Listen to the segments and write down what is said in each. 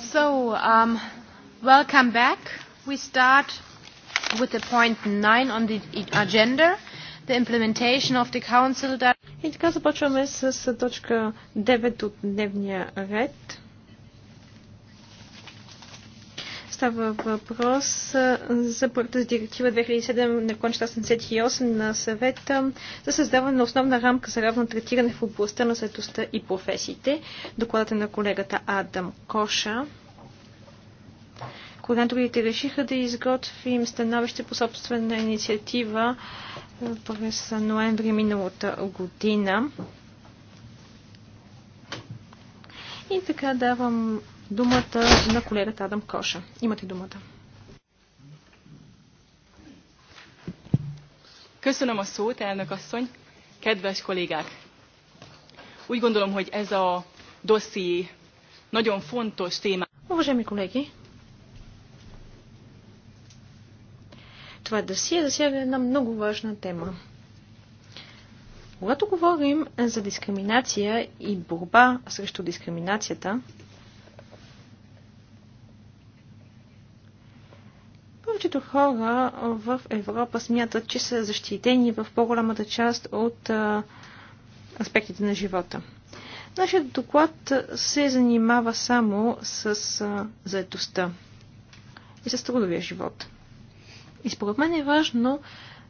So, um, welcome back. We start with the point 9 on the agenda, the implementation of the council. That... И така започваме с точка 9 от дневния ред. Става въпрос за проекта с директива 2007-78 на на съвета за създаване на основна рамка за равно третиране в областта на заедостта и професиите. Докладът е на колегата Адам Коша. Координаторите решиха да изготвим становище по собствена инициатива през ноември миналата година. И така давам думата на колегата Адам Коша. Имате думата. Köszönöm a szót, elnök asszony, kedves kollégák! Úgy gondolom, hogy ez a dosszié nagyon fontos téma. Уважаеми колеги, това досие засяга една много важна тема. Когато говорим за дискриминация и борба срещу дискриминацията, повечето хора в Европа смятат, че са защитени в по-голямата част от а, аспектите на живота. Нашият доклад се занимава само с а, заедостта и с трудовия живот. И според мен е важно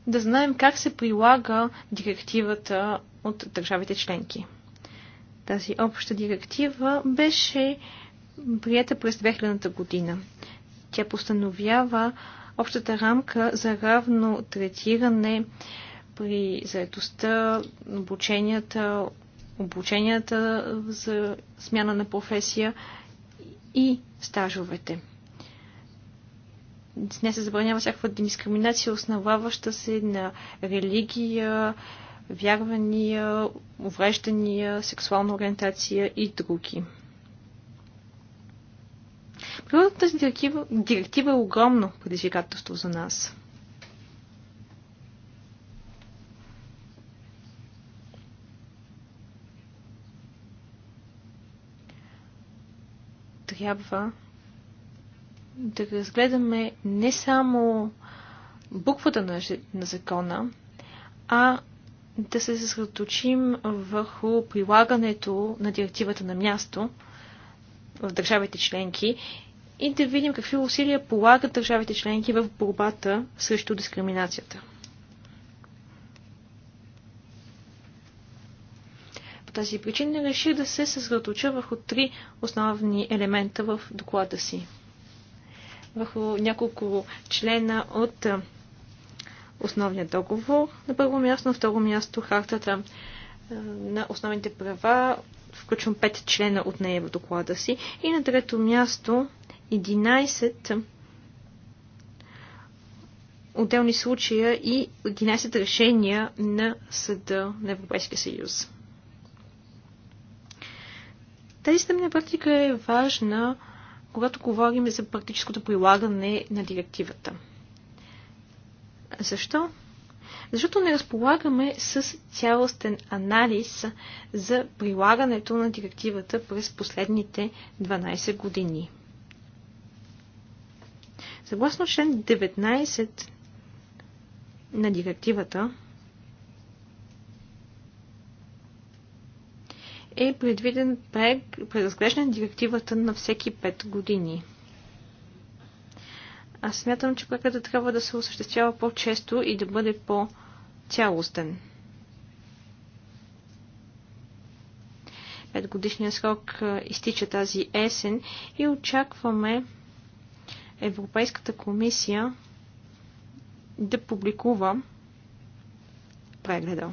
да знаем как се прилага директивата от държавите членки. Тази обща директива беше прията през 2000 година. Тя постановява общата рамка за равно третиране при заедостта, обученията, обученията за смяна на професия и стажовете. Не се забранява всякаква дискриминация, основаваща се на религия, вярвания, увреждания, сексуална ориентация и други. Природата тази директива, директива е огромно предизвикателство за нас. Трябва да разгледаме не само буквата на, на закона, а да се съсредоточим върху прилагането на директивата на място в държавите членки и да видим какви усилия полагат държавите членки в борбата срещу дискриминацията. По тази причина реших да се съсредоточа върху три основни елемента в доклада си. Върху няколко члена от основния договор на първо място, на второ място хартата на основните права, включвам пет члена от нея в доклада си и на трето място 11 отделни случая и 11 решения на Съда на Европейския съюз. Тази стъмна практика е важна, когато говорим за практическото прилагане на директивата. Защо? Защото не разполагаме с цялостен анализ за прилагането на директивата през последните 12 години. Съгласно член 19 на директивата е предвиден преразглеждане на директивата на всеки 5 години. Аз смятам, че проектът трябва да се осъществява по-често и да бъде по-цялостен. Петгодишният срок изтича тази есен и очакваме Европейската комисия да публикува прегледа.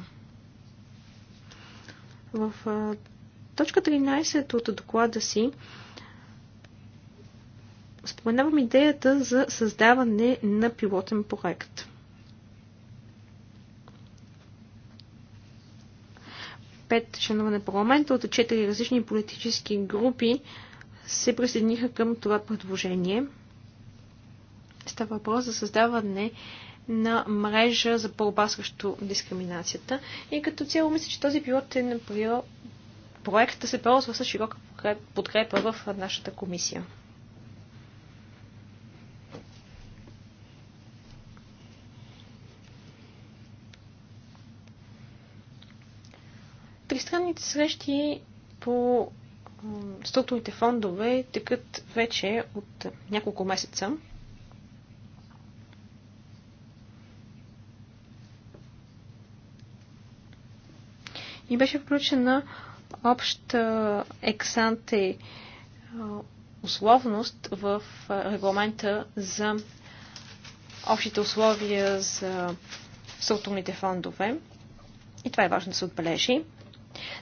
В точка 13 от доклада си споменавам идеята за създаване на пилотен проект. Пет членове на парламента от четири различни политически групи се присъединиха към това предложение – Става въпрос за създаване на мрежа за борба срещу дискриминацията. И като цяло мисля, че този пилотен проект се ползва с широка подкрепа в нашата комисия. Тристранните срещи по структурните фондове текат вече от няколко месеца. и беше включена обща ексанте условност в регламента за общите условия за структурните фондове. И това е важно да се отбележи.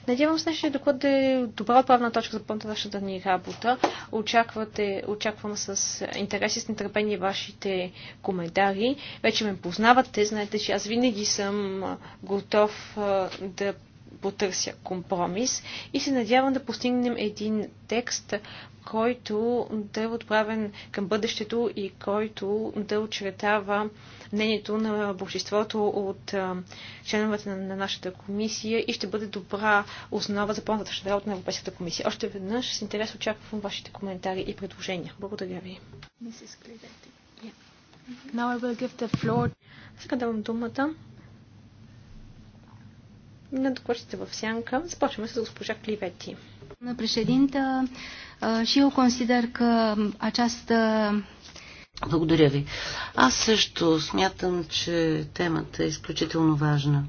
Надявам се днешния доклад да е добра правна точка за пълната нататъчната ни работа. Очаквате, очаквам с интерес и с нетърпение вашите коментари. Вече ме познавате, знаете, че аз винаги съм готов да потърся компромис и се надявам да постигнем един текст, който да е отправен към бъдещето и който да очертава мнението на обществото от членовете на нашата комисия и ще бъде добра основа за по-нататъчната работа на Европейската комисия. Още веднъж с интерес очаквам вашите коментари и предложения. Благодаря ви. Сега давам думата на докладчите в сянка. Започваме с госпожа Кливети. На președинtă, ще го consider că această благодаря ви. Аз също смятам, че темата е изключително важна.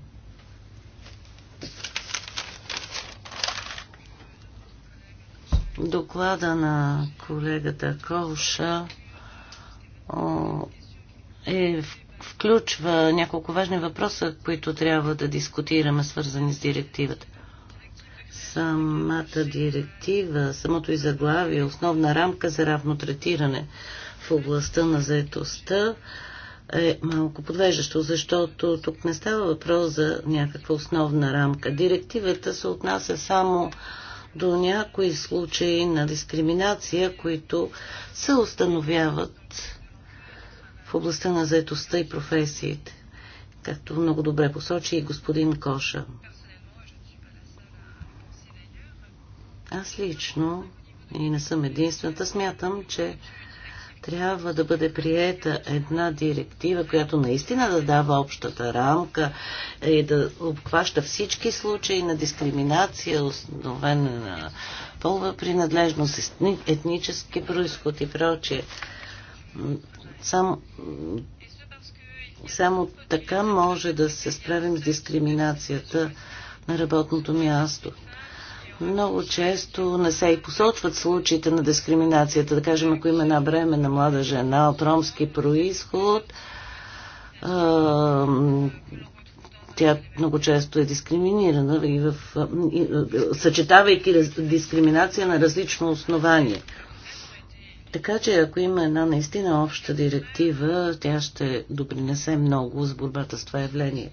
Доклада на колегата Колша е в включва няколко важни въпроса, които трябва да дискутираме, свързани с директивата. Самата директива, самото и заглавие, е основна рамка за равно третиране в областта на заетостта е малко подвеждащо, защото тук не става въпрос за някаква основна рамка. Директивата се отнася само до някои случаи на дискриминация, които се установяват в областта на заетостта и професиите, както много добре посочи и господин Коша. Аз лично, и не съм единствената, смятам, че трябва да бъде приета една директива, която наистина да дава общата рамка и да обхваща всички случаи на дискриминация, основена на полва принадлежност, етнически происход и прочие. Само, само така може да се справим с дискриминацията на работното място. Много често не се и посочват случаите на дискриминацията. Да кажем, ако има една на млада жена от ромски происход, тя много често е дискриминирана и в, и, съчетавайки дискриминация на различно основание. Така че ако има една наистина обща директива, тя ще допринесе много с борбата с това явление.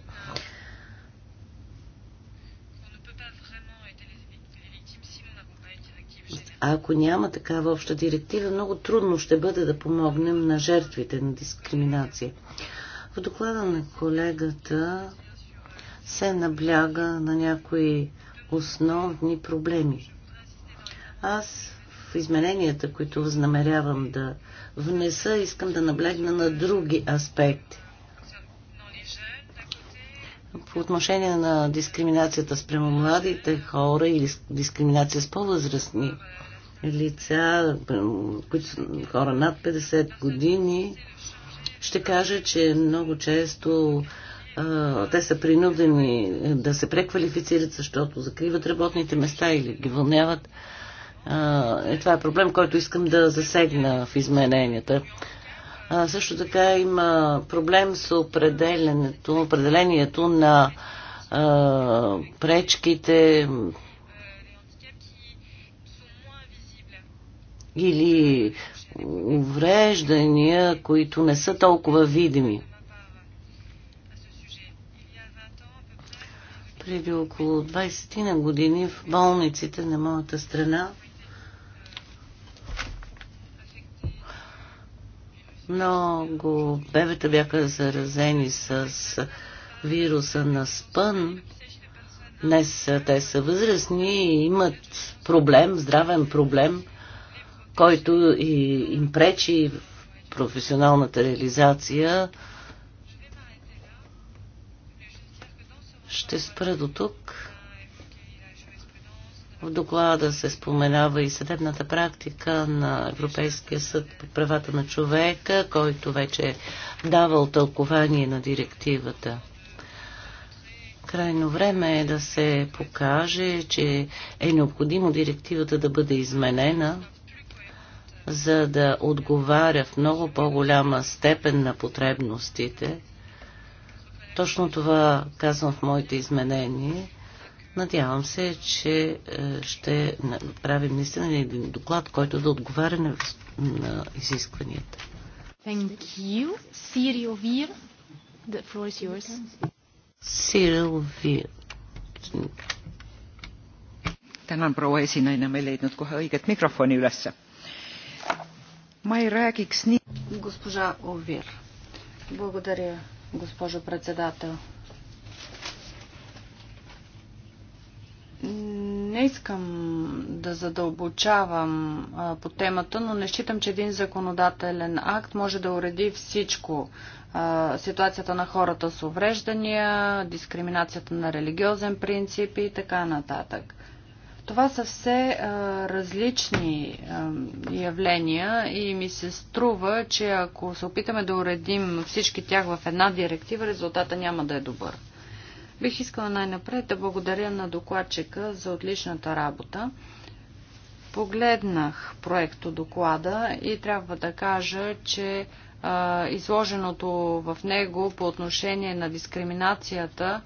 А ако няма такава обща директива, много трудно ще бъде да помогнем на жертвите на дискриминация. В доклада на колегата се набляга на някои основни проблеми. Аз измененията, които възнамерявам да внеса, искам да наблегна на други аспекти. По отношение на дискриминацията спрямо младите хора или дискриминация с по-възрастни лица, които са хора над 50 години, ще кажа, че много често те са принудени да се преквалифицират, защото закриват работните места или ги вълняват е, това е проблем, който искам да засегна в измененията. А, също така има проблем с определенето, определението на а, пречките или увреждания, които не са толкова видими. Преди около 20 на години в болниците на моята страна Много бебета бяха заразени с вируса на спън. Днес те са възрастни и имат проблем, здравен проблем, който и им пречи в професионалната реализация. Ще спра до тук. В доклада се споменава и съдебната практика на Европейския съд по правата на човека, който вече е давал тълкование на директивата. Крайно време е да се покаже, че е необходимо директивата да бъде изменена, за да отговаря в много по-голяма степен на потребностите. Точно това казвам в моите изменения Надявам се, че е, ще направим наистина един доклад, който да отговаря на, на изискванията. Thank you. Cyril Vir, the floor is yours. Cyril Vir. tänan, proua esinaine, me ei leidnud kohe õiget mikrofoni ülesse. ma ei räägiks nii. Госпожа Овир. Благодаря, госпожо председател. Не искам да задълбочавам а, по темата, но не считам, че един законодателен акт може да уреди всичко. А, ситуацията на хората с увреждания, дискриминацията на религиозен принцип и така нататък. Това са все а, различни а, явления и ми се струва, че ако се опитаме да уредим всички тях в една директива, резултата няма да е добър. Бих искала най-напред да благодаря на докладчика за отличната работа. Погледнах проекто доклада и трябва да кажа, че а, изложеното в него по отношение на дискриминацията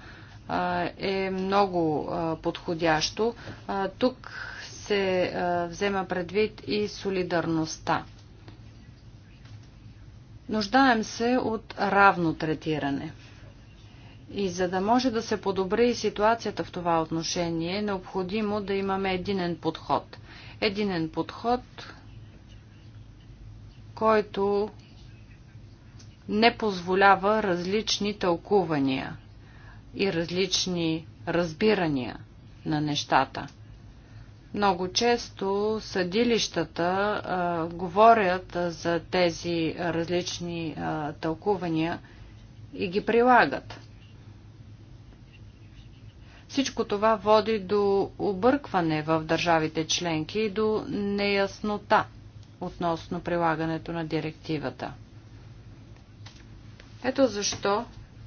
а, е много а, подходящо. А, тук се а, взема предвид и солидарността. Нуждаем се от равно третиране – и за да може да се подобри ситуацията в това отношение, е необходимо да имаме единен подход. Единен подход, който не позволява различни тълкувания и различни разбирания на нещата. Много често съдилищата а, говорят а, за тези различни а, тълкувания и ги прилагат. Всичко това води до объркване в държавите членки и до неяснота относно прилагането на директивата. Ето защо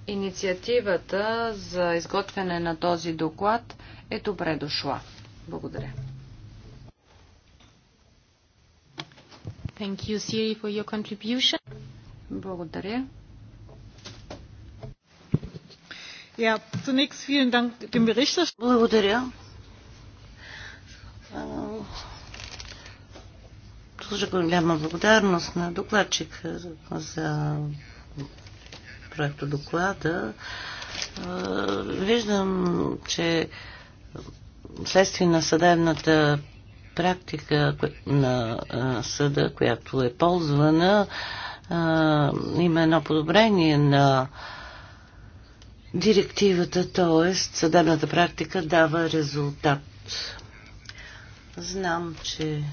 инициативата за изготвяне на този доклад е добре дошла. Благодаря. Thank you, Siri, for your contribution. Благодаря. Благодаря. Служа голяма благодарност на докладчика за проекто доклада. Виждам, че следствие на съдебната практика на съда, която е ползвана, има едно подобрение на Директивата, т.е. съдебната практика дава резултат. Знам, че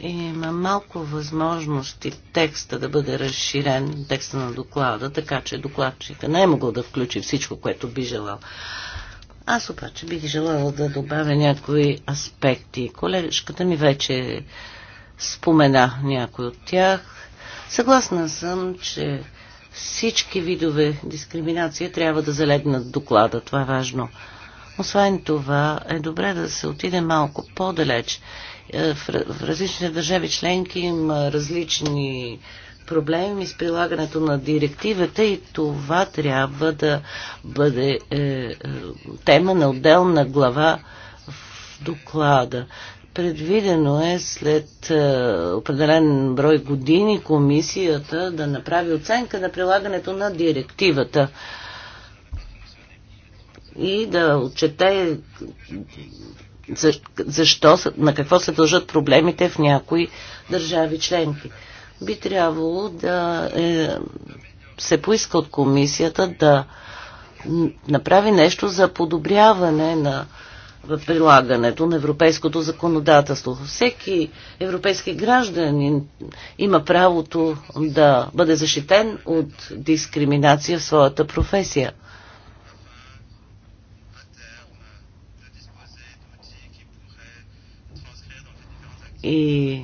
има малко възможности текста да бъде разширен, текста на доклада, така че докладчика не е могъл да включи всичко, което би желал. Аз обаче бих желала да добавя някои аспекти. Колежката ми вече спомена някой от тях. Съгласна съм, че всички видове дискриминация трябва да залегнат в доклада. Това е важно. Освен това, е добре да се отиде малко по-далеч. Е, в различните държави членки има различни проблеми с прилагането на директивата и това трябва да бъде е, е тема на отделна глава в доклада. Предвидено е след е, определен брой години комисията да направи оценка на прилагането на директивата и да отчете защо, на какво се дължат проблемите в някои държави членки. Би трябвало да е, се поиска от комисията да направи нещо за подобряване на в прилагането на европейското законодателство. Всеки европейски гражданин има правото да бъде защитен от дискриминация в своята професия. И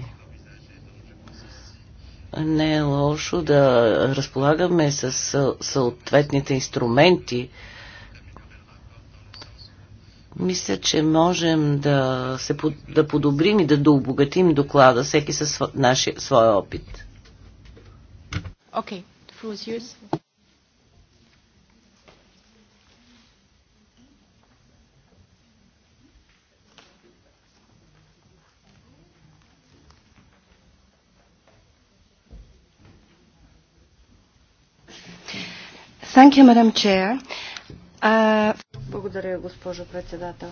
не е лошо да разполагаме с съответните инструменти, мисля, че можем да, се, да подобрим и да дообогатим доклада, всеки със нашия, своя опит. Окей, Okay. Thank you, Madam Chair. Uh... Благодаря, госпожо председател.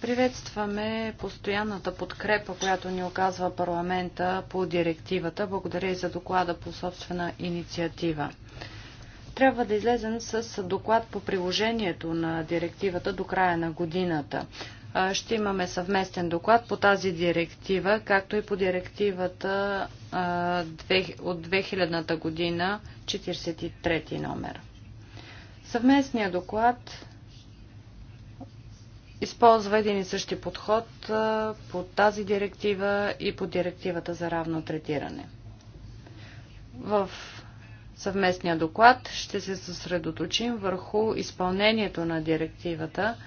Приветстваме постоянната подкрепа, която ни оказва парламента по директивата. Благодаря и за доклада по собствена инициатива. Трябва да излезем с доклад по приложението на директивата до края на годината. Ще имаме съвместен доклад по тази директива, както и по директивата от 2000 година, 43 номер. Съвместният доклад използва един и същи подход по тази директива и по директивата за равно третиране. В съвместния доклад ще се съсредоточим върху изпълнението на директивата –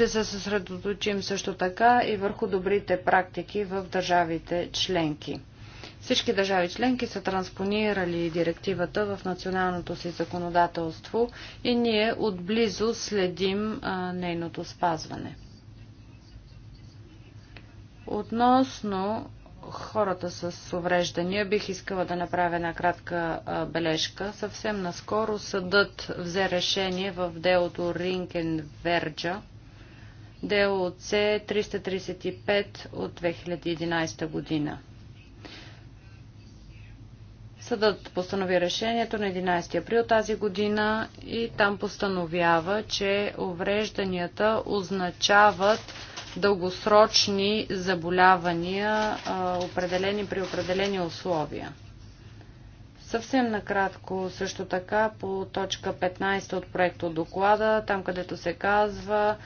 Ще се съсредоточим също така и върху добрите практики в държавите членки. Всички държави членки са транспонирали директивата в националното си законодателство и ние отблизо следим а, нейното спазване. Относно хората с увреждания, бих искала да направя една кратка бележка. Съвсем наскоро съдът взе решение в делото Ринкен Верджа – дело 335 от 2011 година. Съдът постанови решението на 11 април тази година и там постановява, че уврежданията означават дългосрочни заболявания, определени при определени условия. Съвсем накратко също така по точка 15 от проекта от доклада, там където се казва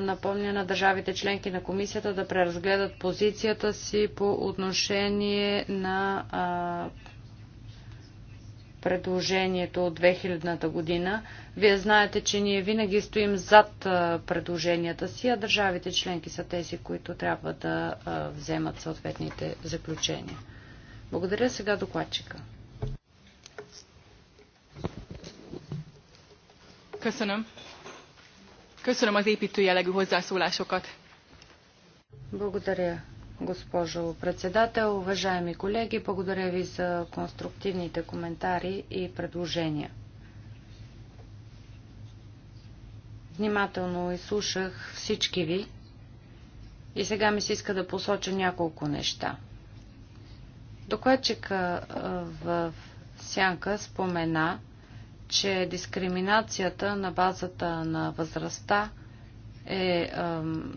напомня на държавите членки на комисията да преразгледат позицията си по отношение на предложението от 2000-та година. Вие знаете, че ние винаги стоим зад предложенията си, а държавите членки са тези, които трябва да вземат съответните заключения. Благодаря сега докладчика. Köszönöm. Köszönöm az építő jellegű hozzászólásokat. Благодаря, госпожо председател. Уважаеми колеги, благодаря ви за конструктивните коментари и предложения. Внимателно изслушах всички ви и сега ми се иска да посоча няколко неща. Докладчика в Сянка спомена, че дискриминацията на базата на възрастта е ам,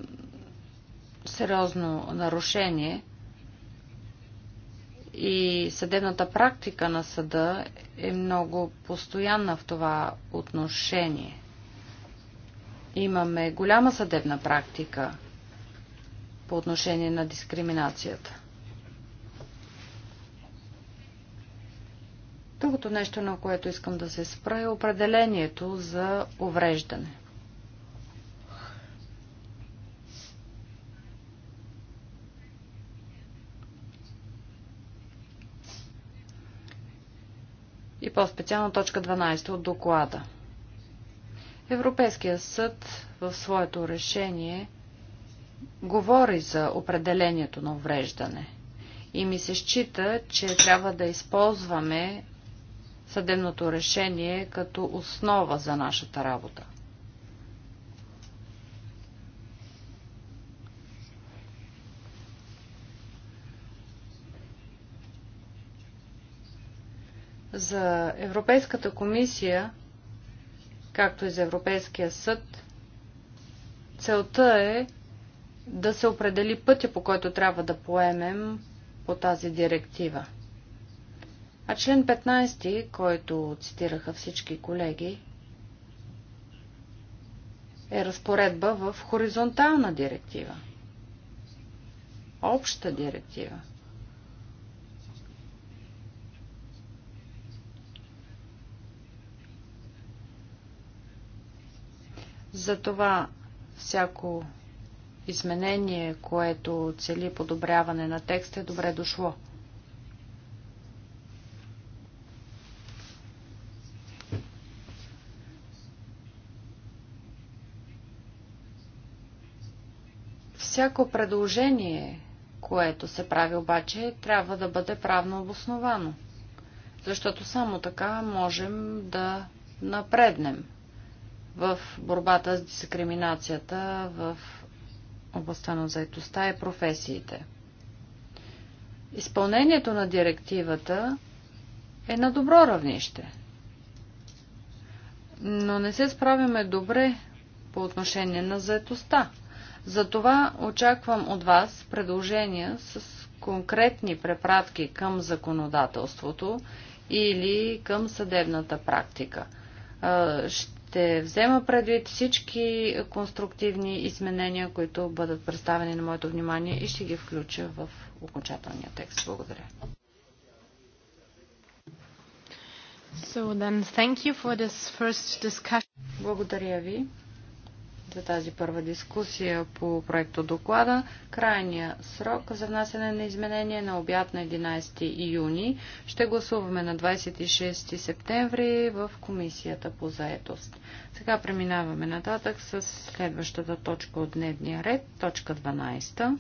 сериозно нарушение и съдебната практика на съда е много постоянна в това отношение. Имаме голяма съдебна практика по отношение на дискриминацията. Другото нещо, на което искам да се спра е определението за увреждане. и по-специално точка 12 от доклада. Европейския съд в своето решение говори за определението на увреждане и ми се счита, че трябва да използваме съдебното решение като основа за нашата работа. За Европейската комисия, както и за Европейския съд, целта е да се определи пътя, по който трябва да поемем по тази директива. А член 15, който цитираха всички колеги, е разпоредба в хоризонтална директива. Обща директива. Затова всяко изменение, което цели подобряване на текста, е добре дошло. Всяко предложение, което се прави обаче, трябва да бъде правно обосновано, защото само така можем да напреднем в борбата с дискриминацията в областта на заедостта и професиите. Изпълнението на директивата е на добро равнище, но не се справяме добре по отношение на заедостта. Затова очаквам от вас предложения с конкретни препратки към законодателството или към съдебната практика. Ще взема предвид всички конструктивни изменения, които бъдат представени на моето внимание и ще ги включа в окончателния текст. Благодаря. So then, thank you for this first discussion. Благодаря ви за тази първа дискусия по проекто доклада. Крайния срок за внасяне на изменение на обяд на 11 юни. Ще гласуваме на 26 септември в Комисията по заедост. Сега преминаваме нататък с следващата точка от дневния ред, точка 12.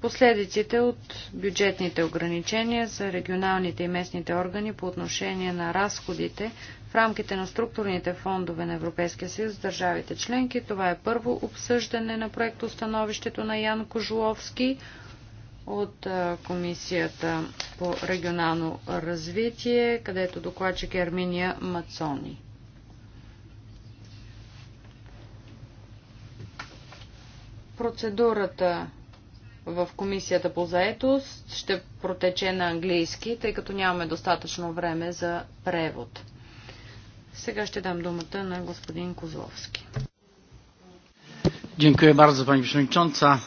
Последиците от бюджетните ограничения за регионалните и местните органи по отношение на разходите в рамките на структурните фондове на Европейския съюз с държавите членки. Това е първо обсъждане на проект установището на Ян Кожуловски от Комисията по регионално развитие, където докладчик е Арминия Мацони. Процедурата в комисията по заетост ще протече на английски, тъй като нямаме достатъчно време за превод. Сега ще дам думата на господин Козловски. Дякую бързо, пани Przewodnicząca.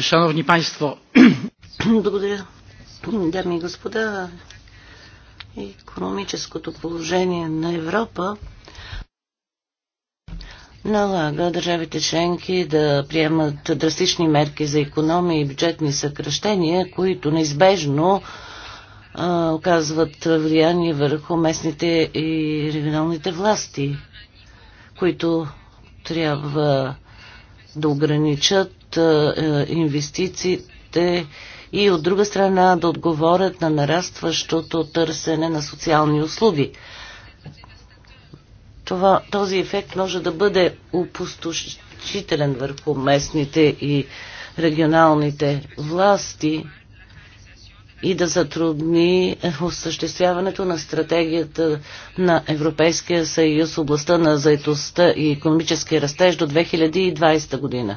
Шановни e, Państwo. Благодаря. Дами и господа, економическото положение на Европа налага държавите членки да приемат драстични мерки за економия и бюджетни съкръщения, които неизбежно а, оказват влияние върху местните и регионалните власти, които трябва да ограничат а, инвестициите и от друга страна да отговорят на нарастващото търсене на социални услуги това, този ефект може да бъде опустошителен върху местните и регионалните власти и да затрудни осъществяването на стратегията на Европейския съюз в областта на заетостта и економически растеж до 2020 година.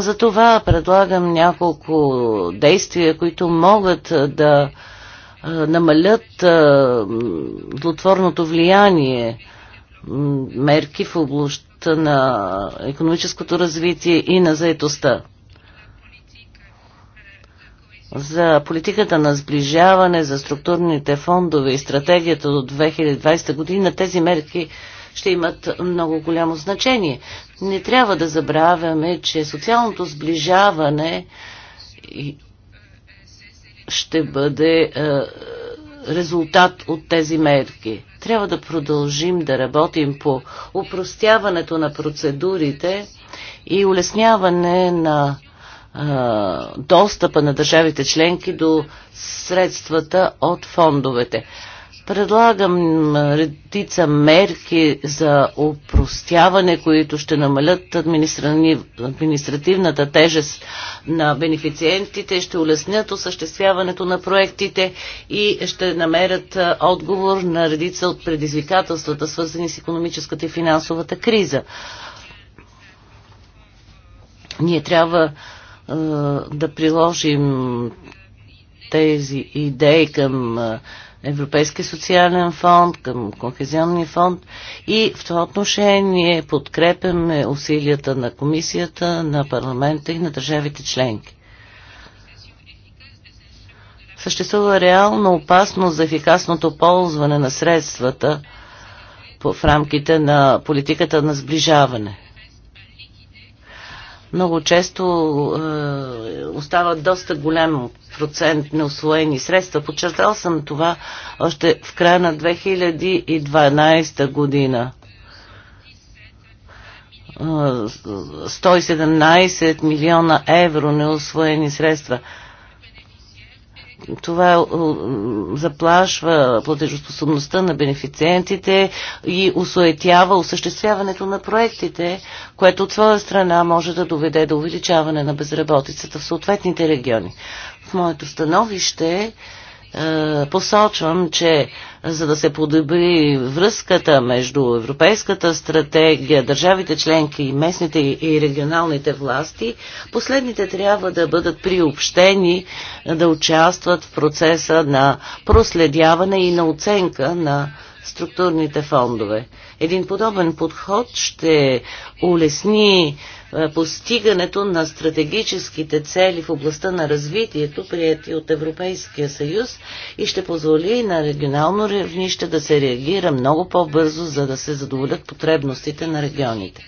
За това предлагам няколко действия, които могат да намалят злотворното влияние мерки в областта на економическото развитие и на заетостта. За политиката на сближаване, за структурните фондове и стратегията до 2020 година тези мерки ще имат много голямо значение. Не трябва да забравяме, че социалното сближаване ще бъде е, резултат от тези мерки. Трябва да продължим да работим по упростяването на процедурите и улесняване на достъпа на държавите членки до средствата от фондовете. Предлагам редица мерки за опростяване, които ще намалят административната тежест на бенефициентите, ще улеснят осъществяването на проектите и ще намерят отговор на редица от предизвикателствата, свързани с економическата и финансовата криза. Ние трябва да приложим тези идеи към Европейския социален фонд, към Кохезионния фонд и в това отношение подкрепяме усилията на комисията, на парламента и на държавите членки. Съществува реална опасност за ефикасното ползване на средствата в рамките на политиката на сближаване. Много често е, остава доста голям процент неосвоени средства. Подчертал съм това още в края на 2012 година. 117 е, милиона евро неосвоени средства това е, заплашва платежоспособността на бенефициентите и усуетява осъществяването на проектите, което от своя страна може да доведе до увеличаване на безработицата в съответните региони. В моето становище е, посочвам, че за да се подобри връзката между Европейската стратегия, държавите членки и местните и регионалните власти, последните трябва да бъдат приобщени да участват в процеса на проследяване и на оценка на структурните фондове. Един подобен подход ще улесни постигането на стратегическите цели в областта на развитието, прияти от Европейския съюз и ще позволи на регионално равнище да се реагира много по-бързо, за да се задоволят потребностите на регионите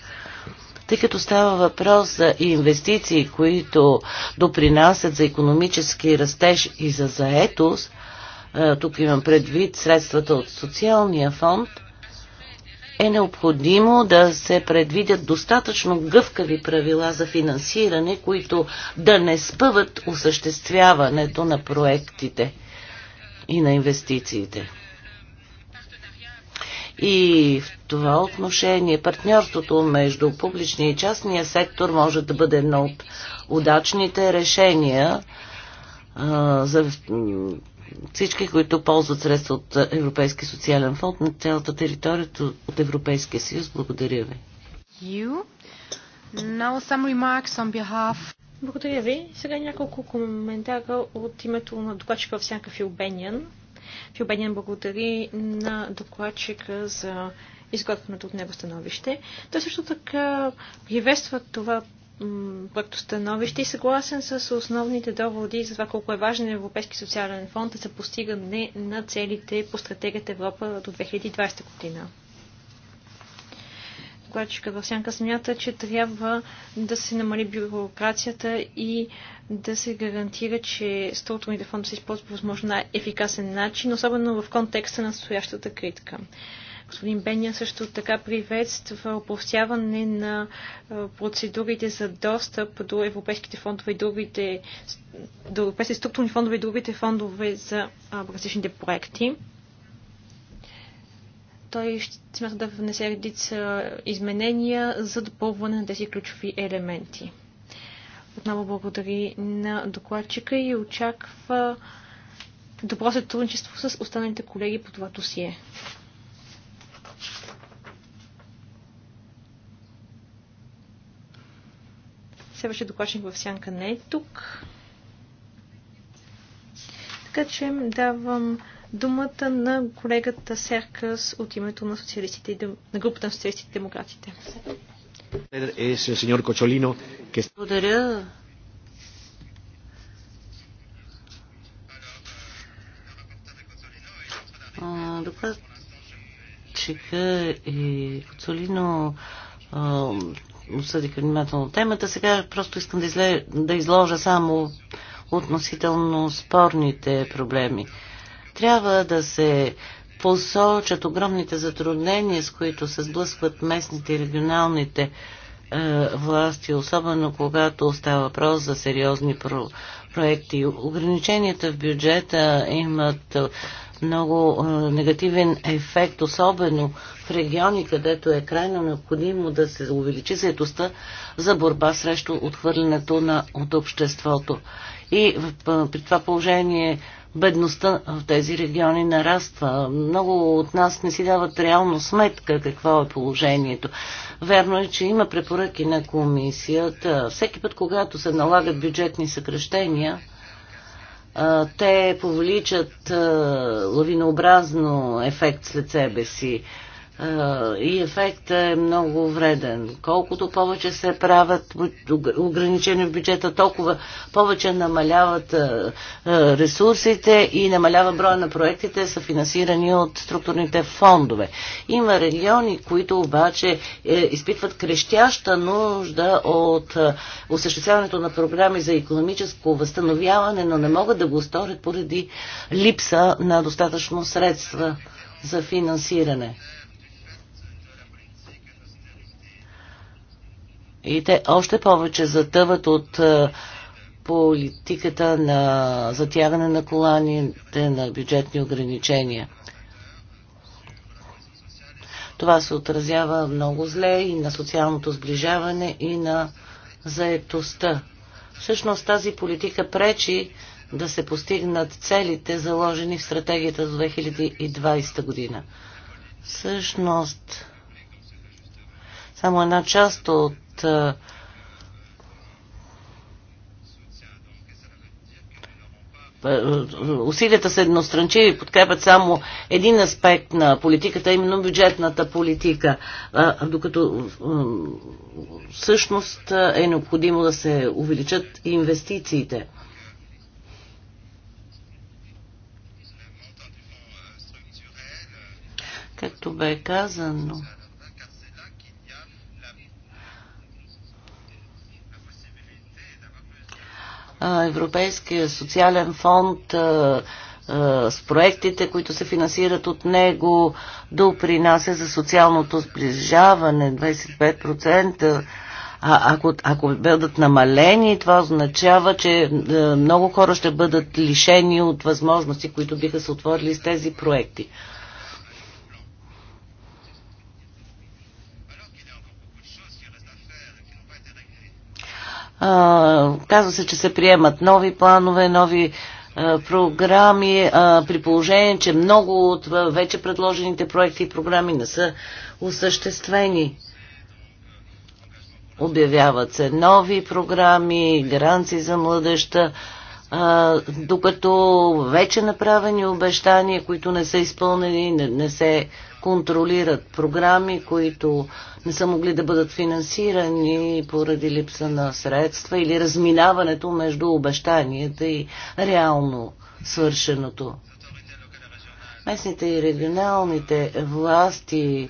тъй като става въпрос за инвестиции, които допринасят за економически растеж и за заетост, тук имам предвид средствата от социалния фонд – е необходимо да се предвидят достатъчно гъвкави правила за финансиране, които да не спъват осъществяването на проектите и на инвестициите. И в това отношение партньорството между публичния и частния сектор може да бъде едно от удачните решения а, за всички, които ползват средства от е, Европейски социален фонд на цялата територията от Европейския съюз. Благодаря ви. Behalf... Благодаря ви. Сега няколко коментара от името на докладчика в Сянка Филбениан. Филбениан благодари на докладчика за изготвеното от него становище. Той също така приветства това становище и съгласен с основните доводи за това колко е важен Европейски социален фонд за постигане на целите по стратегията Европа до 2020 година. Докладчика в сянка смята, че трябва да се намали бюрокрацията и да се гарантира, че структурните фондове се използват по възможно най-ефикасен начин, особено в контекста на стоящата критика. Господин Беня също така приветства оповсяване на процедурите за достъп до европейските фондове и другите, до европейските структурни фондове и другите фондове за различните проекти. Той ще смята да внесе редица изменения за допълване на тези ключови елементи. Отново благодари на докладчика и очаква добро сътрудничество с останалите колеги по това досие. Следващия докладчик в сянка не е тук. Така че давам думата на колегата Серкас от името на, социалистите, на групата на социалистите и демократите. Е, е, Благодаря. Докладчика и е Коцолино обсъдиха внимателно темата. Сега просто искам да, изле, да изложа само относително спорните проблеми. Трябва да се посочат огромните затруднения, с които се сблъскват местните и регионалните е, власти, особено когато става въпрос за сериозни про- проекти. Ограниченията в бюджета имат много негативен ефект, особено в региони, където е крайно необходимо да се увеличи заедостта за борба срещу отхвърлянето на, от обществото. И при това положение бедността в тези региони нараства. Много от нас не си дават реално сметка какво е положението. Верно е, че има препоръки на комисията. Всеки път, когато се налагат бюджетни съкрещения, те повличат лавинообразно ефект след себе си и ефектът е много вреден. Колкото повече се правят ограничени в бюджета, толкова повече намаляват ресурсите и намалява броя на проектите, са финансирани от структурните фондове. Има региони, които обаче е, изпитват крещяща нужда от осъществяването на програми за економическо възстановяване, но не могат да го сторят поради липса на достатъчно средства за финансиране. И те още повече затъват от е, политиката на затягане на коланите, на бюджетни ограничения. Това се отразява много зле и на социалното сближаване, и на заетостта. Всъщност тази политика пречи да се постигнат целите, заложени в стратегията за 2020 година. Всъщност, само една част от усилията са едностранчиви, подкрепят само един аспект на политиката, именно бюджетната политика, докато всъщност е необходимо да се увеличат инвестициите. Както бе казано, Европейския социален фонд с проектите, които се финансират от него, допринася за социалното сближаване 25%. А, ако, ако бъдат намалени, това означава, че много хора ще бъдат лишени от възможности, които биха се отворили с тези проекти. А, казва се, че се приемат нови планове, нови а, програми, а, при положение, че много от вече предложените проекти и програми не са осъществени. Обявяват се нови програми, гаранции за младеща, а, докато вече направени обещания, които не са изпълнени, не, не се контролират програми, които не са могли да бъдат финансирани поради липса на средства или разминаването между обещанията и реално свършеното. Местните и регионалните власти е,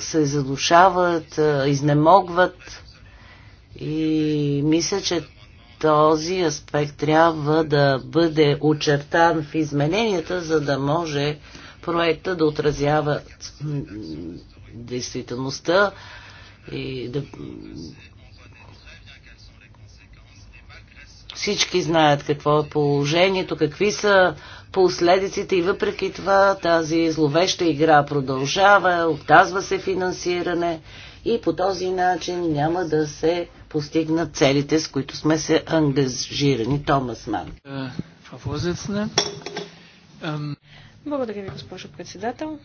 се задушават, е, изнемогват и мисля, че този аспект трябва да бъде очертан в измененията, за да може проекта да отразява действителността и да всички знаят какво е положението, какви са последиците и въпреки това тази зловеща игра продължава, отказва се финансиране и по този начин няма да се постигнат целите, с които сме се ангажирани. Томас Ман. Благодаря ви, госпожо председател.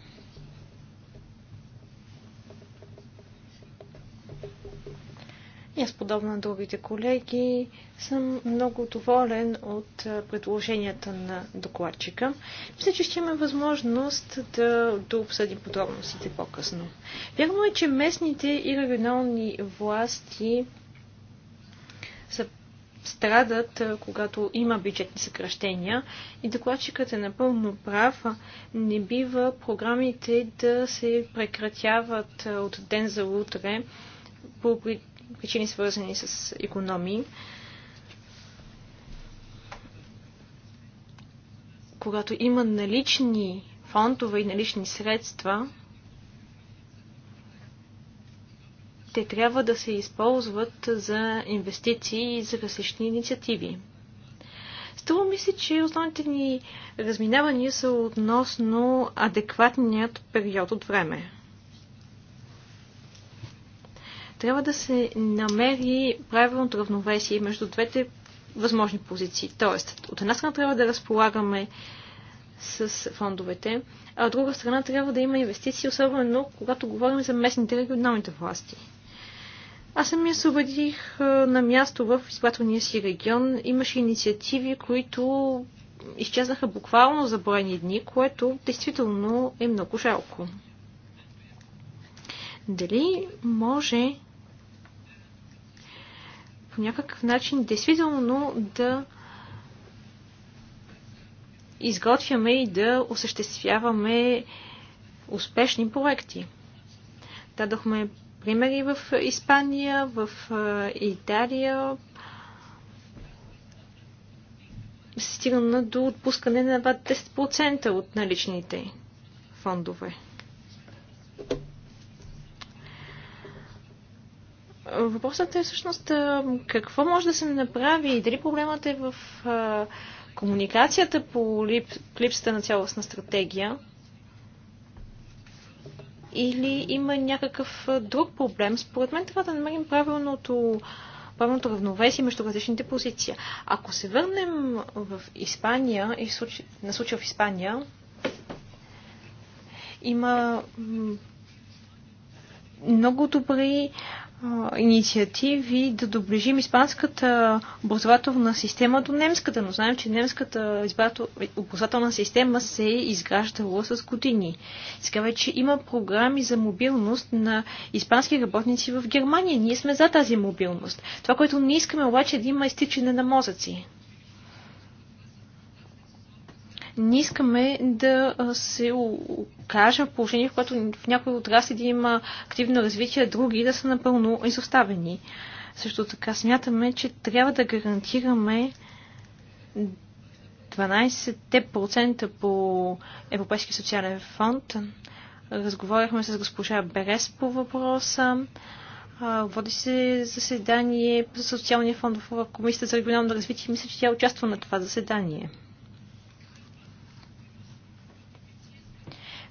И аз, подобно на другите колеги, съм много доволен от предложенията на докладчика. Мисля, че ще имаме възможност да, да обсъдим подробностите по-късно. Вярно е, че местните и регионални власти са страдат, когато има бюджетни съкръщения. И докладчикът е напълно прав. Не бива програмите да се прекратяват от ден за утре по причини свързани с економии. Когато има налични фондове и налични средства, те трябва да се използват за инвестиции и за различни инициативи. Струва ми се, че основните ни разминавания са относно адекватният период от време. Трябва да се намери правилното равновесие между двете възможни позиции. Тоест, от една страна трябва да разполагаме с фондовете, а от друга страна трябва да има инвестиции, особено когато говорим за местните регионалните власти. Аз самия се убедих на място в избирателния си регион. Имаше инициативи, които изчезнаха буквално за броени дни, което действително е много жалко. Дали може по някакъв начин действително да изготвяме и да осъществяваме успешни проекти. Дадохме примери в Испания, в Италия. Се стигна до отпускане на 10% от наличните фондове. Въпросът е всъщност какво може да се направи и дали проблемът е в комуникацията по липсата на цялостна стратегия или има някакъв друг проблем. Според мен трябва да намерим правилното, правилното равновесие между различните позиции. Ако се върнем в Испания, и случи, на случай в Испания, има много добри инициативи да доближим испанската образователна система до немската, но знаем, че немската образователна система се е изграждала с години. Сега вече има програми за мобилност на испански работници в Германия. Ние сме за тази мобилност. Това, което не искаме обаче е да има изтичане на мозъци не искаме да се окаже в положение, в което в някои отрасли да има активно развитие, други да са напълно изоставени. Също така смятаме, че трябва да гарантираме 12% по Европейския социален фонд. Разговорихме с госпожа Берес по въпроса. Води се заседание по социалния фонд в Комисията за регионално развитие. Мисля, че тя участва на това заседание.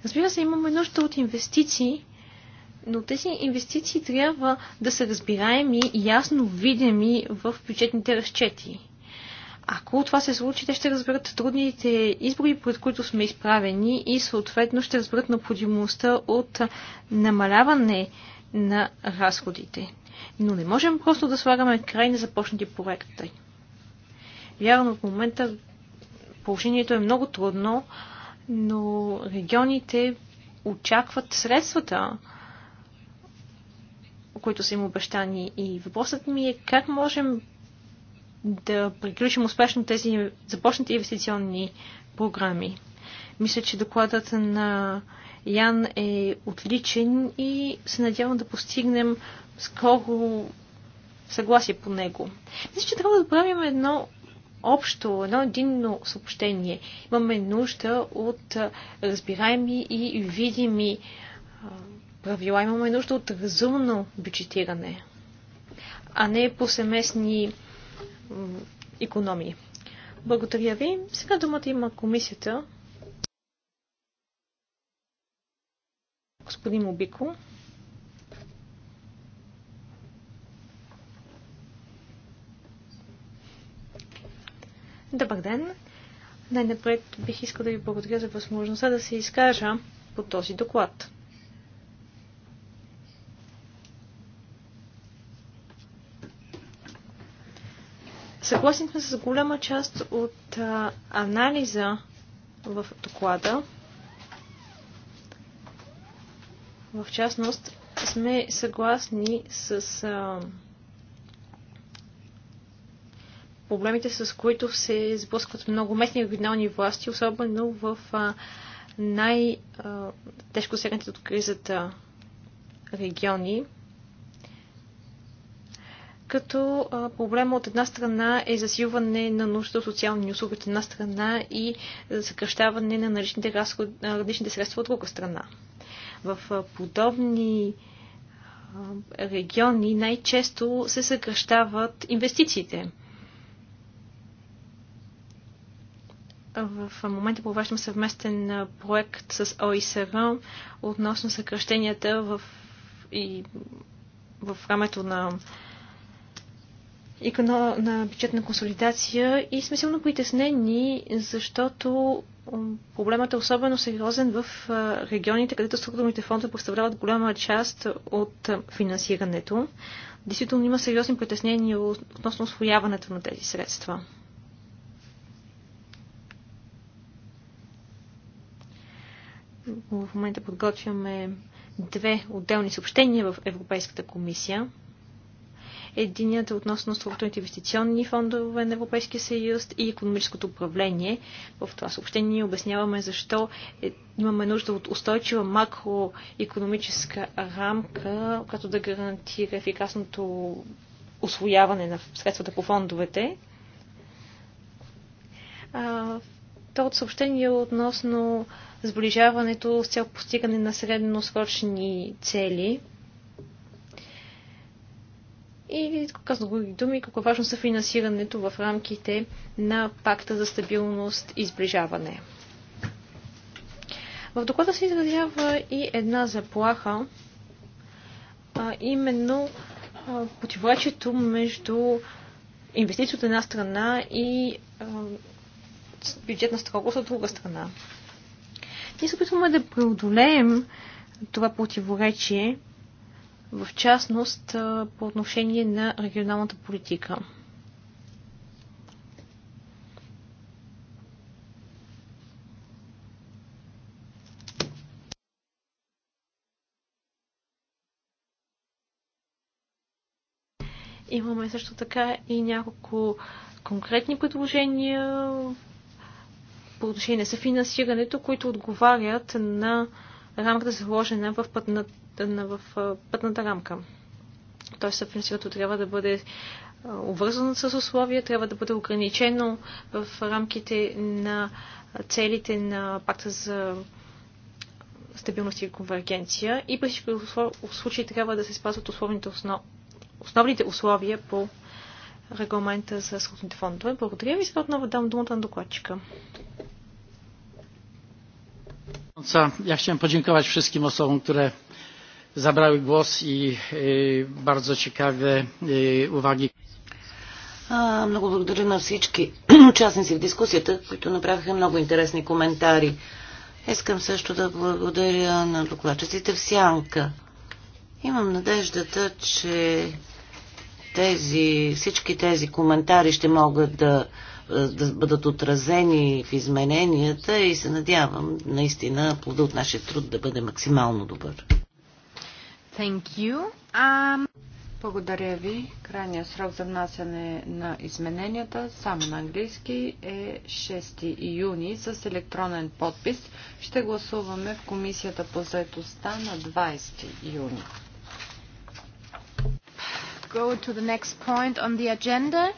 Разбира се, имаме нужда от инвестиции, но тези инвестиции трябва да са разбираеми и ясно видими в бюджетните разчети. Ако това се случи, те ще разберат трудните избори, пред които сме изправени и съответно ще разберат необходимостта от намаляване на разходите. Но не можем просто да слагаме край на започнати проекти. Вярно, в момента положението е много трудно, но регионите очакват средствата, които са им обещани. И въпросът ми е как можем да приключим успешно тези започнати инвестиционни програми. Мисля, че докладът на Ян е отличен и се надявам да постигнем скоро съгласие по него. Мисля, че трябва да правим едно общо, едно единно съобщение. Имаме нужда от разбираеми и видими правила. Имаме нужда от разумно бюджетиране, а не повсеместни економии. Благодаря ви. Сега думата има комисията. Господин Обико. Добър ден! Най-напред бих искал да ви благодаря за възможността да се изкажа по този доклад. Съгласни сме с голяма част от а, анализа в доклада. В частност, сме съгласни с а, проблемите, с които се сблъскват много местни регионални власти, особено в най-тежко сегнати от кризата региони. Като проблема от една страна е засилване на нужда от социални услуги от една страна и съкръщаване на наличните разход, средства от друга страна. В подобни региони най-често се съкръщават инвестициите в момента провеждам съвместен проект с ОИСР относно съкръщенията в, и, в рамето на икона, на бюджетна консолидация и сме силно притеснени, защото проблемът е особено сериозен в регионите, където структурните фондове представляват голяма част от финансирането. Действително има сериозни притеснения относно освояването на тези средства. В момента подготвяме две отделни съобщения в Европейската комисия. Единият е относно структурните инвестиционни фондове на Европейския съюз и економическото управление. В това съобщение обясняваме защо е, имаме нужда от устойчива макроекономическа рамка, която да гарантира ефикасното освояване на средствата по фондовете. Второто съобщение е относно сближаването с цел постигане на средносрочни цели. И, така казано други думи, колко е важно са финансирането в рамките на пакта за стабилност и сближаване. В доклада се изразява и една заплаха, а именно противоречието между инвестиции от една страна и а, бюджетна строгост от друга страна. Ние се опитваме да преодолеем това противоречие, в частност по отношение на регионалната политика. Имаме също така и няколко конкретни предложения по отношение на съфинансирането, които отговарят на рамката заложена в пътната, в пътната рамка. Тоест съфинансирането трябва да бъде обвързано с условия, трябва да бъде ограничено в рамките на целите на пакта за стабилност и конвергенция и при всички случаи трябва да се спазват основните, основ... основните условия по регламента за срокните фондове. Благодаря ви. Сега отново дам думата на докладчика. Ja chciałem podziękować wszystkim osobom, które zabrały głos i e, bardzo ciekawe e, uwagi. Много благодаря на всички участници в дискусията, които направиха много интересни коментари. Искам също да благодаря на докладчиците в Сянка. Имам надеждата, че тези, всички тези коментари ще могат да, да бъдат отразени в измененията и се надявам наистина плода от нашия труд да бъде максимално добър. Thank you. Um... Благодаря ви. Крайният срок за внасяне на измененията, само на английски, е 6 юни с електронен подпис. Ще гласуваме в комисията по заедостта на 20 юни go to the next point on the agenda.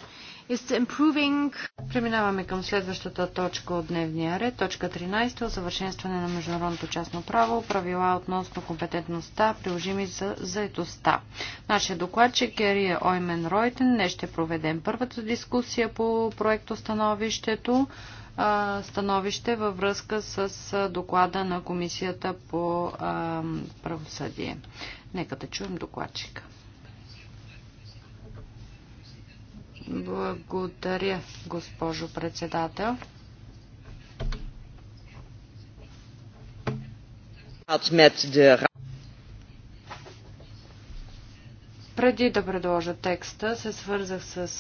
Improving... Преминаваме към следващата точка от дневния ред. Точка 13. усъвършенстване на международното частно право. Правила относно компетентността, приложими за заедостта. Нашия докладчик е Рия Оймен Ройтен. Днес ще проведем първата дискусия по проекто становището становище във връзка с доклада на Комисията по правосъдие. Нека да чуем докладчика. Благодаря, госпожо председател. Преди да предложа текста, се свързах с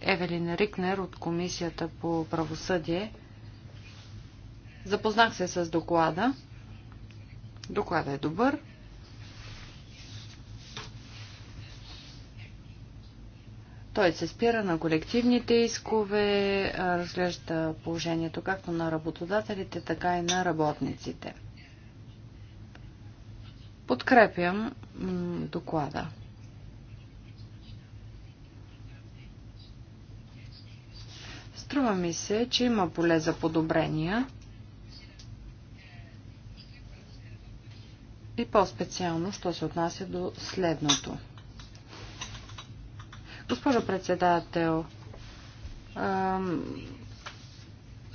Евелин Рикнер от Комисията по правосъдие. Запознах се с доклада. Докладът е добър. Той се спира на колективните искове, разглежда положението както на работодателите, така и на работниците. Подкрепям доклада. Струва ми се, че има поле за подобрения и по-специално, що се отнася до следното – Госпожо председател,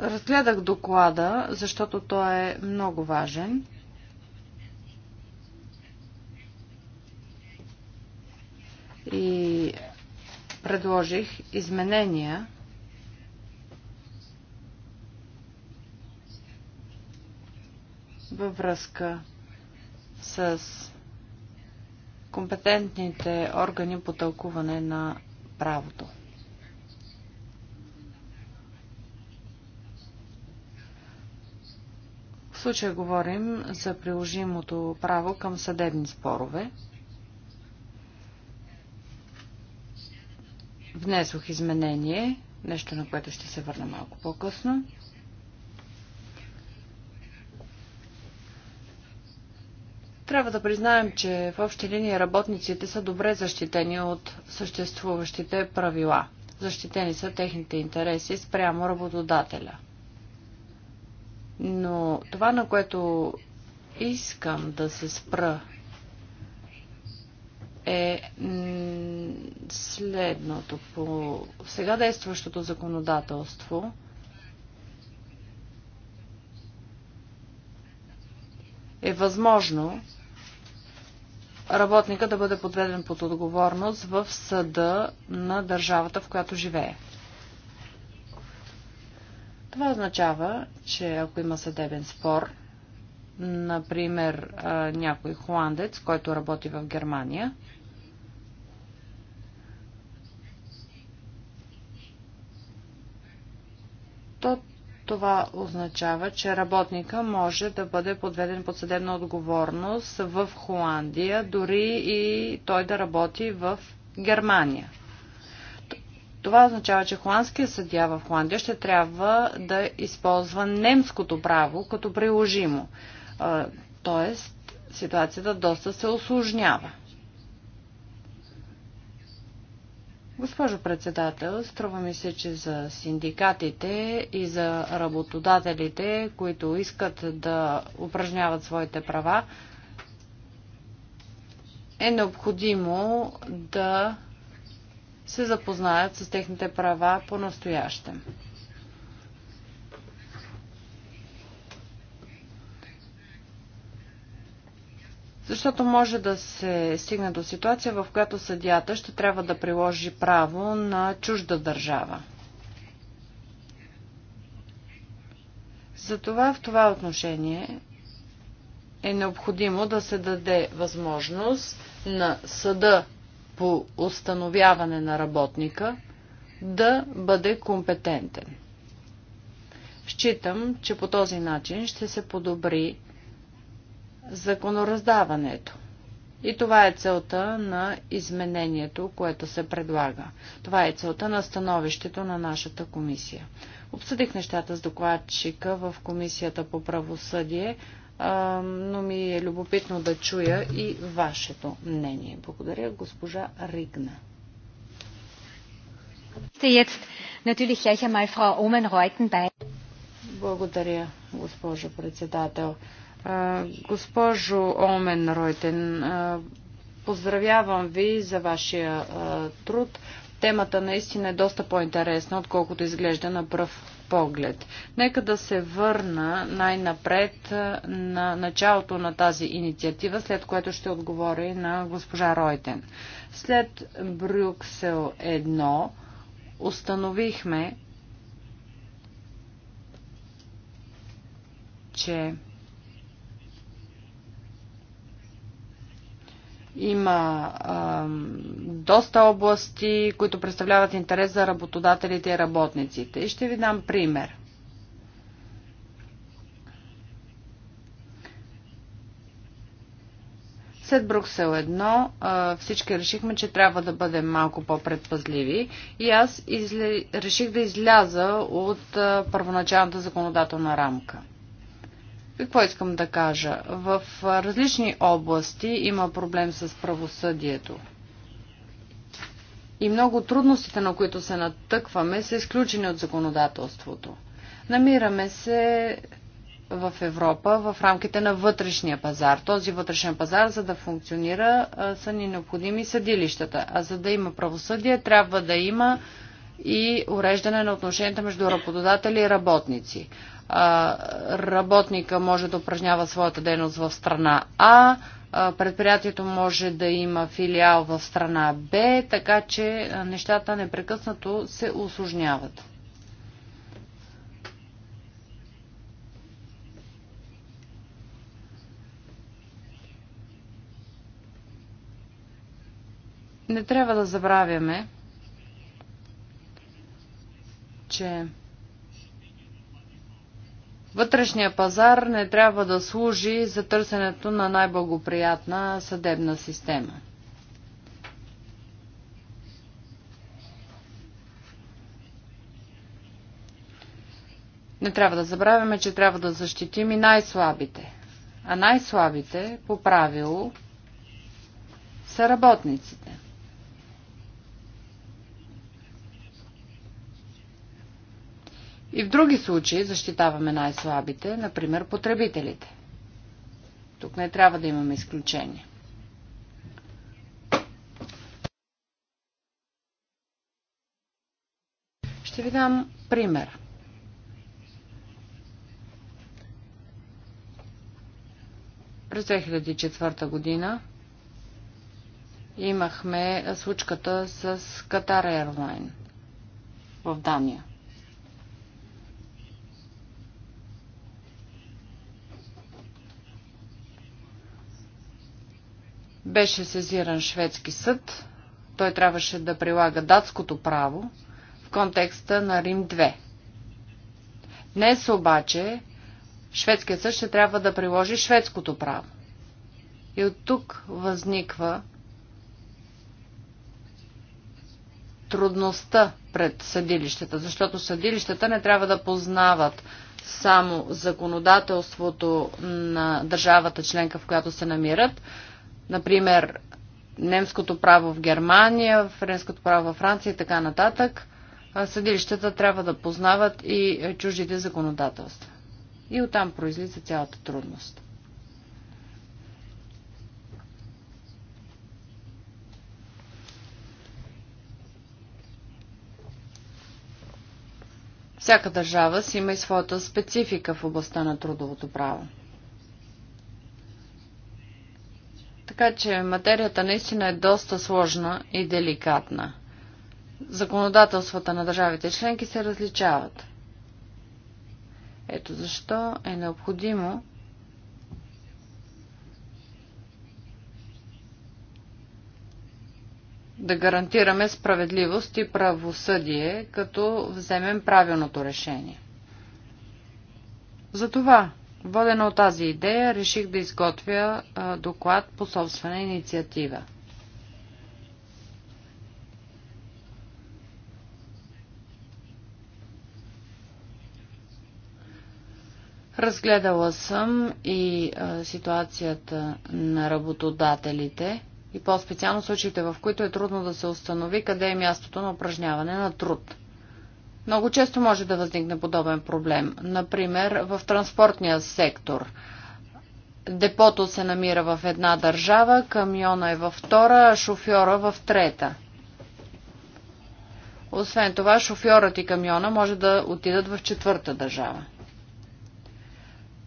разгледах доклада, защото той е много важен. И предложих изменения, във връзка с компетентните органи по тълкуване на правото. В случая говорим за приложимото право към съдебни спорове. Внесох изменение, нещо на което ще се върна малко по-късно. Трябва да признаем, че в общи линии работниците са добре защитени от съществуващите правила. Защитени са техните интереси спрямо работодателя. Но това, на което искам да се спра, е следното. По сега действащото законодателство, е възможно работника да бъде подведен под отговорност в съда на държавата, в която живее. Това означава, че ако има съдебен спор, например някой холандец, който работи в Германия, то това означава, че работника може да бъде подведен под съдебна отговорност в Холандия, дори и той да работи в Германия. Това означава, че холандския съдя в Холандия ще трябва да използва немското право като приложимо. Тоест, ситуацията доста се осложнява. Госпожо председател, струва ми се, че за синдикатите и за работодателите, които искат да упражняват своите права, е необходимо да се запознаят с техните права по-настоящем. Защото може да се стигне до ситуация, в която съдията ще трябва да приложи право на чужда държава. Затова в това отношение е необходимо да се даде възможност на съда по установяване на работника да бъде компетентен. Считам, че по този начин ще се подобри законораздаването. И това е целта на изменението, което се предлага. Това е целта на становището на нашата комисия. Обсъдих нещата с докладчика в комисията по правосъдие, но ми е любопитно да чуя и вашето мнение. Благодаря, госпожа Ригна. Благодаря, госпожо председател. Госпожо Омен Ройтен, поздравявам ви за вашия труд. Темата наистина е доста по-интересна, отколкото изглежда на пръв поглед. Нека да се върна най-напред на началото на тази инициатива, след което ще отговори на госпожа Ройтен. След Брюксел 1 установихме, че Има а, доста области, които представляват интерес за работодателите и работниците. И ще ви дам пример. след Бруксел 1 всички решихме, че трябва да бъдем малко по-предпазливи и аз изли... реших да изляза от първоначалната законодателна рамка. Какво искам да кажа? В различни области има проблем с правосъдието. И много трудностите, на които се натъкваме, са изключени от законодателството. Намираме се в Европа в рамките на вътрешния пазар. Този вътрешен пазар, за да функционира, са ни необходими съдилищата. А за да има правосъдие, трябва да има и уреждане на отношенията между работодатели и работници работника може да упражнява своята дейност в страна А, предприятието може да има филиал в страна Б, така че нещата непрекъснато се осложняват. Не трябва да забравяме, че Вътрешния пазар не трябва да служи за търсенето на най-благоприятна съдебна система. Не трябва да забравяме, че трябва да защитим и най-слабите. А най-слабите, по правило, са работниците. И в други случаи защитаваме най-слабите, например потребителите. Тук не трябва да имаме изключение. Ще ви дам пример. През 2004 година имахме случката с Катар Airline в Дания. Беше сезиран шведски съд. Той трябваше да прилага датското право в контекста на Рим 2. Днес обаче шведският съд ще трябва да приложи шведското право. И от тук възниква трудността пред съдилищата, защото съдилищата не трябва да познават само законодателството на държавата членка, в която се намират, Например, немското право в Германия, френското право във Франция и така нататък. Съдилищата трябва да познават и е, чуждите законодателства. И оттам произлиза цялата трудност. Всяка държава си има и своята специфика в областта на трудовото право. Така че материята наистина е доста сложна и деликатна. Законодателствата на държавите членки се различават. Ето защо е необходимо да гарантираме справедливост и правосъдие, като вземем правилното решение. Затова Водена от тази идея, реших да изготвя доклад по собствена инициатива. Разгледала съм и а, ситуацията на работодателите и по-специално случаите, в които е трудно да се установи къде е мястото на упражняване на труд. Много често може да възникне подобен проблем. Например, в транспортния сектор. Депото се намира в една държава, камиона е във втора, а шофьора в трета. Освен това, шофьорът и камиона може да отидат в четвърта държава.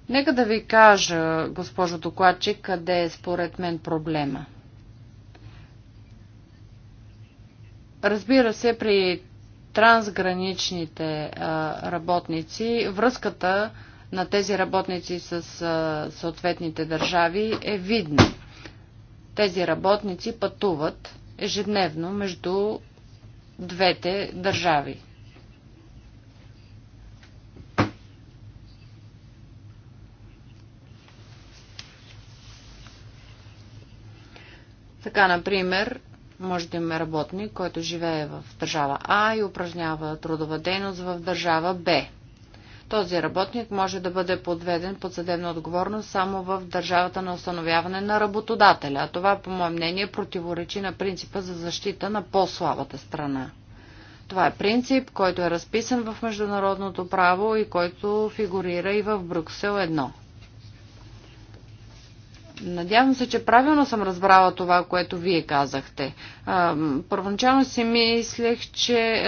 Нека да ви кажа, госпожо докладчик, къде е според мен проблема. Разбира се, при трансграничните работници, връзката на тези работници с съответните държави е видна. Тези работници пътуват ежедневно между двете държави. Така, например, може да имаме работник, който живее в държава А и упражнява трудова дейност в държава Б. Този работник може да бъде подведен под съдебна отговорност само в държавата на установяване на работодателя, а това, по мое мнение, противоречи на принципа за защита на по-слабата страна. Това е принцип, който е разписан в международното право и който фигурира и в Брюксел 1. Надявам се, че правилно съм разбрала това, което вие казахте. Първоначално си мислех, че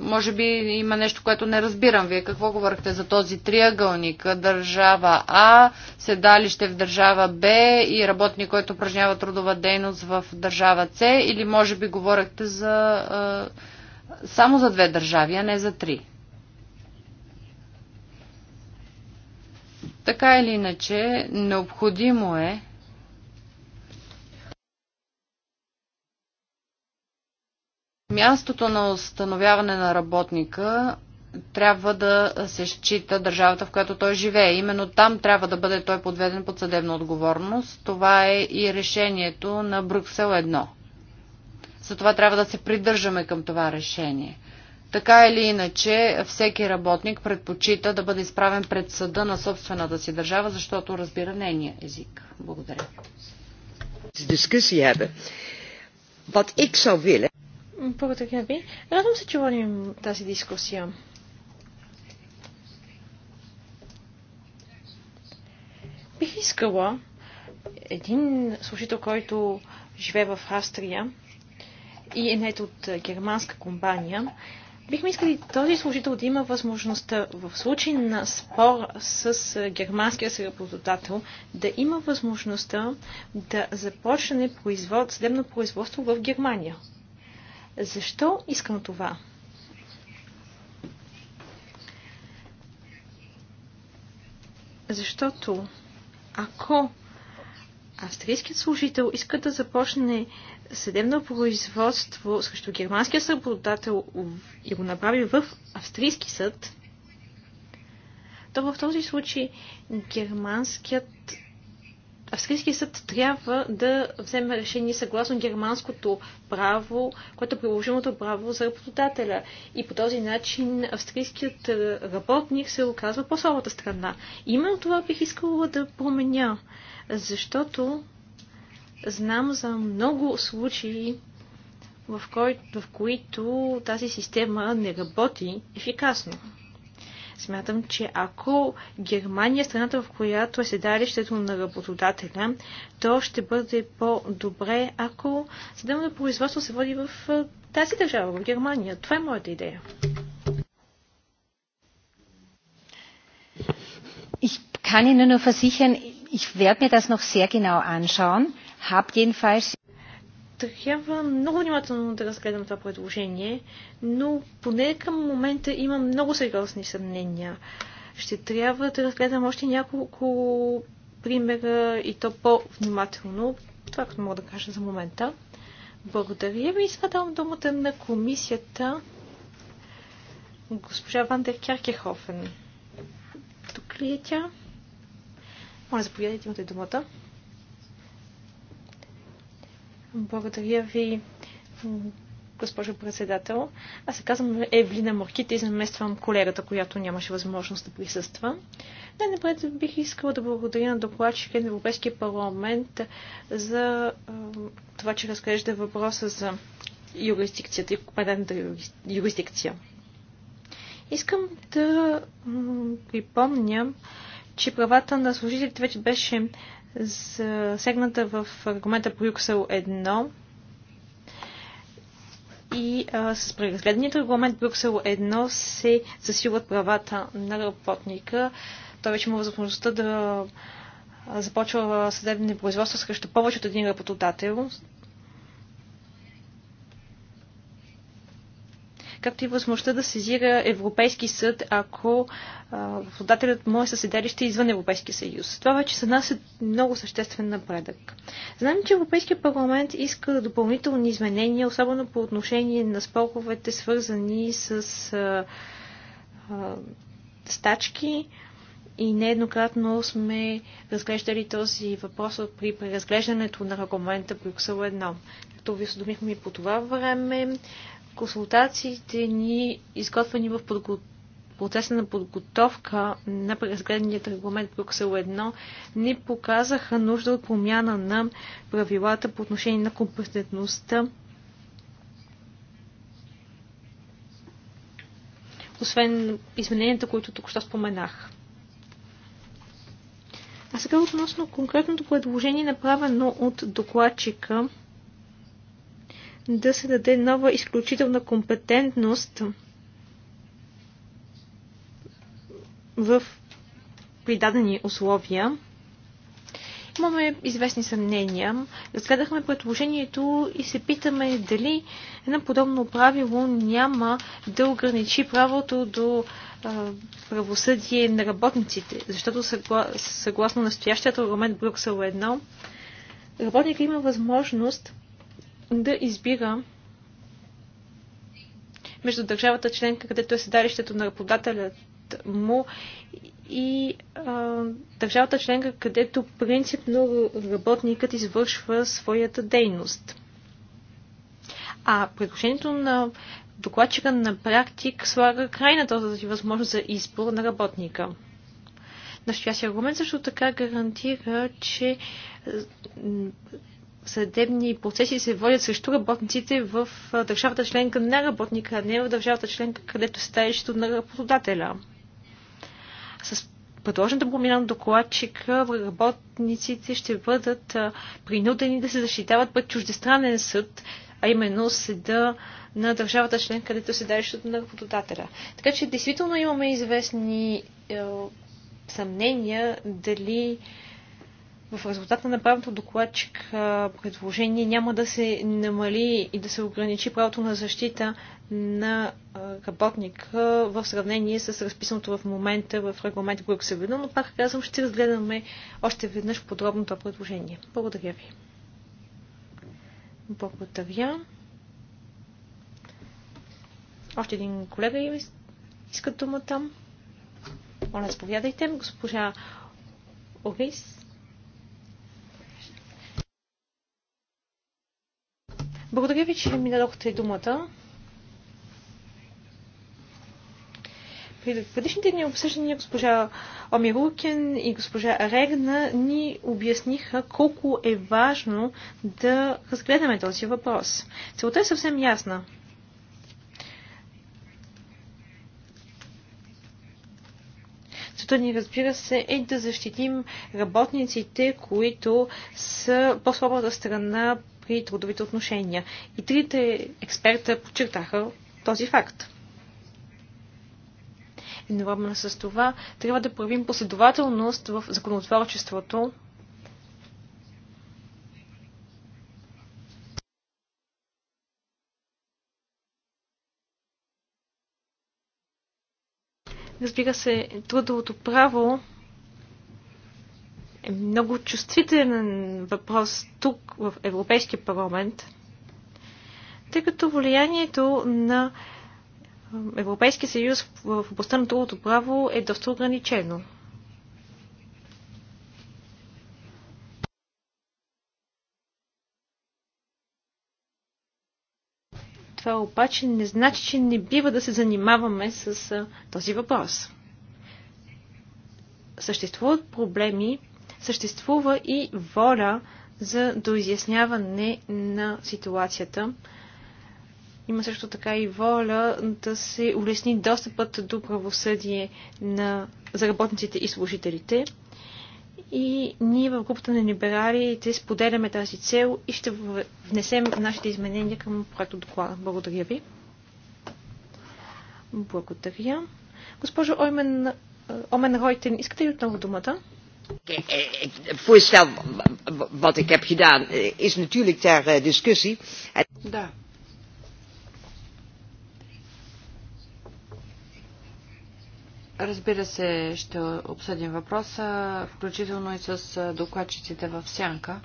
може би има нещо, което не разбирам. Вие какво говорихте за този триъгълник? Държава А, седалище в държава Б и работник, който упражнява трудова дейност в държава С или може би говорихте за, само за две държави, а не за три? Така или иначе, необходимо е мястото на установяване на работника трябва да се счита държавата, в която той живее. Именно там трябва да бъде той подведен под съдебна отговорност. Това е и решението на Брюксел 1. Затова трябва да се придържаме към това решение. Така или иначе, всеки работник предпочита да бъде изправен пред съда на собствената си държава, защото разбира нейния език. Благодаря. Благодаря ви. Радвам се, че водим тази дискусия. Бих искала един служител, който живее в Австрия и е нет от германска компания, Бихме искали този служител да има възможността в случай на спор с е, германския сръбододател да има възможността да започне производ, съдебно производство в Германия. Защо искам това? Защото ако австрийският служител иска да започне съдебно производство срещу германския съпродател и го направи в австрийски съд, то в този случай германският Австрийския съд трябва да вземе решение съгласно германското право, което е приложимото право за работодателя. И по този начин австрийският е, работник се оказва по-слабата страна. Именно това бих искала да променя, защото знам за много случаи, в, кой, в които тази система не работи ефикасно. Смятам, че ако Германия е страната, в която е седалището на работодателя, то ще бъде по-добре, ако съдебното производство се води в тази държава, в Германия. Това е моята идея. Ich kann Ihnen nur versichern, ich werde mir das noch sehr genau anschauen, Hab jedenfalls трябва много внимателно да разгледам това предложение, но поне към момента има много сериозни съмнения. Ще трябва да разгледам още няколко примера и то по-внимателно. Това, което мога да кажа за момента. Благодаря ви и сега давам думата на комисията госпожа Вандер Кяркехофен. Тук ли е тя? Моля, заповядайте, имате думата. Благодаря ви, госпожо председател. Аз се казвам Евлина Марките и замествам колегата, която нямаше възможност да присъства. Най-напред бих искала да благодаря на докладчика на Европейския парламент за това, че разглежда въпроса за юрисдикцията и компетентната юрисдикция. Искам да припомня, че правата на служителите вече беше засегната в регламента Брюксел 1 и а, с преразгледният регламент Брюксел 1 се засилват правата на работника. Той вече има възможността да започва съдебни производства срещу повече от един работодател. както и възможността да сезира Европейски съд, ако водателят му е със извън Европейския съюз. Това вече за нас е много съществен напредък. Знаем, че Европейския парламент иска допълнителни изменения, особено по отношение на споровете, свързани с а, а, стачки, и нееднократно сме разглеждали този въпрос при преразглеждането на регламента Брюксел 1. Като ви осъдомихме и по това време, консултациите ни, изготвени в процеса на подготовка на преразгледният регламент Брюксел 1, ни показаха нужда от промяна на правилата по отношение на компетентността освен измененията, които тук ще споменах. А сега относно конкретното предложение, направено от докладчика да се даде нова изключителна компетентност в придадени условия. Имаме известни съмнения. Разгледахме предложението и се питаме дали едно подобно правило няма да ограничи правото до а, правосъдие на работниците, защото съгла... съгласно настоящият регламент Брюксел 1, работникът има възможност да избира между държавата членка, където е седалището на работодателят му и а, държавата членка, където принципно работникът извършва своята дейност. А предложението на докладчика на практик слага край на този възможност за избор на работника. Настоящия аргумент също така гарантира, че съдебни процеси се водят срещу работниците в държавата членка на работника, а не в държавата членка, където се седалището на работодателя. С предложената промяна на докладчика работниците ще бъдат принудени да се защитават пред чуждестранен съд, а именно съда на държавата член, където се седалището на работодателя. Така че действително имаме известни е, съмнения дали в резултат на направеното докладчик предложение няма да се намали и да се ограничи правото на защита на работника в сравнение с разписаното в момента в регламент Брюксел. Но пак казвам, ще разгледаме още веднъж подробно това предложение. Благодаря ви. Благодаря. Още един колега иска думата. Моля, заповядайте. Госпожа Орис. Благодаря ви, че ми дадохте думата. При предишните ни обсъждания госпожа Омирукен и госпожа Регна ни обясниха колко е важно да разгледаме този въпрос. Целта е съвсем ясна. Целта ни, разбира се, е да защитим работниците, които са по-слабата страна при трудовите отношения. И трите експерта подчертаха този факт. Едновременно с това трябва да правим последователност в законотворчеството, Разбира се, трудовото право е много чувствителен въпрос тук в Европейския парламент, тъй като влиянието на Европейския съюз в областта на другото право е доста ограничено. Това обаче не значи, че не бива да се занимаваме с този въпрос. Съществуват проблеми, съществува и воля за доизясняване на ситуацията. Има също така и воля да се улесни достъпът до правосъдие на, заработниците и служителите. И ние в групата на либералите споделяме тази цел и ще внесем нашите изменения към проекта доклада. Благодаря ви. Благодаря. Госпожо Оймен, Омен Ройтен, искате ли отново думата? het eh, eh, voorstel wat ik heb gedaan eh, is natuurlijk ter discussie. Daar. Разбира се, ще обсъдим въпроса, включително и с докладчиците в сянка.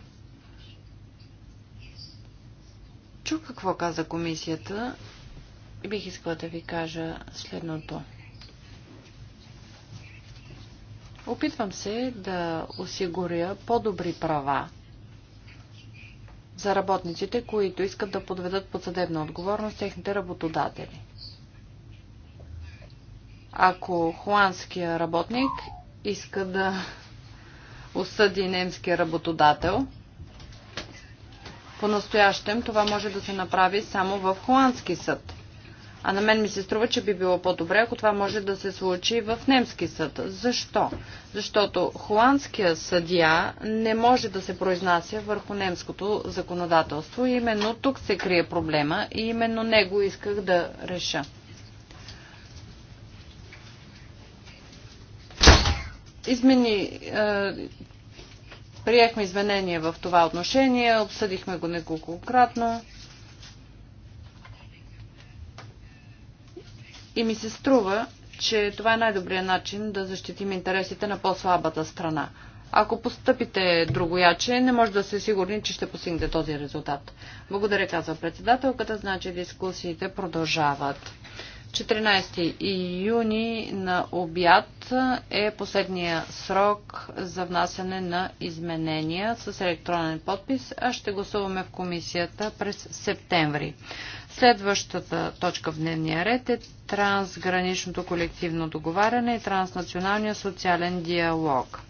Чух какво каза комисията и бих искала да ви кажа следното. Опитвам се да осигуря по-добри права за работниците, които искат да подведат под съдебна отговорност техните работодатели. Ако холандския работник иска да осъди немския работодател, по-настоящем това може да се направи само в холандски съд. А на мен ми се струва, че би било по-добре, ако това може да се случи в немски съд. Защо? Защото холандския съдия не може да се произнася върху немското законодателство и именно тук се крие проблема и именно него исках да реша. Измени, е, приехме изменения в това отношение, обсъдихме го неколкократно. И ми се струва, че това е най-добрият начин да защитим интересите на по-слабата страна. Ако постъпите другояче, не може да се сигурни, че ще постигнете този резултат. Благодаря, казва председателката, значи дискусиите продължават. 14 июни на обяд е последния срок за внасяне на изменения с електронен подпис, а ще гласуваме в комисията през септември. Следващата точка в дневния ред е трансграничното колективно договаряне и транснационалния социален диалог.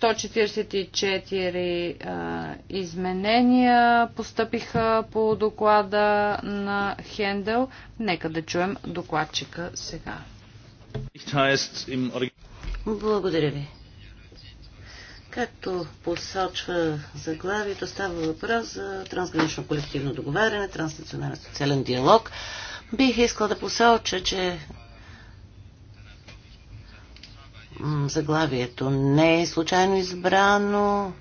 144 а, изменения постъпиха по доклада на Хендел. Нека да чуем докладчика сега. Е Благодаря ви. Както посочва заглавието, става въпрос за трансгранично колективно договаряне, транснационален социален диалог. Бих искала да посоча, че заглавието не е случайно избрано.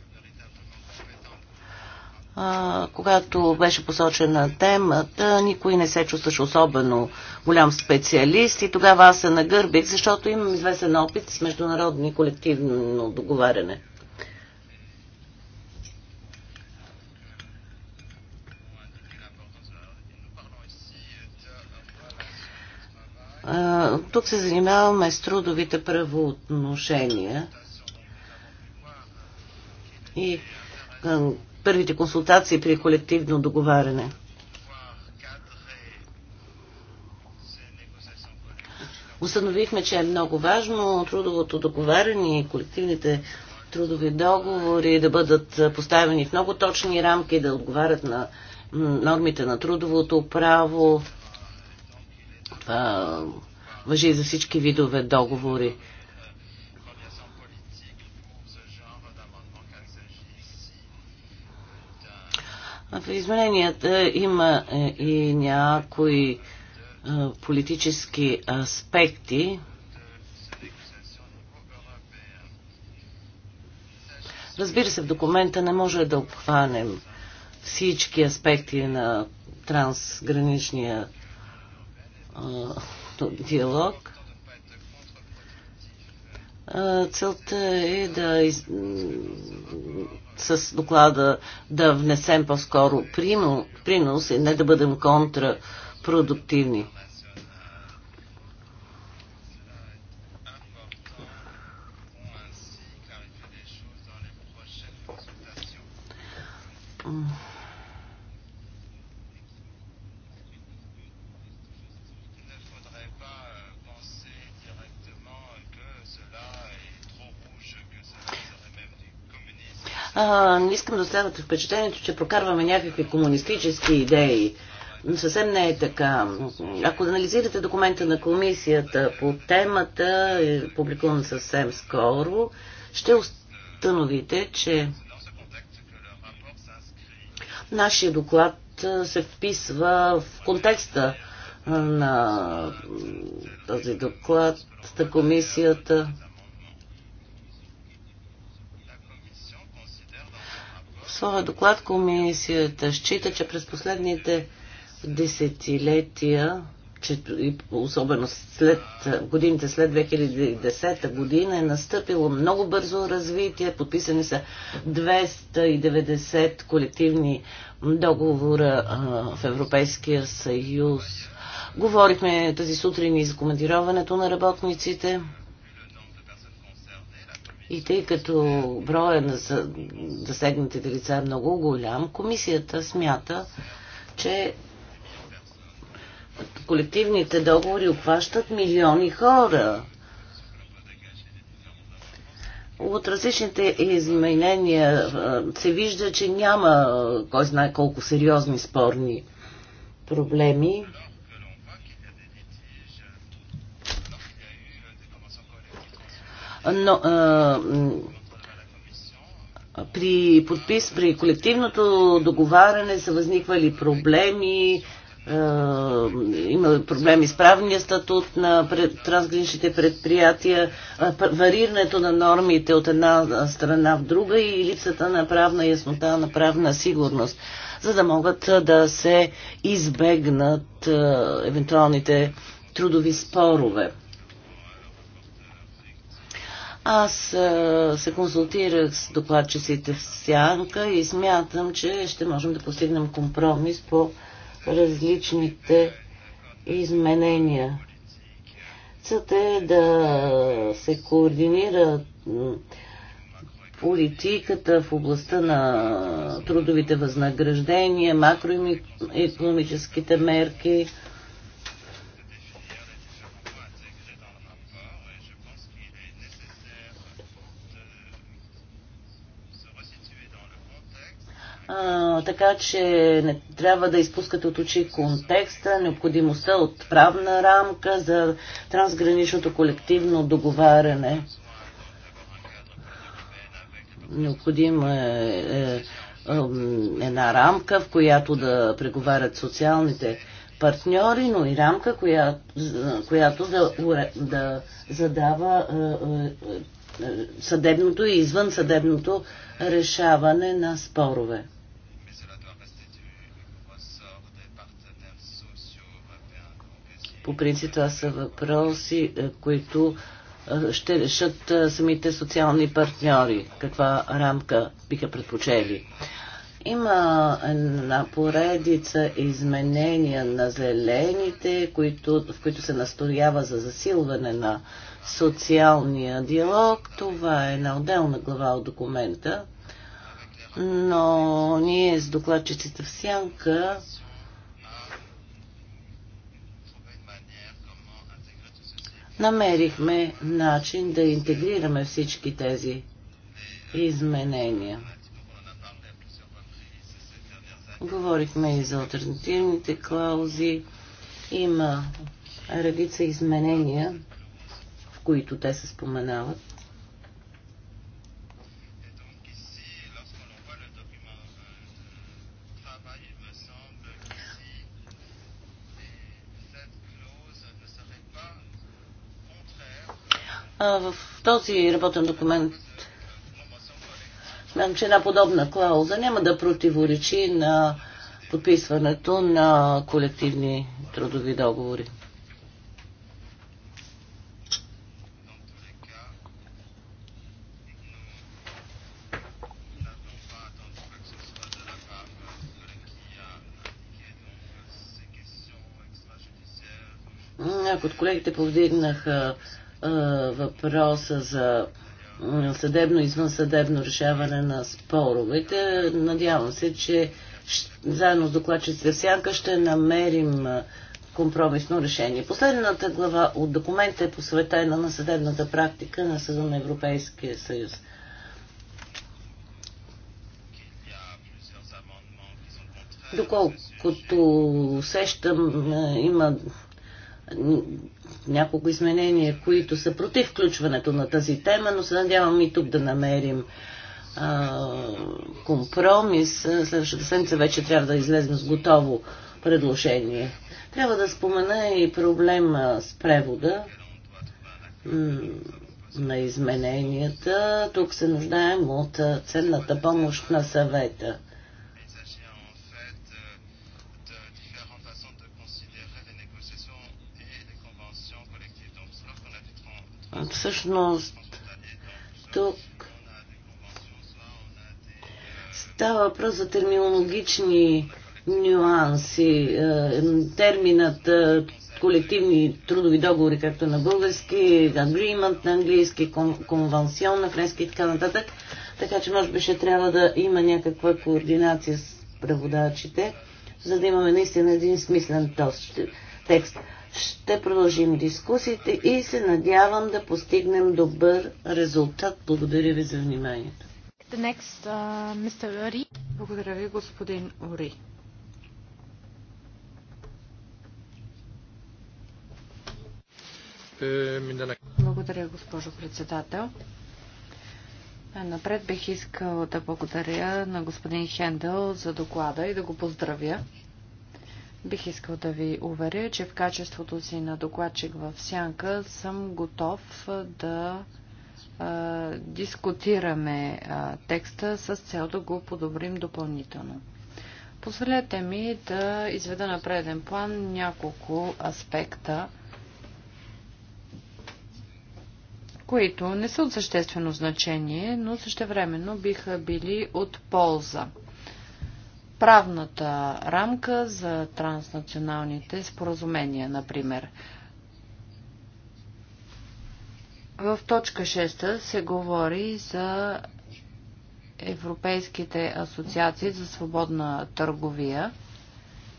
А, когато беше посочена темата, никой не се чувстваше особено голям специалист и тогава аз се нагърбих, защото имам известен опит с международни колективно договаряне. тук се занимаваме с трудовите правоотношения и първите консултации при колективно договаряне. Установихме, че е много важно трудовото договаряне и колективните трудови договори да бъдат поставени в много точни рамки, да отговарят на нормите на трудовото право. Това въжи за всички видове договори. В измененията има е, и някои е, политически аспекти. Разбира се, в документа не може да обхванем всички аспекти на трансграничния е, диалог. Целта е да из... с доклада да внесем по-скоро принос и не да бъдем контрапродуктивни. не искам да оставате впечатлението, че прокарваме някакви комунистически идеи. Съвсем не е така. Ако анализирате документа на комисията по темата, е публикуван съвсем скоро, ще установите, че нашия доклад се вписва в контекста на този доклад на комисията своя доклад комисията счита, че през последните десетилетия, че, особено след годините след 2010 година, е настъпило много бързо развитие. Подписани са 290 колективни договора а, в Европейския съюз. Говорихме тази сутрин и за командироването на работниците. И тъй като броя на засегнатите лица е много голям, комисията смята, че колективните договори обхващат милиони хора. От различните изменения се вижда, че няма кой знае колко сериозни спорни проблеми. но, а, при подпис, при колективното договаряне са възниквали проблеми, има проблеми с правния статут на трансграничните предприятия, варирането на нормите от една страна в друга и липсата на правна яснота, на правна сигурност, за да могат да се избегнат евентуалните трудови спорове. Аз а, е, се консултирах с докладчиците в Сянка и смятам, че ще можем да постигнем компромис по различните изменения. Целта е да се координира политиката в областта на трудовите възнаграждения, макроекономическите мерки, така че не трябва да изпускате от очи контекста, необходимостта от правна рамка за трансграничното колективно договаряне. Необходима е, е, е една рамка, в която да преговарят социалните партньори, но и рамка, коя, която да, да задава е, е, е, съдебното и извън съдебното решаване на спорове. По принцип това са въпроси, е, които е, ще решат е, самите социални партньори, каква рамка биха предпочели. Има една поредица изменения на зелените, които, в които се настоява за засилване на социалния диалог. Това е една отделна глава от документа. Но ние с докладчиците в Сянка намерихме начин да интегрираме всички тези изменения. Говорихме и за альтернативните клаузи. Има редица изменения, в които те се споменават. в този работен документ Смятам, че една подобна клауза няма да противоречи на подписването на колективни трудови договори. Някои от колегите повдигнаха въпроса за съдебно и извънсъдебно решаване на споровете. Надявам се, че заедно с докладчиците Сянка ще намерим компромисно решение. Последната глава от документа е посветена на съдебната практика на Съда на Европейския съюз. Доколкото усещам, има няколко изменения, които са против включването на тази тема, но се надявам и тук да намерим а, компромис. Следващата седмица вече трябва да излезем с готово предложение. Трябва да спомена и проблема с превода на измененията. Тук се нуждаем от ценната помощ на съвета. Всъщност, тук става въпрос за терминологични нюанси. Е, терминът е, колективни трудови договори, както на български, agreement на английски, конвенцион на френски и така нататък. Така че може би ще трябва да има някаква координация с преводачите, за да имаме наистина един смислен текст. Ще продължим дискусиите и се надявам да постигнем добър резултат. Благодаря ви за вниманието. Next, uh, Благодаря ви, господин Ори. Е, благодаря, госпожо председател. Напред бих искал да благодаря на господин Хендел за доклада и да го поздравя. Бих искал да ви уверя, че в качеството си на докладчик в Сянка съм готов да а, дискутираме а, текста с цел да го подобрим допълнително. Позволете ми да изведа на преден план няколко аспекта, които не са от съществено значение, но същевременно биха били от полза – правната рамка за транснационалните споразумения, например. В точка 6 се говори за европейските асоциации за свободна търговия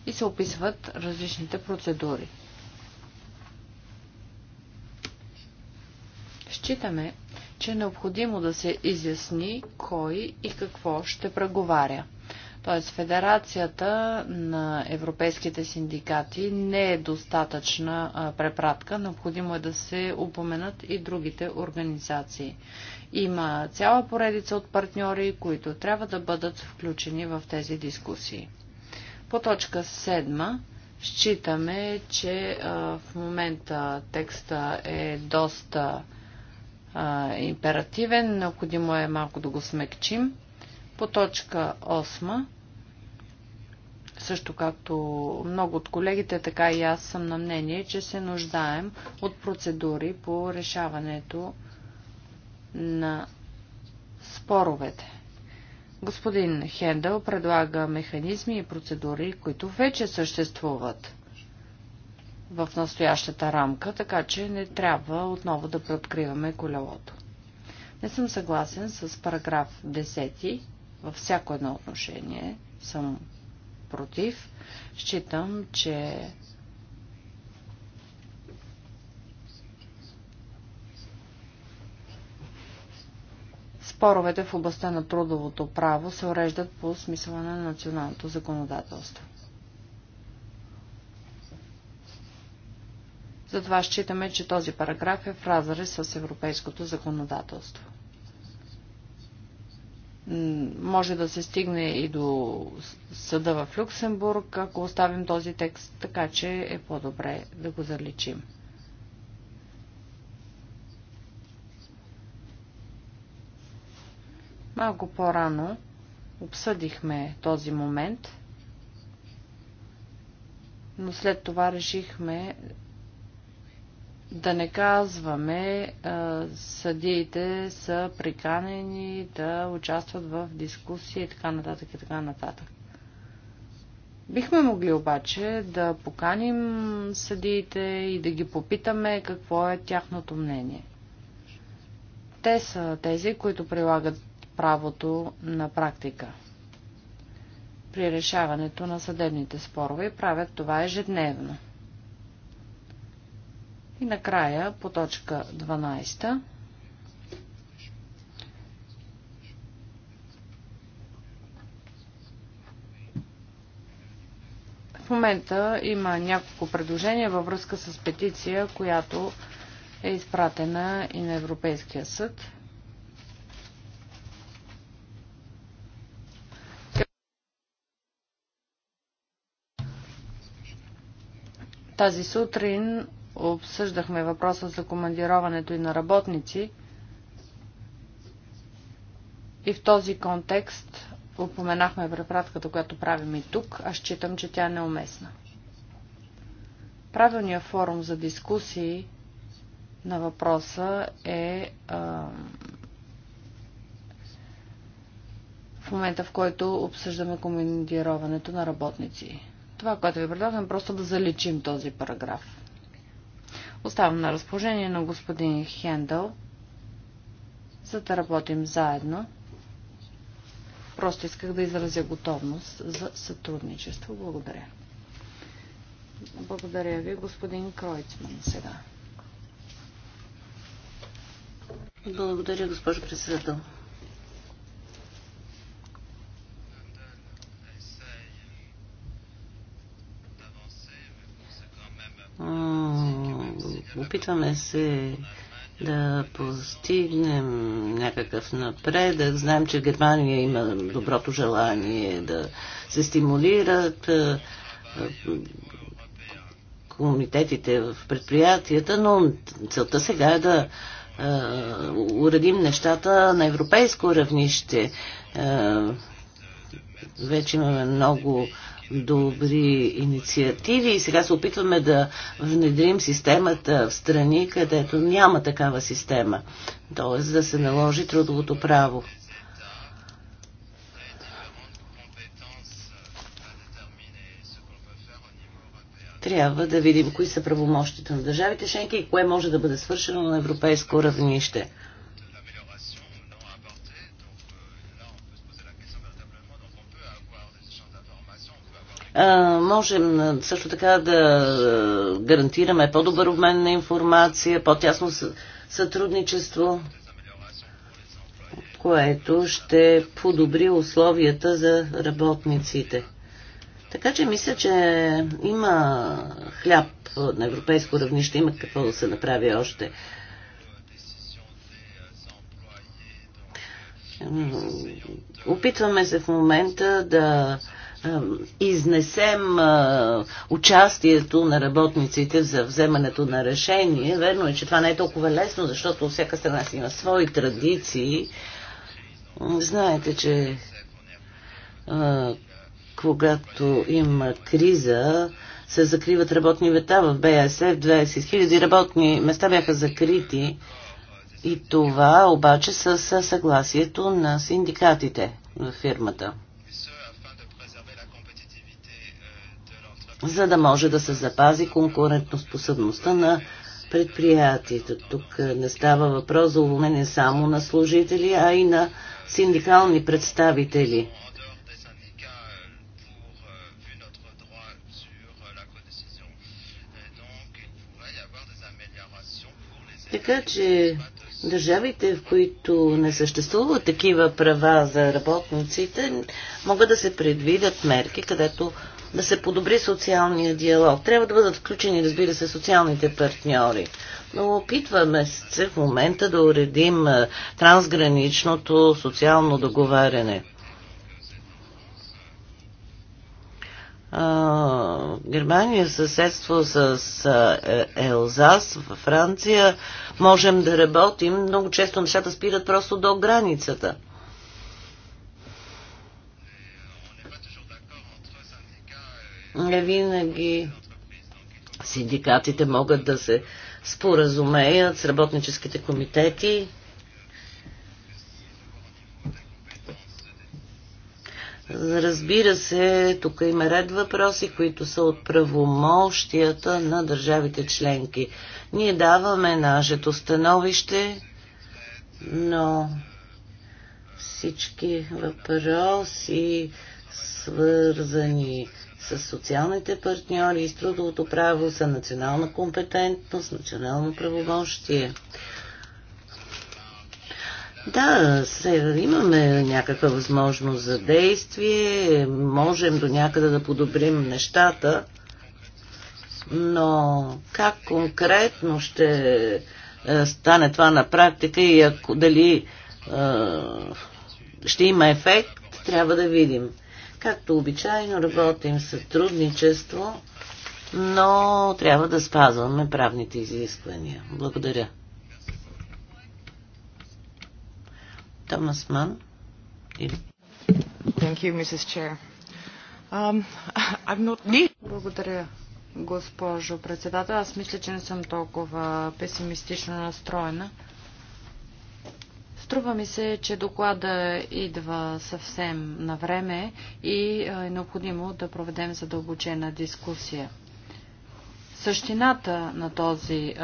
и се описват различните процедури. Считаме, че е необходимо да се изясни кой и какво ще преговаря. Т.е. Федерацията на европейските синдикати не е достатъчна препратка. Необходимо е да се упоменат и другите организации. Има цяла поредица от партньори, които трябва да бъдат включени в тези дискусии. По точка 7 считаме, че в момента текста е доста императивен. Необходимо е малко да го смекчим. По точка 8 също както много от колегите, така и аз съм на мнение, че се нуждаем от процедури по решаването на споровете. Господин Хендъл предлага механизми и процедури, които вече съществуват в настоящата рамка, така че не трябва отново да преоткриваме колелото. Не съм съгласен с параграф 10 във всяко едно отношение, съм против. Считам, че споровете в областта на трудовото право се уреждат по смисъла на националното законодателство. Затова считаме, че този параграф е в разрез с европейското законодателство може да се стигне и до съда в Люксембург, ако оставим този текст, така че е по-добре да го заличим. Малко по-рано обсъдихме този момент, но след това решихме да не казваме, съдиите са приканени да участват в дискусии и така нататък и така нататък. Бихме могли обаче да поканим съдиите и да ги попитаме какво е тяхното мнение. Те са тези, които прилагат правото на практика при решаването на съдебните спорове и правят това ежедневно. И накрая по точка 12. В момента има няколко предложения във връзка с петиция, която е изпратена и на Европейския съд. Тази сутрин обсъждахме въпроса за командироването и на работници. И в този контекст упоменахме препратката, която правим и тук. Аз считам, че тя е неуместна. Правилният форум за дискусии на въпроса е а, в момента, в който обсъждаме командироването на работници. Това, което ви предлагам, е просто да заличим този параграф. Оставам на разположение на господин Хендъл, за да работим заедно. Просто исках да изразя готовност за сътрудничество. Благодаря. Благодаря ви, господин Кройцман, сега. Благодаря, госпожо председател. Опитваме се да постигнем някакъв напредък. Знаем, че в Германия има доброто желание да се стимулират комитетите в предприятията, но целта сега е да уредим нещата на европейско равнище. Вече имаме много добри инициативи и сега се опитваме да внедрим системата в страни, където няма такава система. т.е. да се наложи трудовото право. Трябва да видим кои са правомощите на държавите членки и кое може да бъде свършено на европейско равнище. можем също така да гарантираме по-добър обмен на информация, по-тясно сътрудничество, което ще подобри условията за работниците. Така че мисля, че има хляб на европейско равнище, има какво да се направи още. Опитваме се в момента да изнесем участието на работниците за вземането на решение. Верно е, че това не е толкова лесно, защото всяка страна си има свои традиции. Знаете, че когато има криза, се закриват работни вета в БСФ 20 000 работни места бяха закрити. И това обаче с съгласието на синдикатите в фирмата. за да може да се запази конкурентоспособността на предприятията. Тук е, не става въпрос за уволнение само на служители, а и на синдикални представители. Така че държавите, в които не съществуват такива права за работниците, могат да се предвидят мерки, където да се подобри социалния диалог. Трябва да бъдат включени, разбира се, социалните партньори. Но опитваме се в момента да уредим трансграничното социално договаряне. Германия, съседство с е, Елзас, Франция, можем да работим. Много често нещата спират просто до границата. Винаги синдикатите могат да се споразумеят с работническите комитети. Разбира се, тук има ред въпроси, които са от правомощията на държавите членки. Ние даваме нашето становище, но всички въпроси, свързани с социалните партньори и с трудовото право са национална компетентност, национално правомощие. Да, се, имаме някаква възможност за действие, можем до някъде да подобрим нещата, но как конкретно ще е, стане това на практика и ако дали е, ще има ефект, трябва да видим. Както обичайно работим сътрудничество, но трябва да спазваме правните изисквания. Благодаря. Томас Ман. Thank you, Mrs. Chair. Um, I'm not... Благодаря, госпожо председател. Аз мисля, че не съм толкова песимистично настроена. Струва ми се, че доклада идва съвсем на време и е необходимо да проведем задълбочена дискусия. Същината на този е,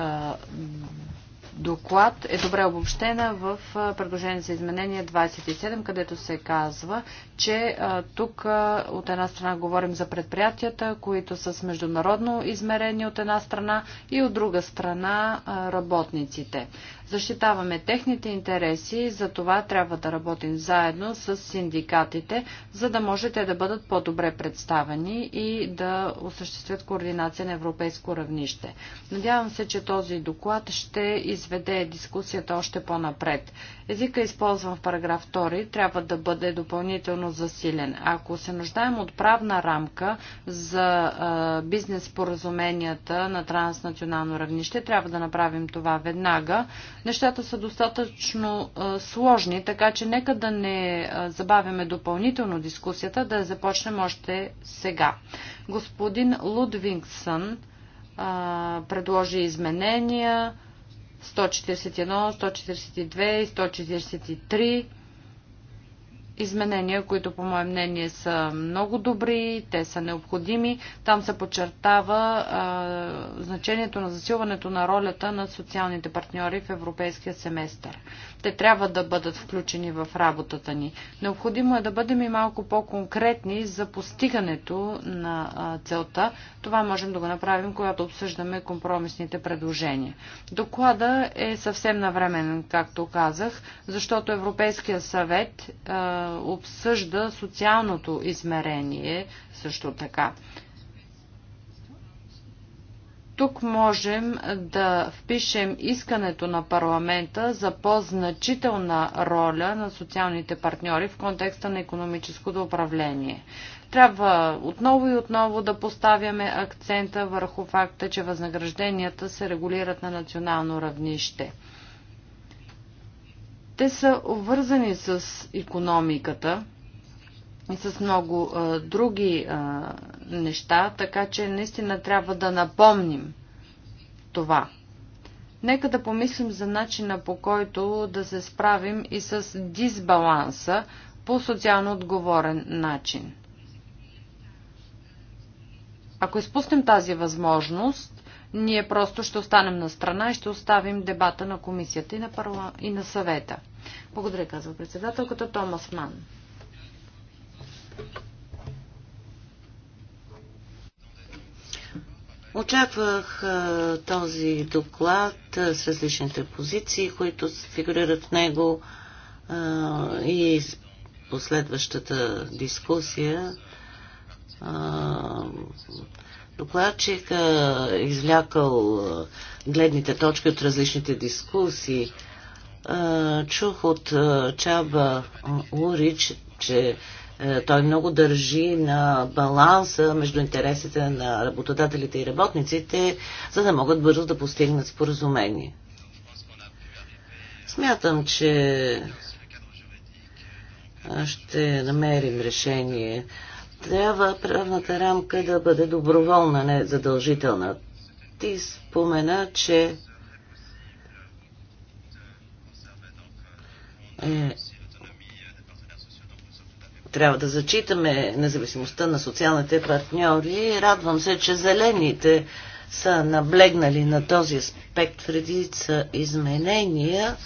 доклад е добре обобщена в е, предложение за изменение 27, където се казва, че е, тук от една страна говорим за предприятията, които са с международно измерение от една страна и от друга страна работниците. Защитаваме техните интереси и за това трябва да работим заедно с синдикатите, за да може те да бъдат по-добре представени и да осъществят координация на европейско равнище. Надявам се, че този доклад ще изведе дискусията още по-напред. Езика, използван в параграф 2, трябва да бъде допълнително засилен. Ако се нуждаем от правна рамка за бизнес споразуменията на транснационално равнище, трябва да направим това веднага. Нещата са достатъчно сложни, така че нека да не забавяме допълнително дискусията, да я започнем още сега. Господин Лудвингсън предложи изменения 141, 142 и 143 изменения, които по мое мнение са много добри, те са необходими. Там се подчертава а, значението на засилването на ролята на социалните партньори в европейския семестър. Те трябва да бъдат включени в работата ни. Необходимо е да бъдем и малко по-конкретни за постигането на целта. Това можем да го направим, когато обсъждаме компромисните предложения. Доклада е съвсем навременен, както казах, защото Европейския съвет обсъжда социалното измерение също така. Тук можем да впишем искането на парламента за по-значителна роля на социалните партньори в контекста на економическото управление. Трябва отново и отново да поставяме акцента върху факта, че възнагражденията се регулират на национално равнище. Те са обвързани с економиката, и с много а, други а, неща, така че наистина трябва да напомним това. Нека да помислим за начина по който да се справим и с дисбаланса по социално отговорен начин. Ако изпуснем тази възможност, ние просто ще останем на страна и ще оставим дебата на комисията и на, парла... и на съвета. Благодаря, казва председателката Томас Ман. Очаквах а, този доклад а, с различните позиции, които фигурират в него а, и последващата дискусия. А, докладчик а, излякал гледните точки от различните дискусии. А, чух от а, Чаба Урич, че е, той много държи на баланса между интересите на работодателите и работниците, за да могат бързо да постигнат споразумение. Смятам, че ще намерим решение. Трябва правната рамка да бъде доброволна, не задължителна. Ти спомена, че е трябва да зачитаме независимостта на социалните партньори. Радвам се, че зелените са наблегнали на този аспект в редица изменения.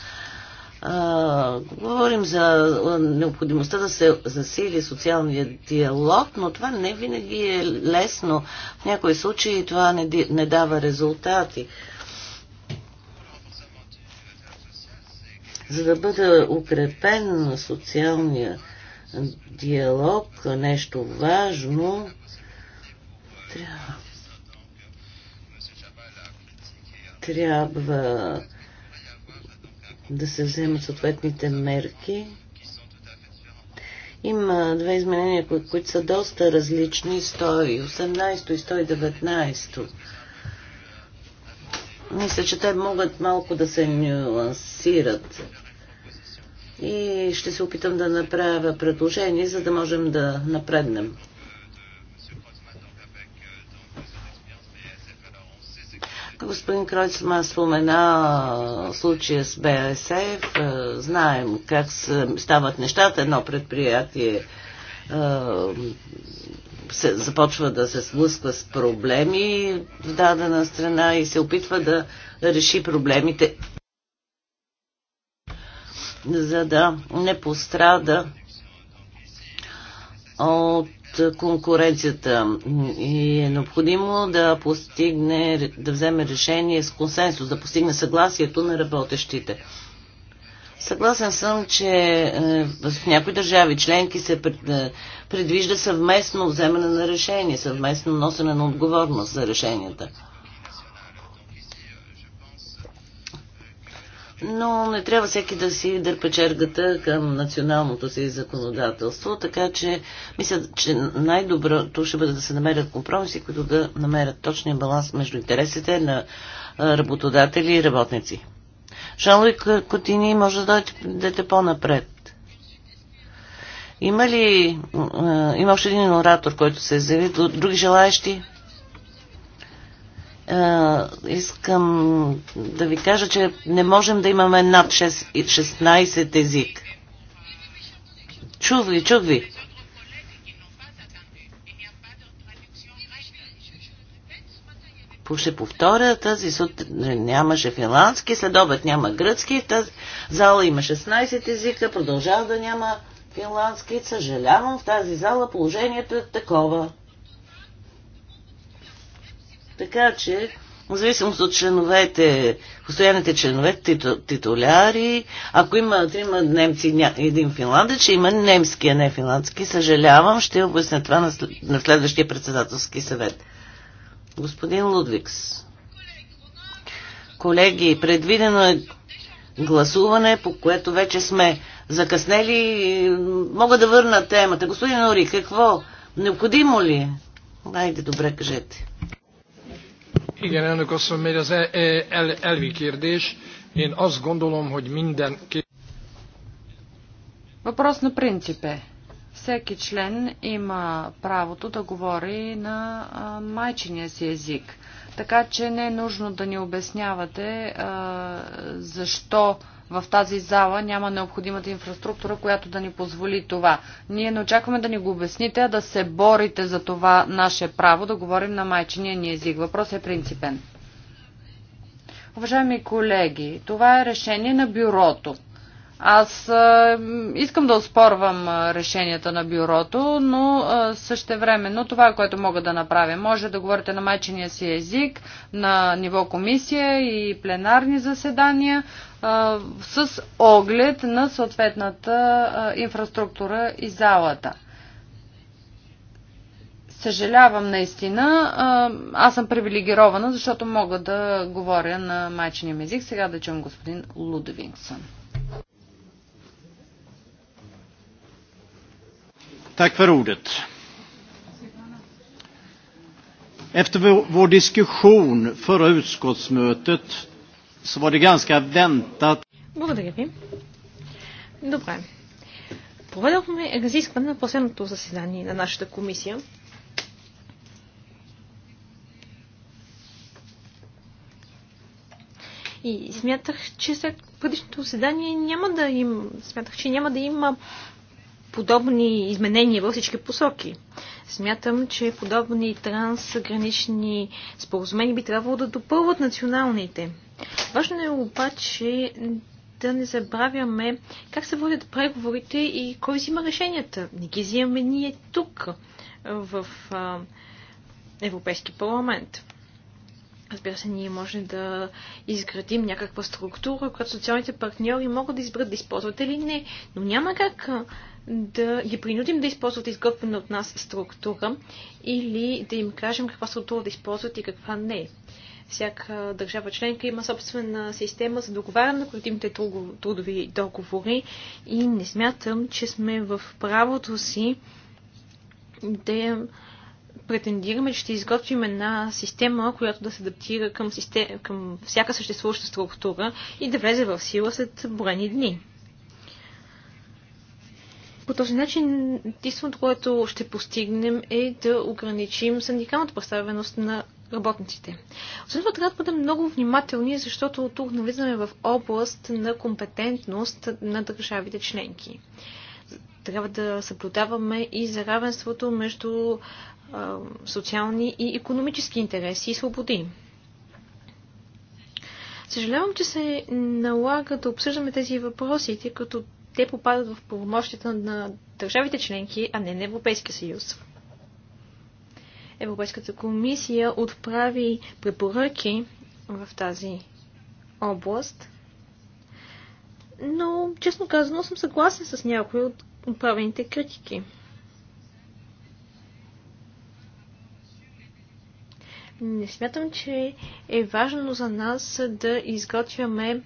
А, говорим за необходимостта да се засили социалния диалог, но това не винаги е лесно. В някои случаи това не, не дава резултати. За да бъде укрепен на социалния диалог, нещо важно. Трябва. Трябва да се вземат съответните мерки. Има две изменения, които са доста различни, 118 и 119. Мисля, че те могат малко да се нюансират и ще се опитам да направя предложение, за да можем да напреднем. Господин Кройцман спомена случая с БСФ. Знаем как стават нещата. Едно предприятие е, се, започва да се сблъсква с проблеми в дадена страна и се опитва да реши проблемите за да не пострада от конкуренцията и е необходимо да постигне, да вземе решение с консенсус, да постигне съгласието на работещите. Съгласен съм, че е, в някои държави членки се е, предвижда съвместно вземане на решение, съвместно носене на отговорност за решенията. но не трябва всеки да си дърпа чергата към националното си законодателство, така че мисля, че най-доброто ще бъде да се намерят компромиси, които да намерят точния баланс между интересите на работодатели и работници. Шанлой Котини може да дадете по-напред. Има ли... Има още един оратор, който се е заявил. Други желаящи? искам да ви кажа, че не можем да имаме над 6, 16 език. Чух ви, чух ви. ще повторя, тази сутрин нямаше финландски, след обед няма гръцки, тази зала има 16 езика, продължава да няма финландски. Съжалявам, в тази зала положението е такова. Така че, в зависимост от членовете, постоянните членове, титу, титуляри, ако има трима немци и един финландец, има немски, а не финландски. Съжалявам, ще обясня това на, на следващия председателски съвет. Господин Лудвикс. Колеги, предвидено е гласуване, по което вече сме закъснели. Мога да върна темата. Господин Ори, какво? Необходимо ли? Дайде, добре, кажете. Igen, elnök asszony, mert az el, elvi kérdés. Én azt gondolom, hogy minden... Въпрос на принцип е. Всеки член има правото да говори на майчиния си език. Така че не е нужно да ни обяснявате а, защо в тази зала няма необходимата инфраструктура, която да ни позволи това. Ние не очакваме да ни го обясните, а да се борите за това наше право да говорим на майчиния ни език. Въпрос е принципен. Уважаеми колеги, това е решение на бюрото. Аз а, искам да оспорвам решенията на бюрото, но а, но това, което мога да направя, може да говорите на майчиния си език, на ниво комисия и пленарни заседания, а, с оглед на съответната а, инфраструктура и залата. Съжалявам наистина, аз съм привилегирована, защото мога да говоря на майчиния език. Сега да чум господин Лудвингсън. Tack för ordet. Efter vår diskussion förra utskottsmötet så var det ganska väntat. Благодаря ви. Добре. Проведохме разискване на последното заседание на нашата комисия. И смятах, че след предишното заседание няма да им, смятах, че няма да има подобни изменения във всички посоки. Смятам, че подобни трансгранични споразумени би трябвало да допълват националните. Важно е обаче да не забравяме как се водят преговорите и кой взима решенията. Не ги взимаме ние тук, в а, Европейски парламент. Разбира се, ние можем да изградим някаква структура, която социалните партньори могат да изберат да използват или не, но няма как да ги принудим да използват изготвена от нас структура или да им кажем каква структура да използват и каква не. Всяка държава членка има собствена система за договаряне на колективните трудови договори и не смятам, че сме в правото си да претендираме, че ще изготвим една система, която да се адаптира към, систем... към всяка съществуваща структура и да влезе в сила след броени дни. По този начин единственото, което ще постигнем е да ограничим синдикалната представеност на работниците. Освен това трябва да бъдем много внимателни, защото тук навлизаме в област на компетентност на държавите членки. Трябва да съблюдаваме и за равенството между а, социални и економически интереси и свободи. Съжалявам, че се налага да обсъждаме тези въпроси, тъй като те попадат в правомощията на държавите членки, а не на Европейския съюз. Европейската комисия отправи препоръки в тази област, но честно казано съм съгласен с някои от отправените критики. Не смятам, че е важно за нас да изготвяме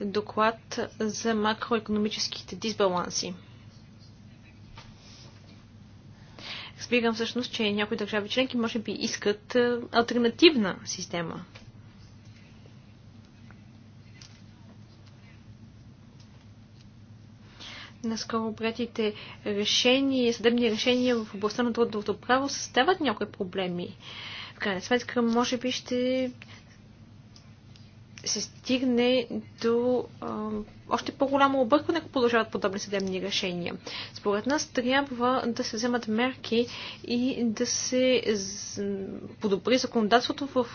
доклад за макроекономическите дисбаланси. Разбирам всъщност, че някои държави членки може би искат е, альтернативна система. наскоро приятите решения, съдебни решения в областта на трудовото право създават някои проблеми. В крайна сметка, може би ще се стигне до още по-голямо объркване, ако продължават подобни съдебни решения. Според нас трябва да се вземат мерки и да се подобри законодателството в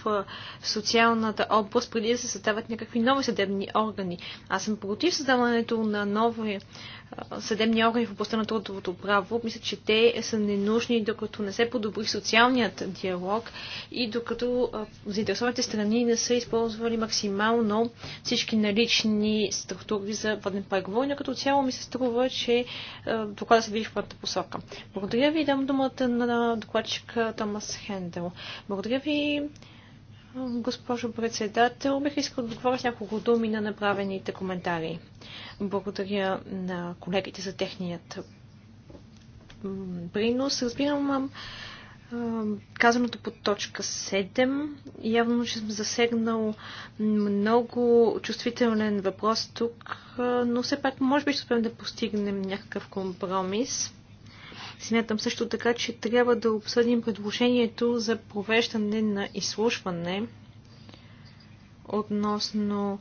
социалната област, преди да се създават някакви нови съдебни органи. Аз съм против създаването на нови съдебни органи в областта на трудовото право. Мисля, че те са ненужни, докато не се подобри социалният диалог и докато заинтересованите страни не са използвали максимално всички налични структури преговори, за воден преговори, но като цяло ми се струва, че е, доклада се движи в първата посока. Благодаря ви и дам думата на докладчика Томас Хендел. Благодаря ви, е, госпожо председател. Бих искал да отговоря с няколко думи на направените коментари. Благодаря на колегите за техният принос. Разбирам казаното под точка 7. Явно, че съм засегнал много чувствителен въпрос тук, но все пак може би ще успеем да постигнем някакъв компромис. Смятам също така, че трябва да обсъдим предложението за провеждане на изслушване относно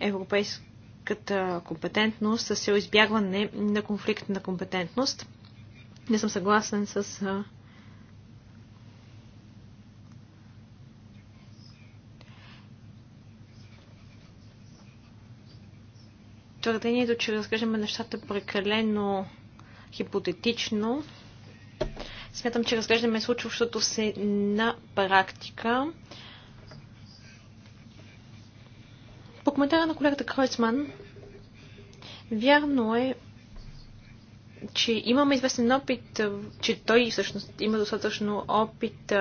европейската компетентност с цел избягване на конфликт на компетентност. Не съм съгласен с твърдението, че разглеждаме нещата прекалено хипотетично. Смятам, че разглеждаме случващото се на практика. По коментара на колегата Кройцман, вярно е, че имаме известен опит, че той всъщност има достатъчно опит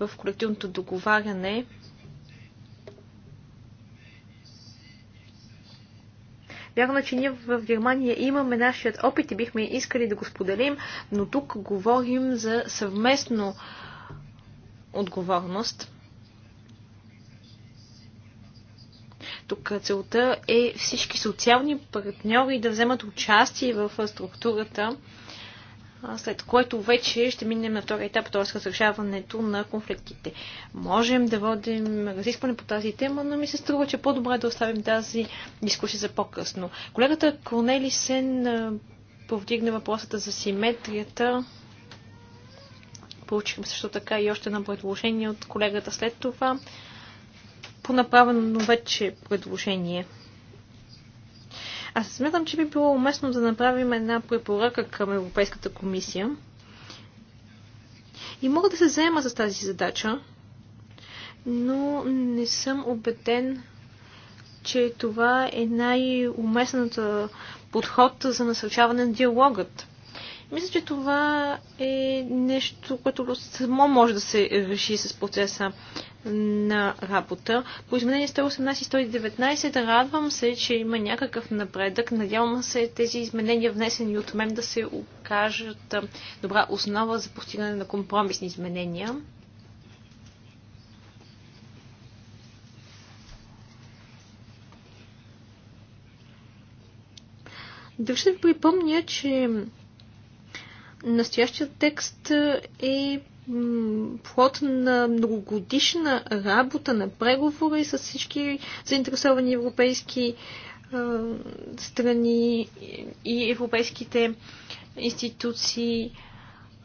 в колективното договаряне Вярно че ние в Германия имаме нашият опит и бихме искали да го споделим, но тук говорим за съвместно отговорност. Тук целта е всички социални партньори да вземат участие в структурата след което вече ще минем на втория етап, т.е. разрешаването на конфликтите. Можем да водим разискване по тази тема, но ми се струва, че е по-добре е да оставим тази дискусия за по-късно. Колегата Корнели Сен повдигна въпросата за симетрията. Получихме също така и още едно предложение от колегата след това по направено вече предложение. Аз смятам, че би било уместно да направим една препоръка към Европейската комисия. И мога да се заема с тази задача, но не съм убеден, че това е най-уместната подход за насърчаване на диалогът. Мисля, че това е нещо, което само може да се реши с процеса на работа. По изменение 118 119 радвам се, че има някакъв напредък. Надявам се тези изменения, внесени от мен, да се окажат добра основа за постигане на компромисни изменения. Държа да припомня, че Настоящия текст е плод на многогодишна работа на преговора и с всички заинтересовани европейски е, страни и европейските институции.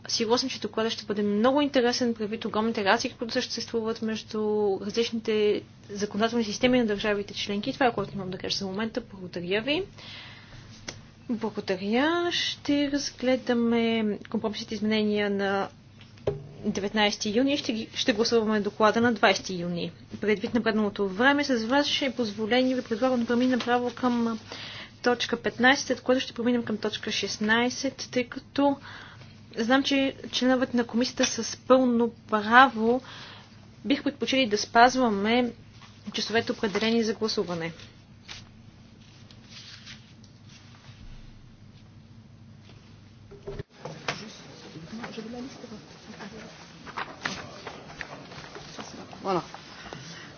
Сигурен съм, че докладът ще бъде много интересен предвид огромните разлики, които съществуват между различните законодателни системи на държавите членки. Това е което имам да кажа за момента. Благодаря ви. Благодаря. Ще разгледаме компромисните изменения на 19 юни и ще, ще гласуваме доклада на 20 юни. Предвид на предното време, с вас ще е позволение ви предлагам да преминем право към точка 15, след което ще преминем към точка 16, тъй като знам, че членовете на комисията с пълно право бих предпочели да спазваме часовете определени за гласуване. Voilà.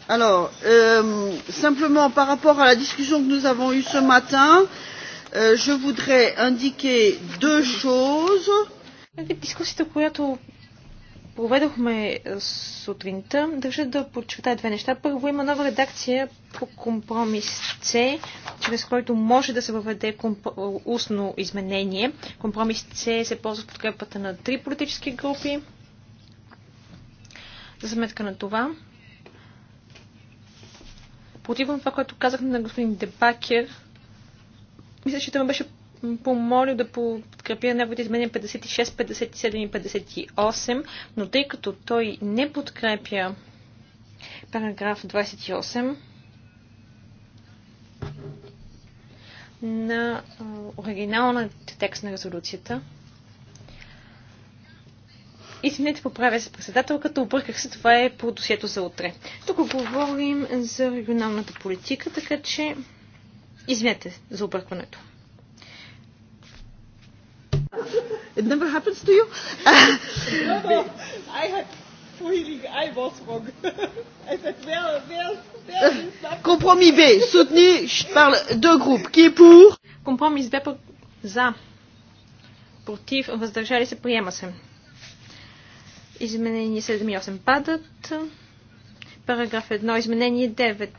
Alors, euh, simplement par rapport à la discussion que nous avons eue ce matin, euh, je voudrais indiquer deux choses. Дискусията, която проведохме е, сутринта, държа да подчертая две неща. Първо има нова редакция по компромис С, чрез който може да се въведе комп... устно изменение. Компромис С се ползва в подкрепата на три политически групи. За сметка на това, противно това, което казах на господин Дебакер, мисля, че той ме беше помолил да подкрепя неговите изменения 56, 57 и 58, но тъй като той не подкрепя параграф 28 на оригиналната текст на резолюцията, Извинете, поправя се председател, като обърках се, това е по досието за утре. Тук говорим за регионалната политика, така че извинете за объркването. It never happens to you? no, no, I had feeling I was wrong. I said, well, well, where is that? Compromis B, soutenu par deux groupes. Qui est pour? Компромис Б за. Против, въздържали се, приема се. Изменение 7 и 8 падат. Параграф 1. Изменение 9.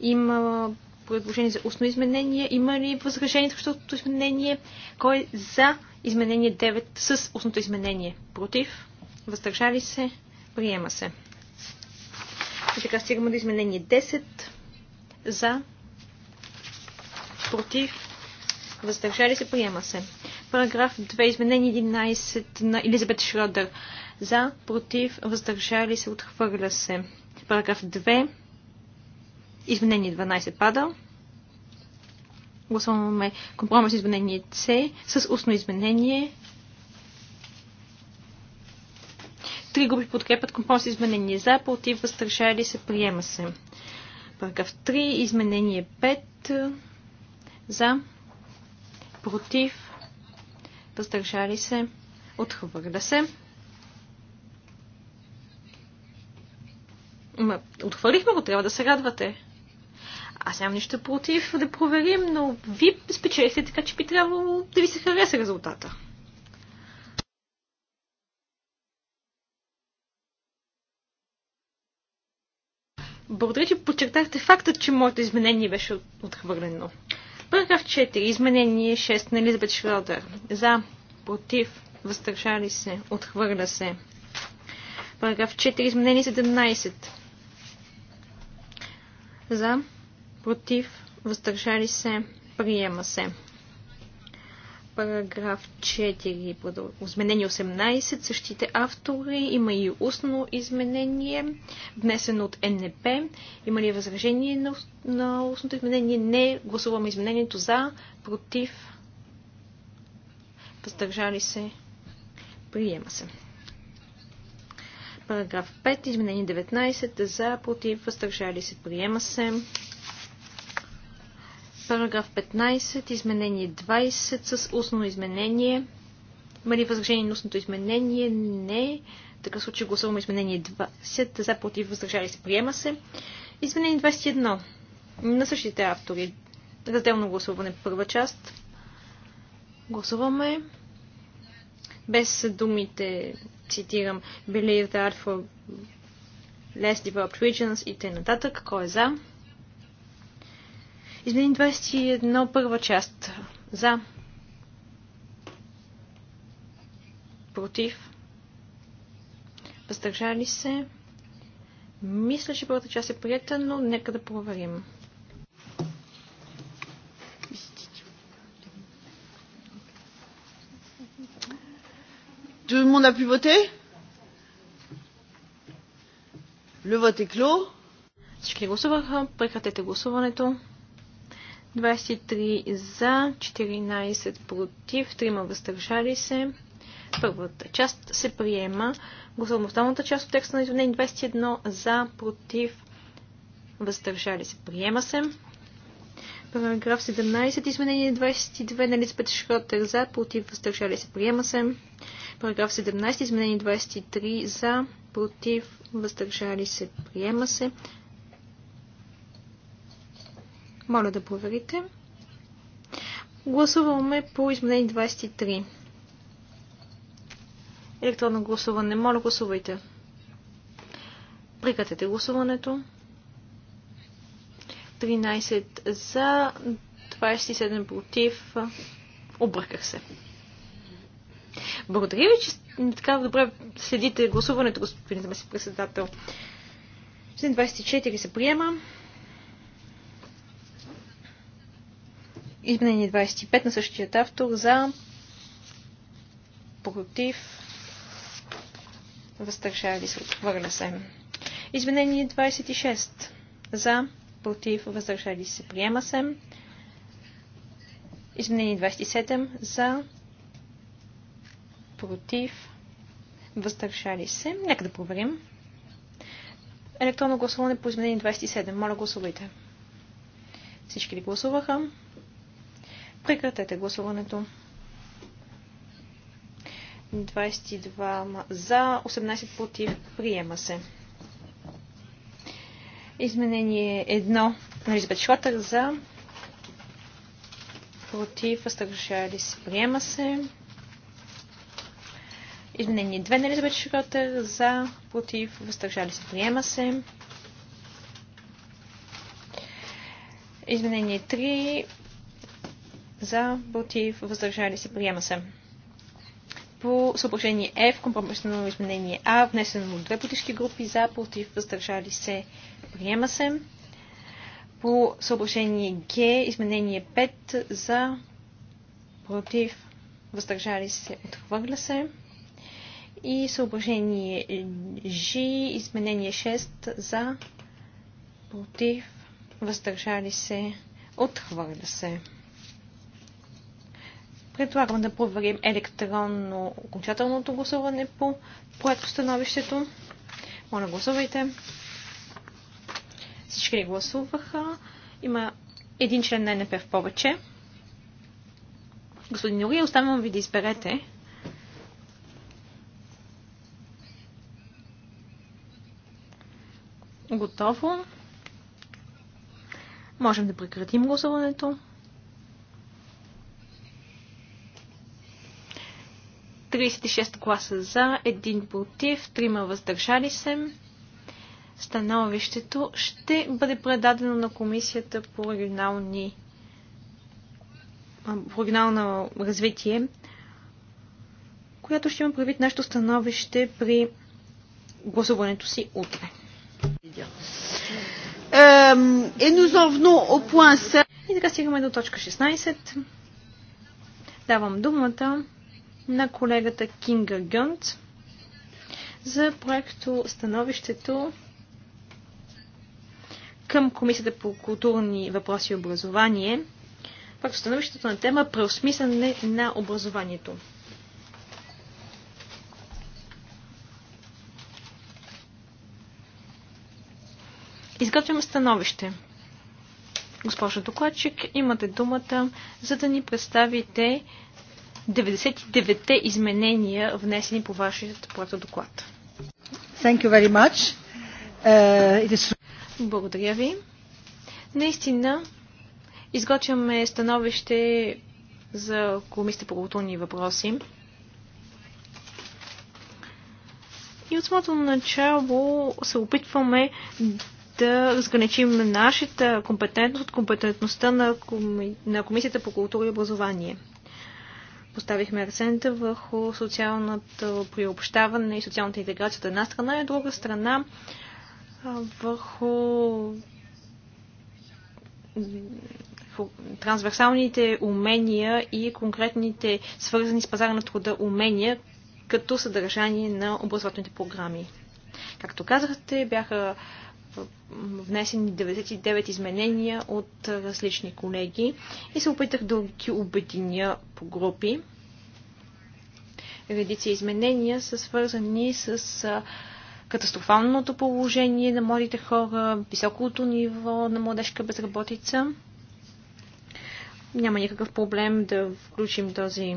Има предложение за устно изменение. Има ли възражение срещу изменение? Кой е за изменение 9 с устното изменение? Против? Въздържали се? Приема се. И така стигаме до изменение 10. За? Против? Въздържали се? Приема се. Параграф 2. Изменение 11 на Елизабет Шродър. За, против, въздържали се, отхвърля се. Параграф 2. Изменение 12 пада. Гласуваме компромис изменение С с устно изменение. Три групи подкрепят компромис изменение за, против, въздържали се, приема се. Параграф 3, изменение 5, за, против, въздържали се, отхвърля се. Ма, отхвърлихме го, трябва да се радвате. Аз нямам нищо против да проверим, но ви спечелихте, така че би трябвало да ви се хареса резултата. Благодаря, че подчертахте факта, че моето изменение беше отхвърлено. Параграф 4. Изменение 6 на Елизабет Шрълдър. За, против, въздържали се, отхвърля се. Параграф 4. Изменение 17. За, против, въздържали се, приема се параграф 4, изменение 18, същите автори, има и устно изменение, внесено от НП. Има ли възражение на, на устното изменение? Не. Гласуваме изменението за, против, въздържали се, приема се. Параграф 5, изменение 19, за, против, въздържали се, приема се. Параграф 15, изменение 20 с устно изменение. Има ли възражение на устното изменение? Не. В такъв случай гласуваме изменение 20. За против възражали се. Приема се. Изменение 21. На същите автори. Разделно гласуване първа част. Гласуваме. Без думите, цитирам, believe that for less developed regions и т.н. Кой е за? Измени 21, първа част. За. Против. Въздържали се. Мисля, че първата част е приятен, но нека да проверим. Tout le monde a pu voter Le vote est clos. Всички гласуваха. Прекратете гласуването. 23 за, 14 против, 3 въздържали се. Първата част се приема. Гласувам част от текста на изменение 21 за, против, въздържали се. Приема се. Параграф 17, изменение 22 на Лизбет Шротер за, против, въздържали се. Приема се. Параграф 17, изменение 23 за, против, въздържали се. Приема се. Моля да проверите. Гласуваме по изменение 23. Електронно гласуване. Моля, гласувайте. Прекратете гласуването. 13 за, 27 против. Обърках се. Благодаря ви, че така добре следите гласуването, господин заместник председател. 24 се приема. Изменение 25 на същият автор за против въздържали се, отхвърля се. Изменение 26 за против въздържали се, приема се. Изменение 27 за против въздържали се. Нека да проверим. Електронно гласуване по изменение 27. Моля гласувайте. Всички ли гласуваха? Прекратете гласуването. 22 за, 18 против. Приема се. Изменение 1 на Лизбет Шлатър за, против, въздържали се. Приема се. Изменение 2 на Елизабет Шротер за, против, въздържали се, приема се. Изменение 3 за, против, въздържали се, приема се. По съображение F, е, компромисно изменение А, внесено от две политически групи, за, против, въздържали се, приема се. По съображение Г, изменение 5, за, против, въздържали се, отхвърля се. И съображение Ж, изменение 6, за, против, въздържали се, отхвърля се. Предлагам да проверим електронно окончателното гласуване по становището. Моля, гласувайте. Всички ли гласуваха? Има един член на НП в повече. Господин Юрий, оставям ви да изберете. Готово. Можем да прекратим гласуването. 36 гласа за, 1 против, 3 въздържали се. Становището ще бъде предадено на Комисията по регионални по регионално развитие, която ще има прави нашето становище при гласуването си утре. И така стигаме до точка 16. Давам думата на колегата Кинга Гюнт за проекто Становището към Комисията по културни въпроси и образование, пак становището на тема преосмислене на образованието. Изготвям становище. Госпожо докладчик, имате думата, за да ни представите 99-те изменения, внесени по вашият проект доклад. Thank you very much. Uh, it is... Благодаря ви. Наистина, изготвяме становище за комисията по културни въпроси. И от самото начало се опитваме да разграничим нашата компетентност от компетентността на Комисията по култура и образование. Поставихме акцента върху социалното приобщаване и социалната интеграция от една страна и от друга страна върху трансверсалните умения и конкретните свързани с пазара на труда умения като съдържание на образователните програми. Както казахте, бяха внесени 99 изменения от различни колеги и се опитах да ги обединя по групи. Редици изменения са свързани с катастрофалното положение на младите хора, високото ниво на младежка безработица. Няма никакъв проблем да включим този,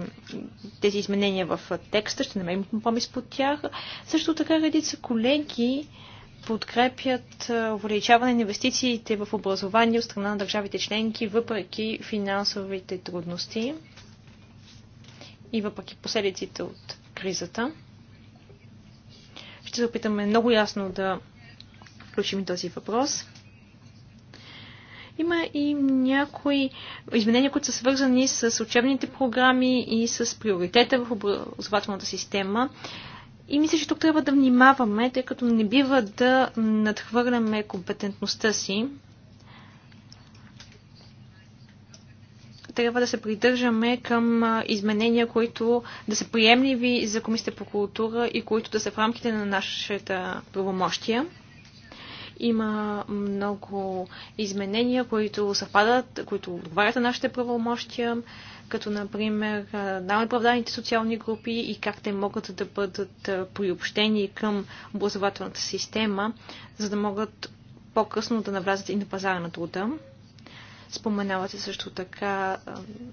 тези изменения в текста, ще намерим компромис под тях. Също така редица колеги подкрепят увеличаване на инвестициите в образование от страна на държавите членки, въпреки финансовите трудности и въпреки последиците от кризата. Ще се опитаме много ясно да включим този въпрос. Има и някои изменения, които са свързани с учебните програми и с приоритета в образователната система. И мисля, че тук трябва да внимаваме, тъй като не бива да надхвърляме компетентността си. Трябва да се придържаме към изменения, които да са приемливи за Комисията по култура и които да са в рамките на нашата правомощия има много изменения, които съвпадат, които отговарят на нашите правомощия като например най-оправданите социални групи и как те могат да бъдат приобщени към образователната система, за да могат по-късно да навлязат и на пазара на труда. Споменавате също така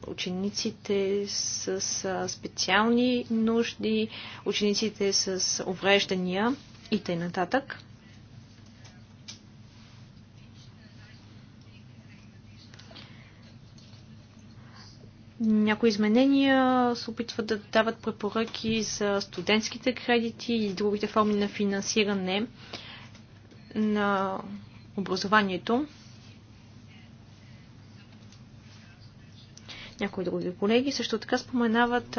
учениците с специални нужди, учениците с увреждания и т.н. нататък. Някои изменения се опитват да дават препоръки за студентските кредити и другите форми на финансиране на образованието. Някои други колеги също така споменават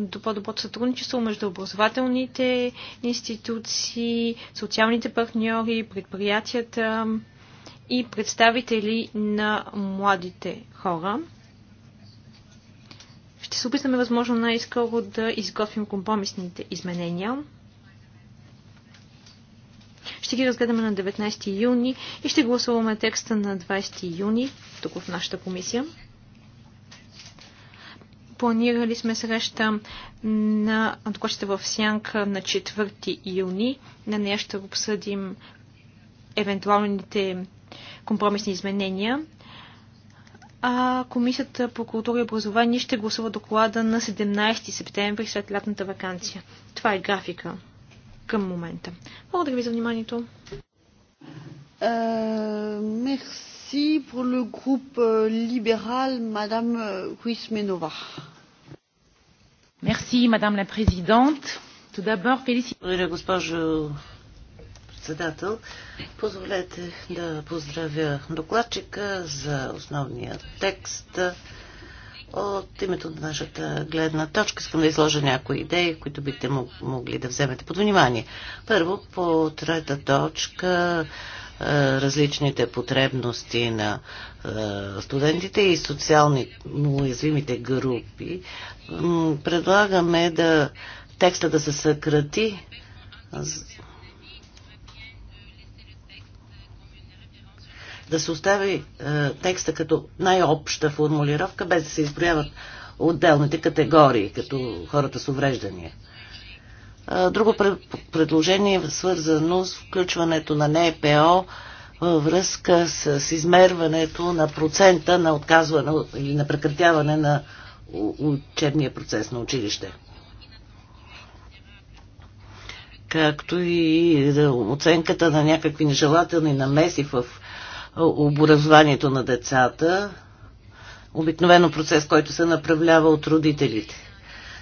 до по-доброто сътрудничество между образователните институции, социалните партньори, предприятията и представители на младите хора. Ще се опитаме възможно най-скоро да изготвим компромисните изменения. Ще ги разгледаме на 19 юни и ще гласуваме текста на 20 юни, тук в нашата комисия. Планирали сме среща на докладчите в Сянка на 4 юни. На нея ще обсъдим евентуалните компромисни изменения а Комисията по култура и образование ще гласува доклада на 17 септември след лятната вакансия. Това е графика към момента. Благодаря ви за вниманието. Е, мерси pour le е, либерал, мадам е, Хуисменова. Мерси, мадам Madame президент. Présidente. Tout d'abord, félicitations председател. Позволете да поздравя докладчика за основния текст. От името на нашата гледна точка искам да изложа някои идеи, които бихте могли да вземете под внимание. Първо, по трета точка е, различните потребности на е, студентите и социални уязвимите групи. Предлагаме да текста да се съкрати да се остави е, текста като най-обща формулировка, без да се изброяват отделните категории, като хората с увреждания. Е, друго предложение е свързано с включването на НПО във връзка с измерването на процента на отказване или на прекратяване на учебния процес на училище. Както и оценката на някакви нежелателни намеси в образованието на децата, обикновено процес, който се направлява от родителите.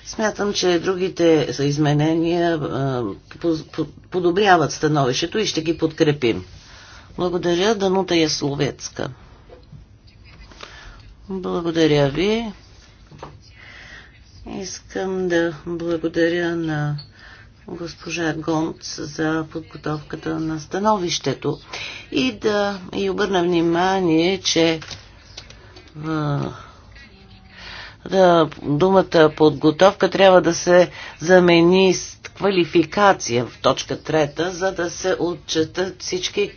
Смятам, че другите за изменения подобряват становището и ще ги подкрепим. Благодаря, Данута Ясловецка. Благодаря ви. Искам да благодаря на госпожа Гонц за подготовката на становището и да и обърна внимание, че да, думата подготовка трябва да се замени с квалификация в точка трета, за да се отчетат всички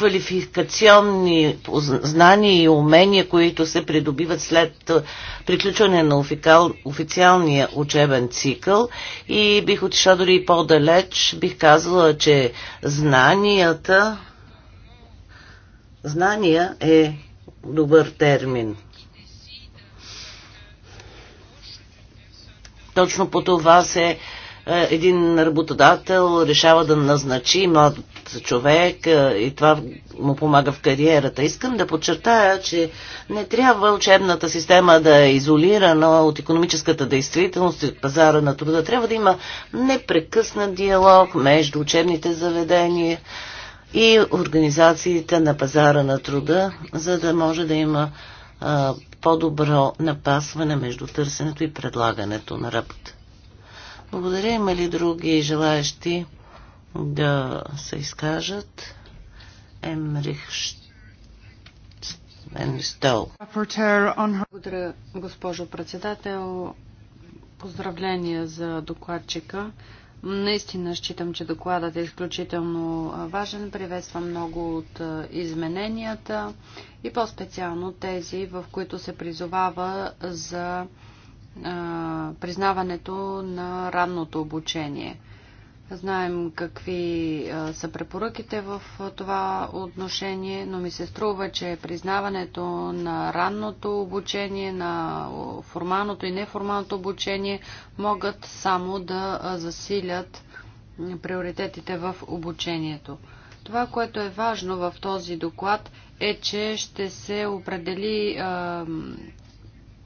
квалификационни знания и умения, които се придобиват след приключване на официалния учебен цикъл и бих отишла дори и по-далеч, бих казала, че знанията знания е добър термин. Точно по това се е, един работодател решава да назначи млад човек е, и това му помага в кариерата. Искам да подчертая, че не трябва учебната система да е изолирана от економическата действителност и от пазара на труда. Трябва да има непрекъснат диалог между учебните заведения и организациите на пазара на труда, за да може да има е, по-добро напасване между търсенето и предлагането на работа. Благодаря. Има ли други желаящи да се изкажат? Емрих Стол. Благодаря, госпожо председател. Поздравления за докладчика. Наистина считам, че докладът е изключително важен. Приветствам много от измененията и по-специално тези, в които се призовава за признаването на ранното обучение. Знаем какви са препоръките в това отношение, но ми се струва, че признаването на ранното обучение, на формалното и неформалното обучение могат само да засилят приоритетите в обучението. Това, което е важно в този доклад е, че ще се определи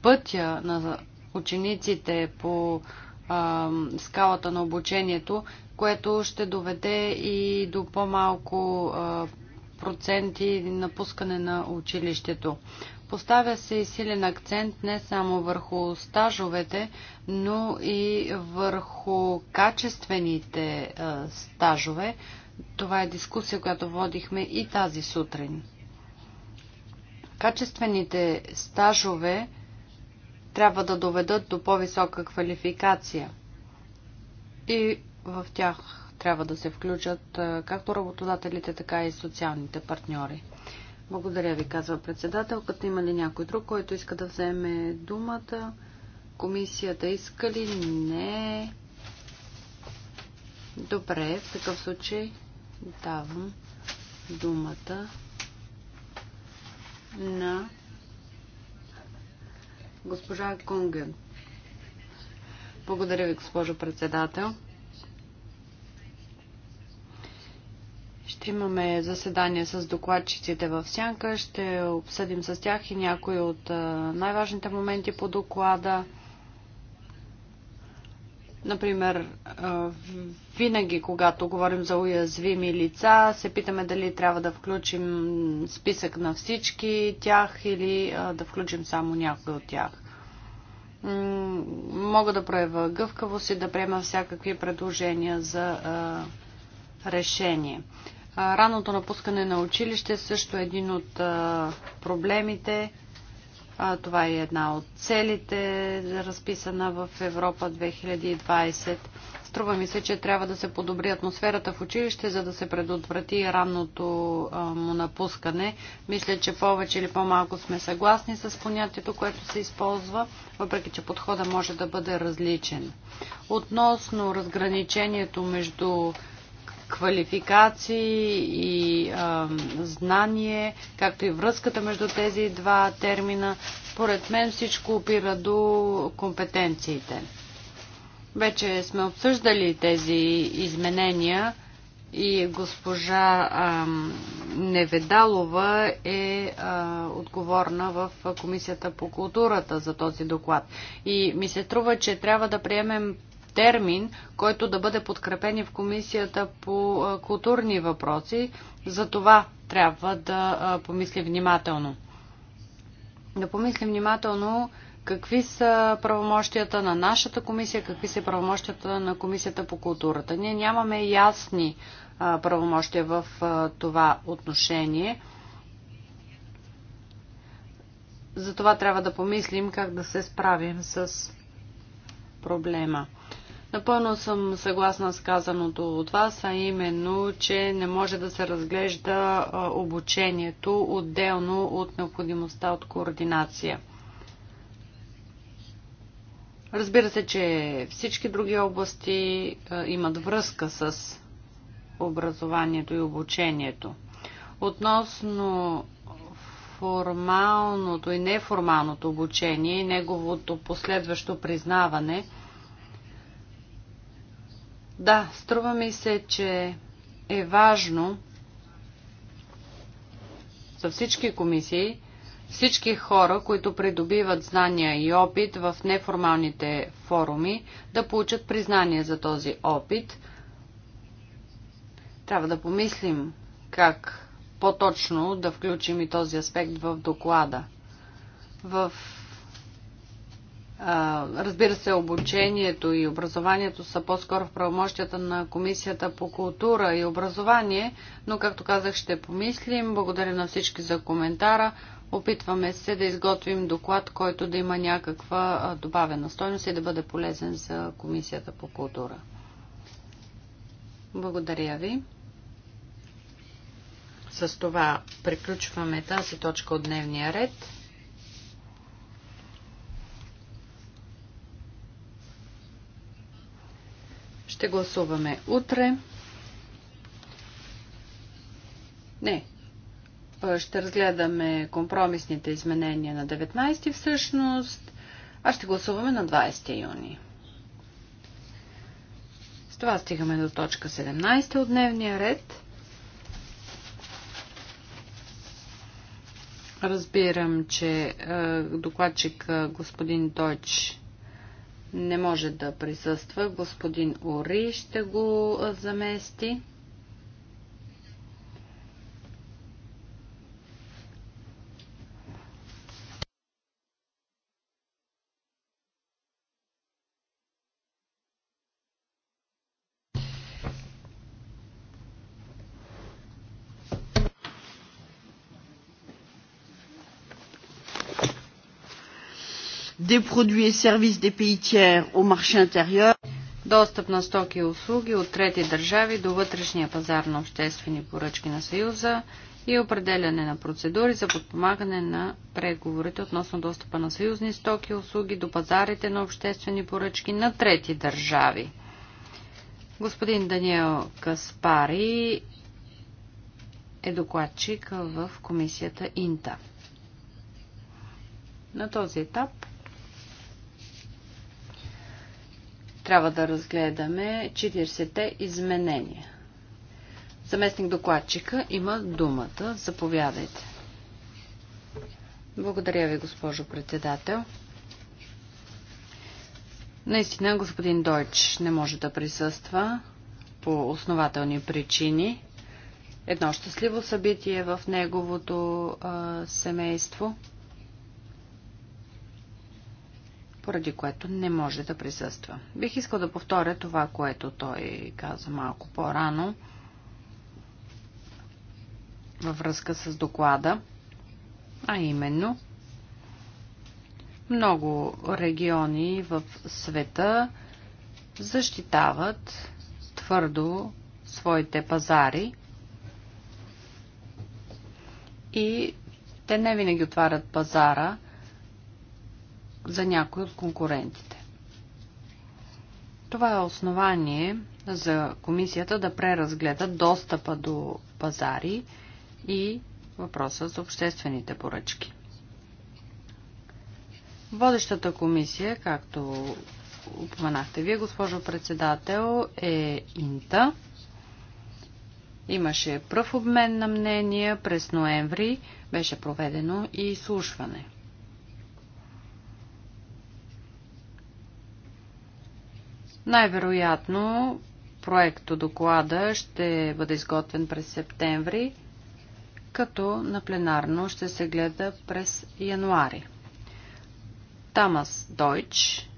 пътя на учениците по а, скалата на обучението, което ще доведе и до по-малко проценти напускане на училището. Поставя се и силен акцент не само върху стажовете, но и върху качествените а, стажове. Това е дискусия, която водихме и тази сутрин. Качествените стажове трябва да доведат до по-висока квалификация. И в тях трябва да се включат както работодателите, така и социалните партньори. Благодаря ви, казва председателката. Има ли някой друг, който иска да вземе думата? Комисията иска ли? Не. Добре, в такъв случай давам думата на Госпожа Кунген. Благодаря ви, госпожо председател. Ще имаме заседание с докладчиците в Сянка. Ще обсъдим с тях и някои от най-важните моменти по доклада. Например, винаги, когато говорим за уязвими лица, се питаме дали трябва да включим списък на всички тях или да включим само някой от тях. Мога да проявя гъвкавост и да приема всякакви предложения за решение. Раното напускане на училище също е един от проблемите. А, това е една от целите, разписана в Европа 2020. Струва ми се, че трябва да се подобри атмосферата в училище, за да се предотврати ранното му напускане. Мисля, че повече или по-малко сме съгласни с понятието, което се използва, въпреки че подхода може да бъде различен. Относно разграничението между квалификации и а, знание, както и връзката между тези два термина. Според мен всичко опира до компетенциите. Вече сме обсъждали тези изменения и госпожа а, Неведалова е а, отговорна в Комисията по културата за този доклад. И ми се струва, че трябва да приемем термин, който да бъде подкрепен и в Комисията по културни въпроси. За това трябва да помисли внимателно. Да помисли внимателно какви са правомощията на нашата комисия, какви са правомощията на Комисията по културата. Ние нямаме ясни правомощия в това отношение. Затова трябва да помислим как да се справим с проблема. Напълно съм съгласна с казаното от вас, а именно, че не може да се разглежда обучението отделно от необходимостта от координация. Разбира се, че всички други области имат връзка с образованието и обучението. Относно формалното и неформалното обучение и неговото последващо признаване – да, струва ми се, че е важно за всички комисии, всички хора, които придобиват знания и опит в неформалните форуми, да получат признание за този опит. Трябва да помислим как по-точно да включим и този аспект в доклада. В Разбира се, обучението и образованието са по-скоро в правомощията на Комисията по култура и образование, но както казах, ще помислим. Благодаря на всички за коментара. Опитваме се да изготвим доклад, който да има някаква добавена стойност и да бъде полезен за Комисията по култура. Благодаря ви. С това приключваме тази точка от дневния ред. Ще гласуваме утре. Не. Е, ще разгледаме компромисните изменения на 19 всъщност, а ще гласуваме на 20 юни. С това стигаме до точка 17 от дневния ред. Разбирам, че е, докладчик е, господин Дойч не може да присъства. Господин Ори ще го замести. des produits et services des pays tiers au marché intérieur. Достъп на стоки и услуги от трети държави до вътрешния пазар на обществени поръчки на Съюза и определяне на процедури за подпомагане на преговорите относно достъпа на съюзни стоки и услуги до пазарите на обществени поръчки на трети държави. Господин Даниел Каспари е докладчик в комисията Инта. На този етап трябва да разгледаме 40-те изменения. Заместник докладчика има думата. Заповядайте. Благодаря ви, госпожо председател. Наистина, господин Дойч не може да присъства по основателни причини. Едно щастливо събитие в неговото а, семейство – поради което не може да присъства. Бих искал да повторя това, което той каза малко по-рано във връзка с доклада, а именно много региони в света защитават твърдо своите пазари и те не винаги отварят пазара за някой от конкурентите. Това е основание за комисията да преразгледа достъпа до пазари и въпроса за обществените поръчки. Водещата комисия, както упоменахте вие, госпожо председател, е Инта. Имаше пръв обмен на мнения през ноември, беше проведено и изслушване. Най-вероятно проекто доклада ще бъде изготвен през септември, като на пленарно ще се гледа през януари. Тамас Дойч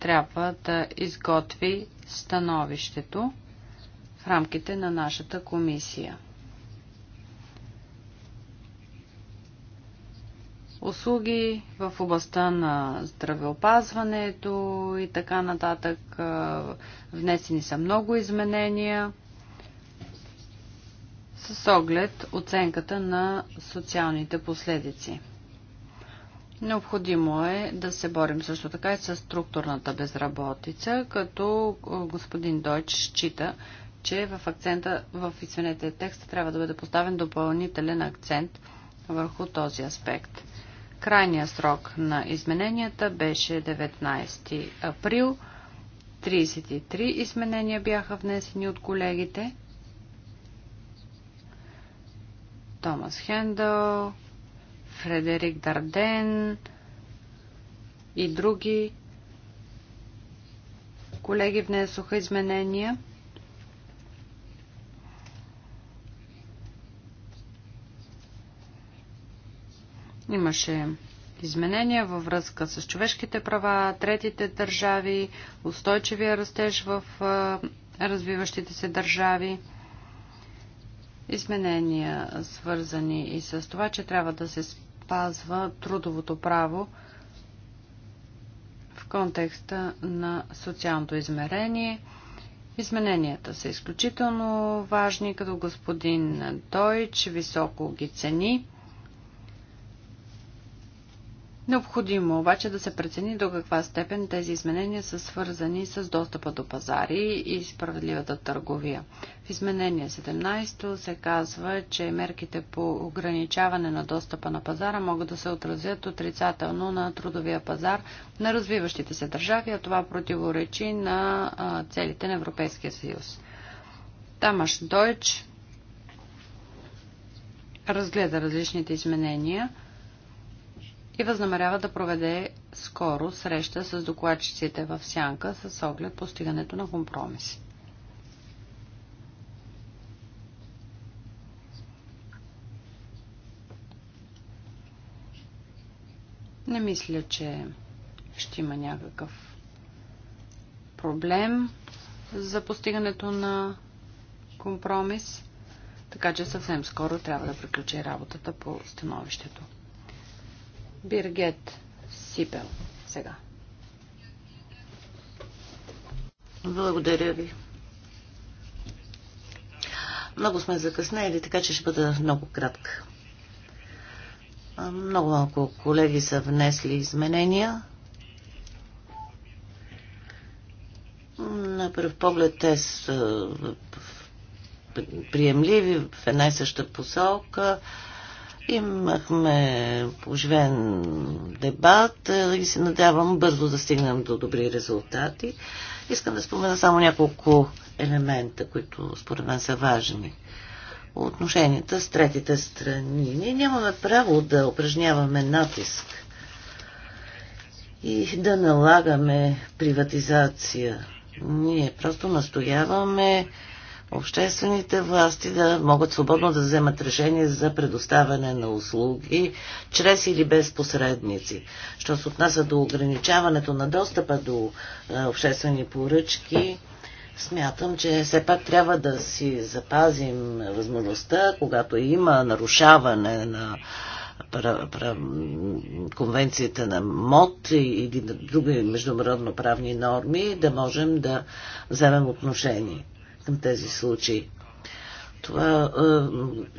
трябва да изготви становището в рамките на нашата комисия. услуги в областта на здравеопазването и така нататък. Внесени са много изменения с оглед оценката на социалните последици. Необходимо е да се борим също така и с структурната безработица, като господин Дойч счита, че в акцента, в извинете текста трябва да бъде поставен допълнителен акцент върху този аспект. Крайният срок на измененията беше 19 април. 33 изменения бяха внесени от колегите. Томас Хендъл, Фредерик Дарден и други колеги внесоха изменения. Имаше изменения във връзка с човешките права, третите държави, устойчивия растеж в развиващите се държави. Изменения свързани и с това, че трябва да се спазва трудовото право в контекста на социалното измерение. Измененията са изключително важни, като господин Дойч високо ги цени. Необходимо е обаче да се прецени до каква степен тези изменения са свързани с достъпа до пазари и справедливата търговия. В изменение 17 се казва, че мерките по ограничаване на достъпа на пазара могат да се отразят отрицателно на трудовия пазар на развиващите се държави, а това противоречи на целите на Европейския съюз. Тамаш Дойч разгледа различните изменения – и възнамерява да проведе скоро среща с докладчиците в Сянка с оглед постигането на компромис. Не мисля, че ще има някакъв проблем за постигането на компромис, така че съвсем скоро трябва да приключи работата по становището. Биргет Сипел сега. Благодаря ви. Много сме закъснели, така че ще бъда много кратка. Много малко колеги са внесли изменения. На първ поглед те са приемливи в една и съща посока. Имахме поживен дебат и се надявам бързо да стигнем до добри резултати. Искам да спомена само няколко елемента, които според мен са важни. Отношенията с третите страни. Ние нямаме право да упражняваме натиск и да налагаме приватизация. Ние просто настояваме обществените власти да могат свободно да вземат решение за предоставяне на услуги чрез или без посредници. Що се отнася до ограничаването на достъпа до е, обществени поръчки, смятам, че все пак трябва да си запазим възможността, когато има нарушаване на конвенцията на МОД или на други международно правни норми, да можем да вземем отношение към тези случаи. Това е,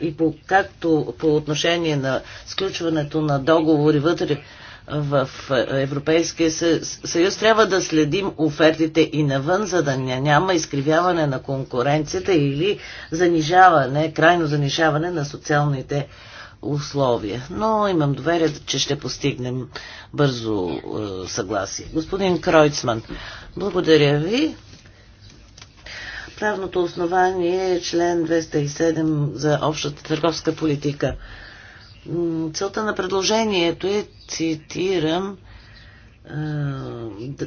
и по, както по отношение на сключването на договори вътре в е, Европейския съюз трябва да следим офертите и навън, за да няма изкривяване на конкуренцията или занижаване, крайно занижаване на социалните условия. Но имам доверие, че ще постигнем бързо е, съгласие. Господин Кройцман, благодаря ви. Правното основание е член 207 за общата търговска политика. Целта на предложението е, цитирам,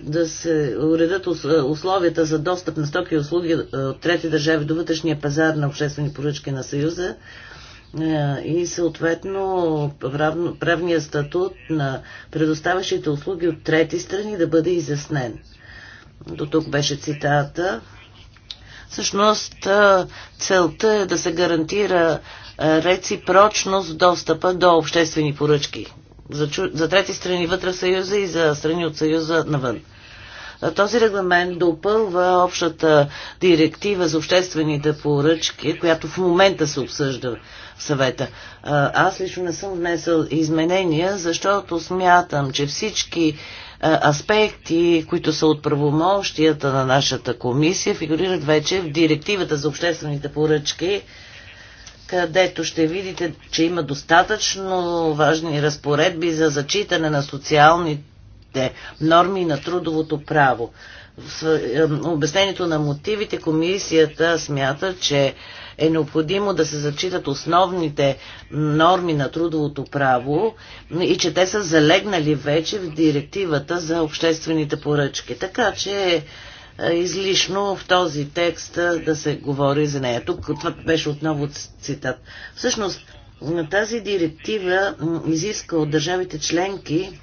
да се уредат условията за достъп на стоки и услуги от трети държави до вътрешния пазар на обществени поръчки на Съюза и съответно правния статут на предоставящите услуги от трети страни да бъде изяснен. До тук беше цитата. Всъщност целта е да се гарантира реципрочност достъпа до обществени поръчки за, за трети страни вътре в Съюза и за страни от Съюза навън. Този регламент допълва общата директива за обществените поръчки, която в момента се обсъжда в съвета. Аз лично не съм внесъл изменения, защото смятам, че всички аспекти, които са от правомощията на нашата комисия, фигурират вече в директивата за обществените поръчки, където ще видите, че има достатъчно важни разпоредби за зачитане на социалните норми на трудовото право. В обяснението на мотивите комисията смята, че е необходимо да се зачитат основните норми на трудовото право и че те са залегнали вече в директивата за обществените поръчки. Така че е, е излишно в този текст е, да се говори за нея. Тук това беше отново цитат. Всъщност, тази директива изиска от държавите членки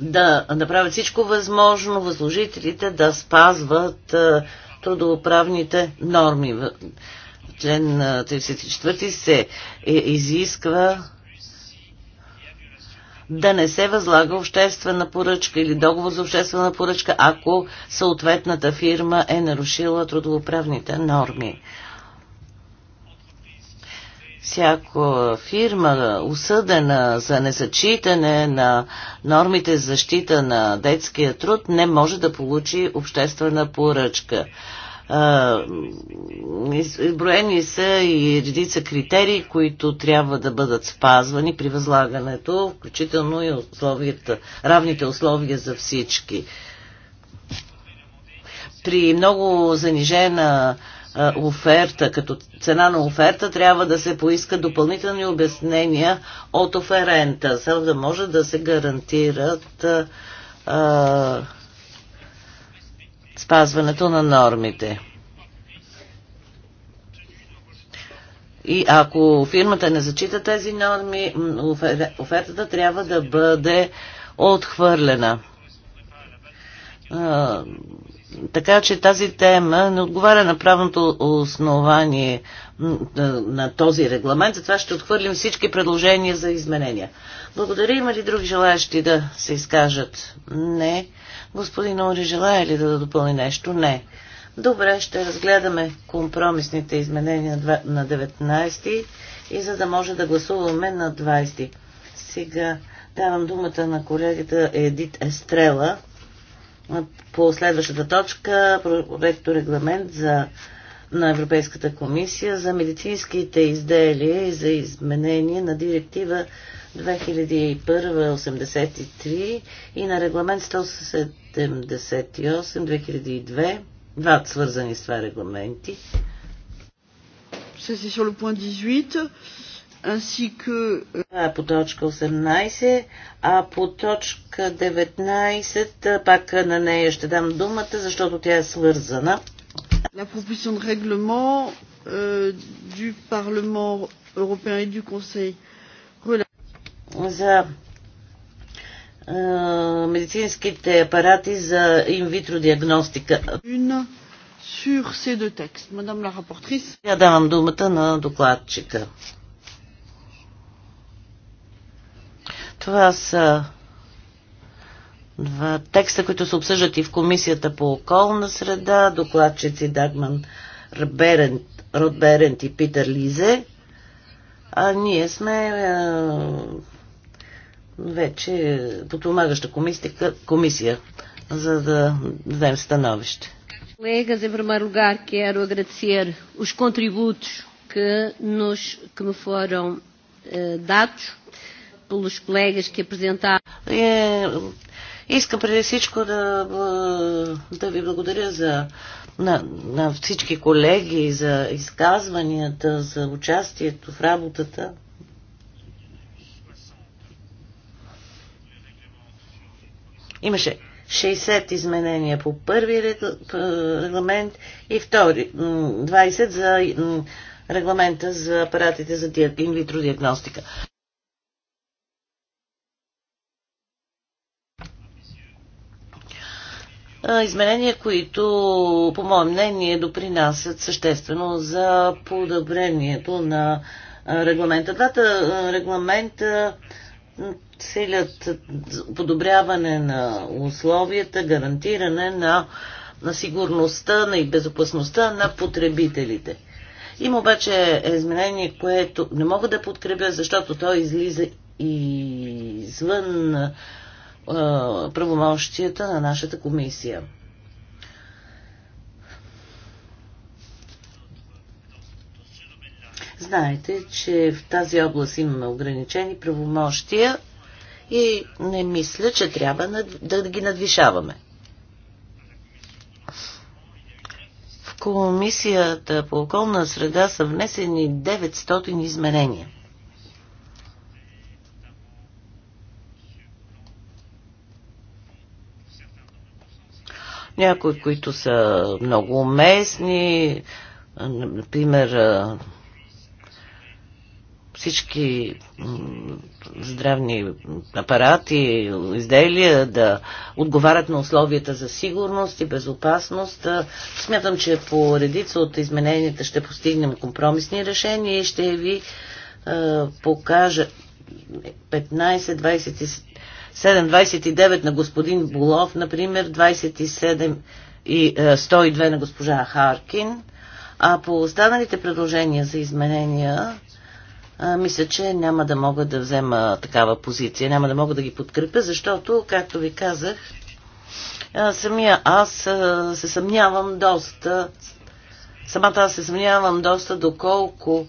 да направят всичко възможно възложителите да спазват е, трудоуправните норми. В член 34 се е, изисква да не се възлага обществена поръчка или договор за обществена поръчка, ако съответната фирма е нарушила трудоуправните норми всяко фирма, осъдена за незачитане на нормите за защита на детския труд, не може да получи обществена поръчка. Изброени са и редица критерии, които трябва да бъдат спазвани при възлагането, включително и условията, равните условия за всички. При много занижена оферта, като цена на оферта, трябва да се поиска допълнителни обяснения от оферента, за да може да се гарантират а, спазването на нормите. И ако фирмата не зачита тези норми, офертата трябва да бъде отхвърлена. Така че тази тема не отговаря на правното основание на този регламент, затова ще отхвърлим всички предложения за изменения. Благодаря. Има ли други желаящи да се изкажат? Не. Господин Ори, желая ли да допълни нещо? Не. Добре, ще разгледаме компромисните изменения на 19 и за да може да гласуваме на 20. Сега давам думата на колегата Едит Естрела по следващата точка проекто регламент за, на Европейската комисия за медицинските изделия и за изменение на директива 2001-83 и на регламент 178-2002, два свързани с това регламенти. C'est си 18 ainsi que... По точка 18, а по точка 19 пак на нея ще дам думата, защото тя е свързана. La proposition de règlement euh, du Parlement européen et du Conseil за euh, медицинските апарати за инвитро диагностика. Я давам думата на докладчика. Това са два текста, които се обсъждат и в Комисията по околна среда, докладчици Дагман Берент, Род Берент и Питер Лизе. А ние сме а, вече подпомагаща комисия, комисия, за да дадем становище. Колега, em primeiro lugar, quero agradecer os contributos que, nos, que me foram dados pelos colegas que apresentaram. Е, искам преди всичко да, да ви благодаря за, на, на всички колеги за изказванията, за участието в работата. Имаше 60 изменения по първи регламент и втори 20 за регламента за апаратите за инвитро диагностика. изменения, които, по мое мнение, допринасят съществено за подобрението на регламента. Двата регламента целят подобряване на условията, гарантиране на, на сигурността на и безопасността на потребителите. Има обаче изменение, което не мога да подкрепя, защото то излиза извън правомощията на нашата комисия. Знаете, че в тази област имаме ограничени правомощия и не мисля, че трябва да ги надвишаваме. В Комисията по околна среда са внесени 900 изменения. Някои, които са много уместни, например всички здравни апарати, изделия да отговарят на условията за сигурност и безопасност. Смятам, че по редица от измененията ще постигнем компромисни решения и ще ви покажа 15, 20 7,29 на господин Булов, например 27 и 102 е, на госпожа Харкин. А по останалите предложения за изменения, е, мисля, че няма да мога да взема такава позиция, няма да мога да ги подкрепя, защото, както ви казах, е, самия аз се съмнявам доста, самата аз се съмнявам доста доколко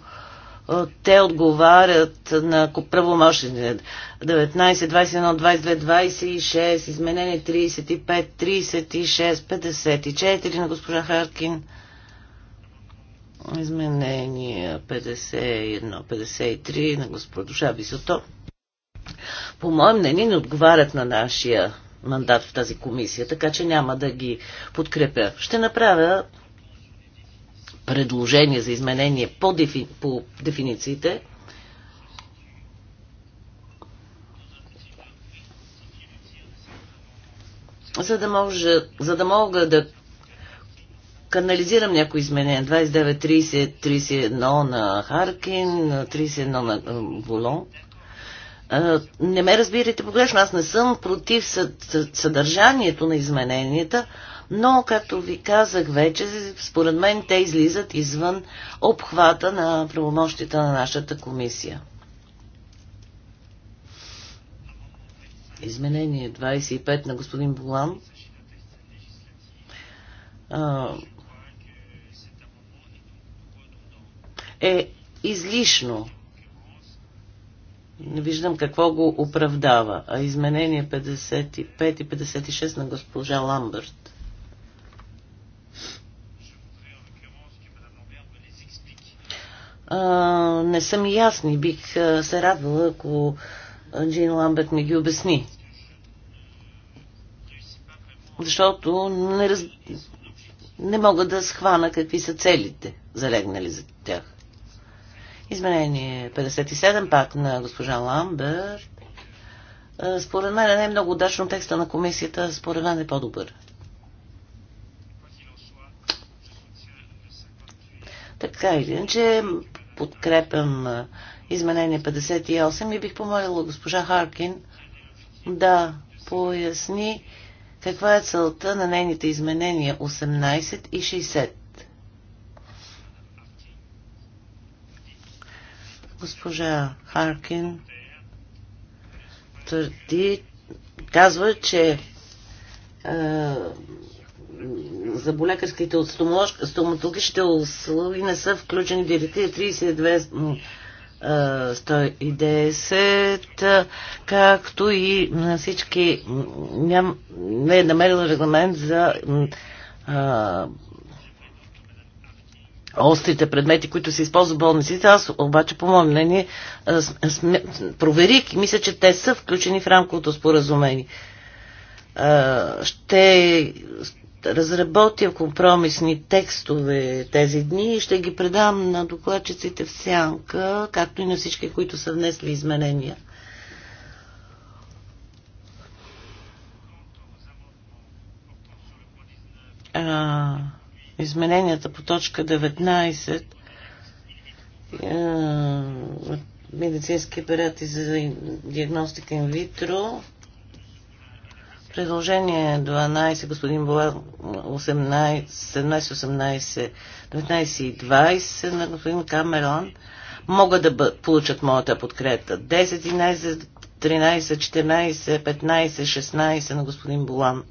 те отговарят на правомощите 19, 21, 22, 26, изменение 35, 36, 54 на госпожа Харкин. Изменение 51, 53 на госпожа Висото. По мое мнение не отговарят на нашия мандат в тази комисия, така че няма да ги подкрепя. Ще направя предложение за изменение по, дефи, по дефинициите, за да, може, за да мога да канализирам някои изменения. 29, 30, 31 на Харкин, 31 на Волон. Не ме разбирайте погрешно, аз не съм против съдържанието на измененията, но, както ви казах вече, според мен те излизат извън обхвата на правомощите на нашата комисия. Изменение 25 на господин Болан. Е излишно. Не виждам какво го оправдава. А изменение 55 и 56 на госпожа Ламбърт. не са ми ясни. Бих се радвала, ако Джин Ламбет ми ги обясни. Защото не, раз... не мога да схвана какви са целите, залегнали за тях. Изменение 57 пак на госпожа Ламберт. Според мен не е много удачно текста на комисията, според мен е по-добър. Така или иначе, подкрепям изменение 58 и бих помолила госпожа Харкин да поясни каква е целта на нейните изменения 18 и 60. Госпожа Харкин твърди, казва, че е, болекарските от стоматологичните услуги не са включени директиви директива 32 110, както и на всички ням, не е намерил регламент за а, острите предмети, които се използват в болниците. Аз обаче, по мое мнение, проверих и мисля, че те са включени в рамковото споразумение. ще разработя компромисни текстове тези дни и ще ги предам на докладчиците в сянка, както и на всички, които са внесли изменения. А, измененията по точка 19 а, медицински апарати за диагностика инвитро Предложение 12, господин Бола, 17, 18, 19 и 20 на господин Камерон могат да бъ... получат моята подкрепа. 10, 11, 13, 14, 15, 16 на господин Болан.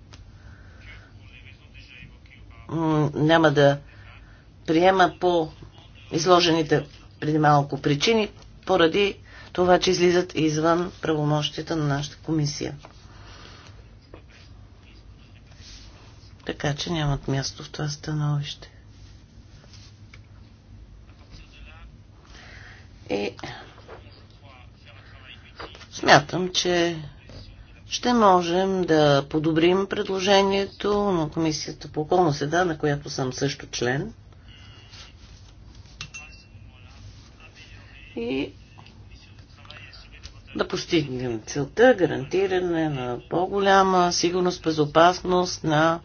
Няма да приема по изложените преди малко причини, поради това, че излизат извън правомощията на нашата комисия. така че нямат място в това становище. И смятам, че ще можем да подобрим предложението на Комисията по околна седа, на която съм също член. И да постигнем целта гарантиране на по-голяма сигурност, безопасност на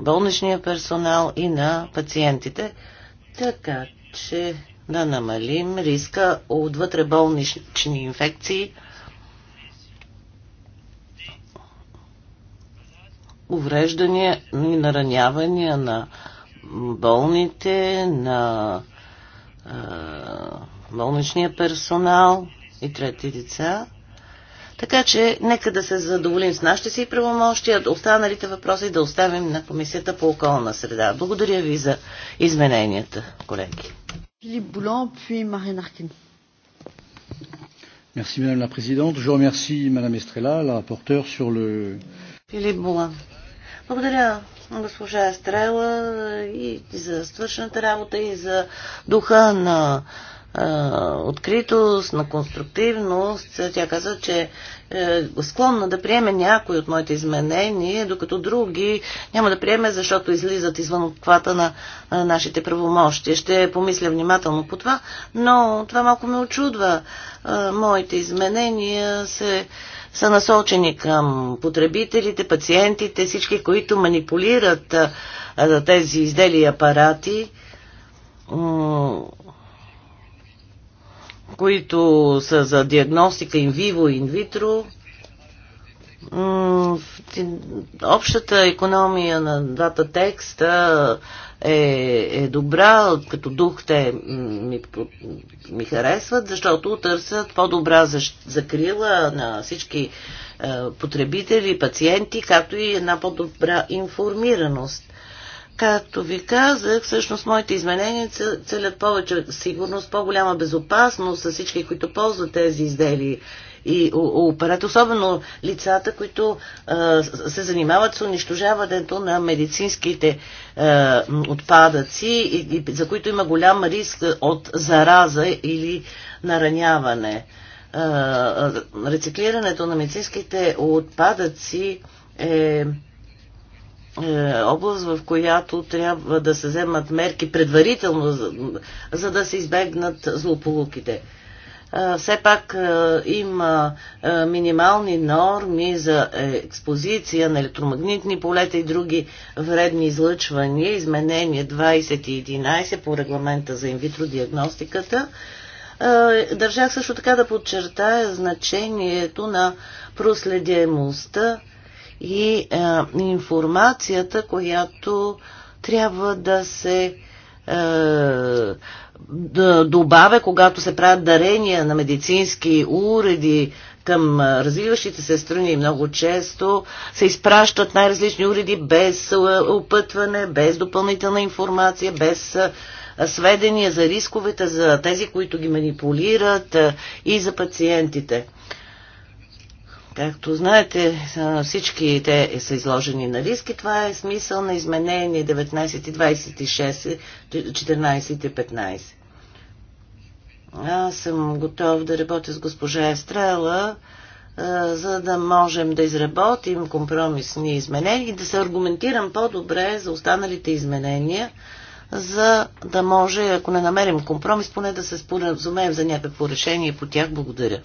болничния персонал и на пациентите, така че да намалим риска от вътреболнични инфекции, увреждания и наранявания на болните, на е, болничния персонал и трети деца. Така че нека да се задоволим с нашите си правомощия, останалите въпроси да оставим на Комисията по околна среда. Благодаря ви за измененията, колеги. Филип Боулон, puis Марин Аркин. Merci Madame la Présidente. Je remercie Madame Estrella, la rapporteure, sur le... Филип Боулон. Благодаря госпожа Естрела и за свършената работа и за духа на откритост, на конструктивност. Тя каза, че е склонна да приеме някои от моите изменения, докато други няма да приеме, защото излизат извън обхвата на нашите правомощи. Ще помисля внимателно по това, но това малко ме очудва. Моите изменения се са насочени към потребителите, пациентите, всички, които манипулират тези изделия и апарати които са за диагностика инвиво и инвитро. Общата економия на двата текста е, е добра, като дух те ми, ми харесват, защото търсят по-добра закрила на всички е, потребители, пациенти, както и една по-добра информираност. Както ви казах, всъщност моите изменения целят повече сигурност, по-голяма безопасност за всички, които ползват тези изделия и операт, особено лицата, които а, се занимават с унищожаването на медицинските а, отпадъци, и, и, за които има голям риск от зараза или нараняване. А, рециклирането на медицинските отпадъци е е, област, в която трябва да се вземат мерки предварително, за, за да се избегнат злополуките. Е, все пак е, има минимални норми за експозиция на електромагнитни полета и други вредни излъчвания, изменение 2011 по регламента за инвитродиагностиката, Държах също така да подчертая значението на проследяемостта и а, е, информацията, която трябва да се а, е, да добавя, когато се правят дарения на медицински уреди към е, развиващите се страни много често се изпращат най-различни уреди без опътване, без допълнителна информация, без сведения за рисковете, за тези, които ги манипулират и за пациентите. Както знаете, всички те са изложени на риски. Това е смисъл на изменение 19 и 26, 14 и 15. Аз съм готов да работя с госпожа Естрела, за да можем да изработим компромисни изменения и да се аргументирам по-добре за останалите изменения, за да може, ако не намерим компромис, поне да се споразумеем за някакво решение по тях. Благодаря.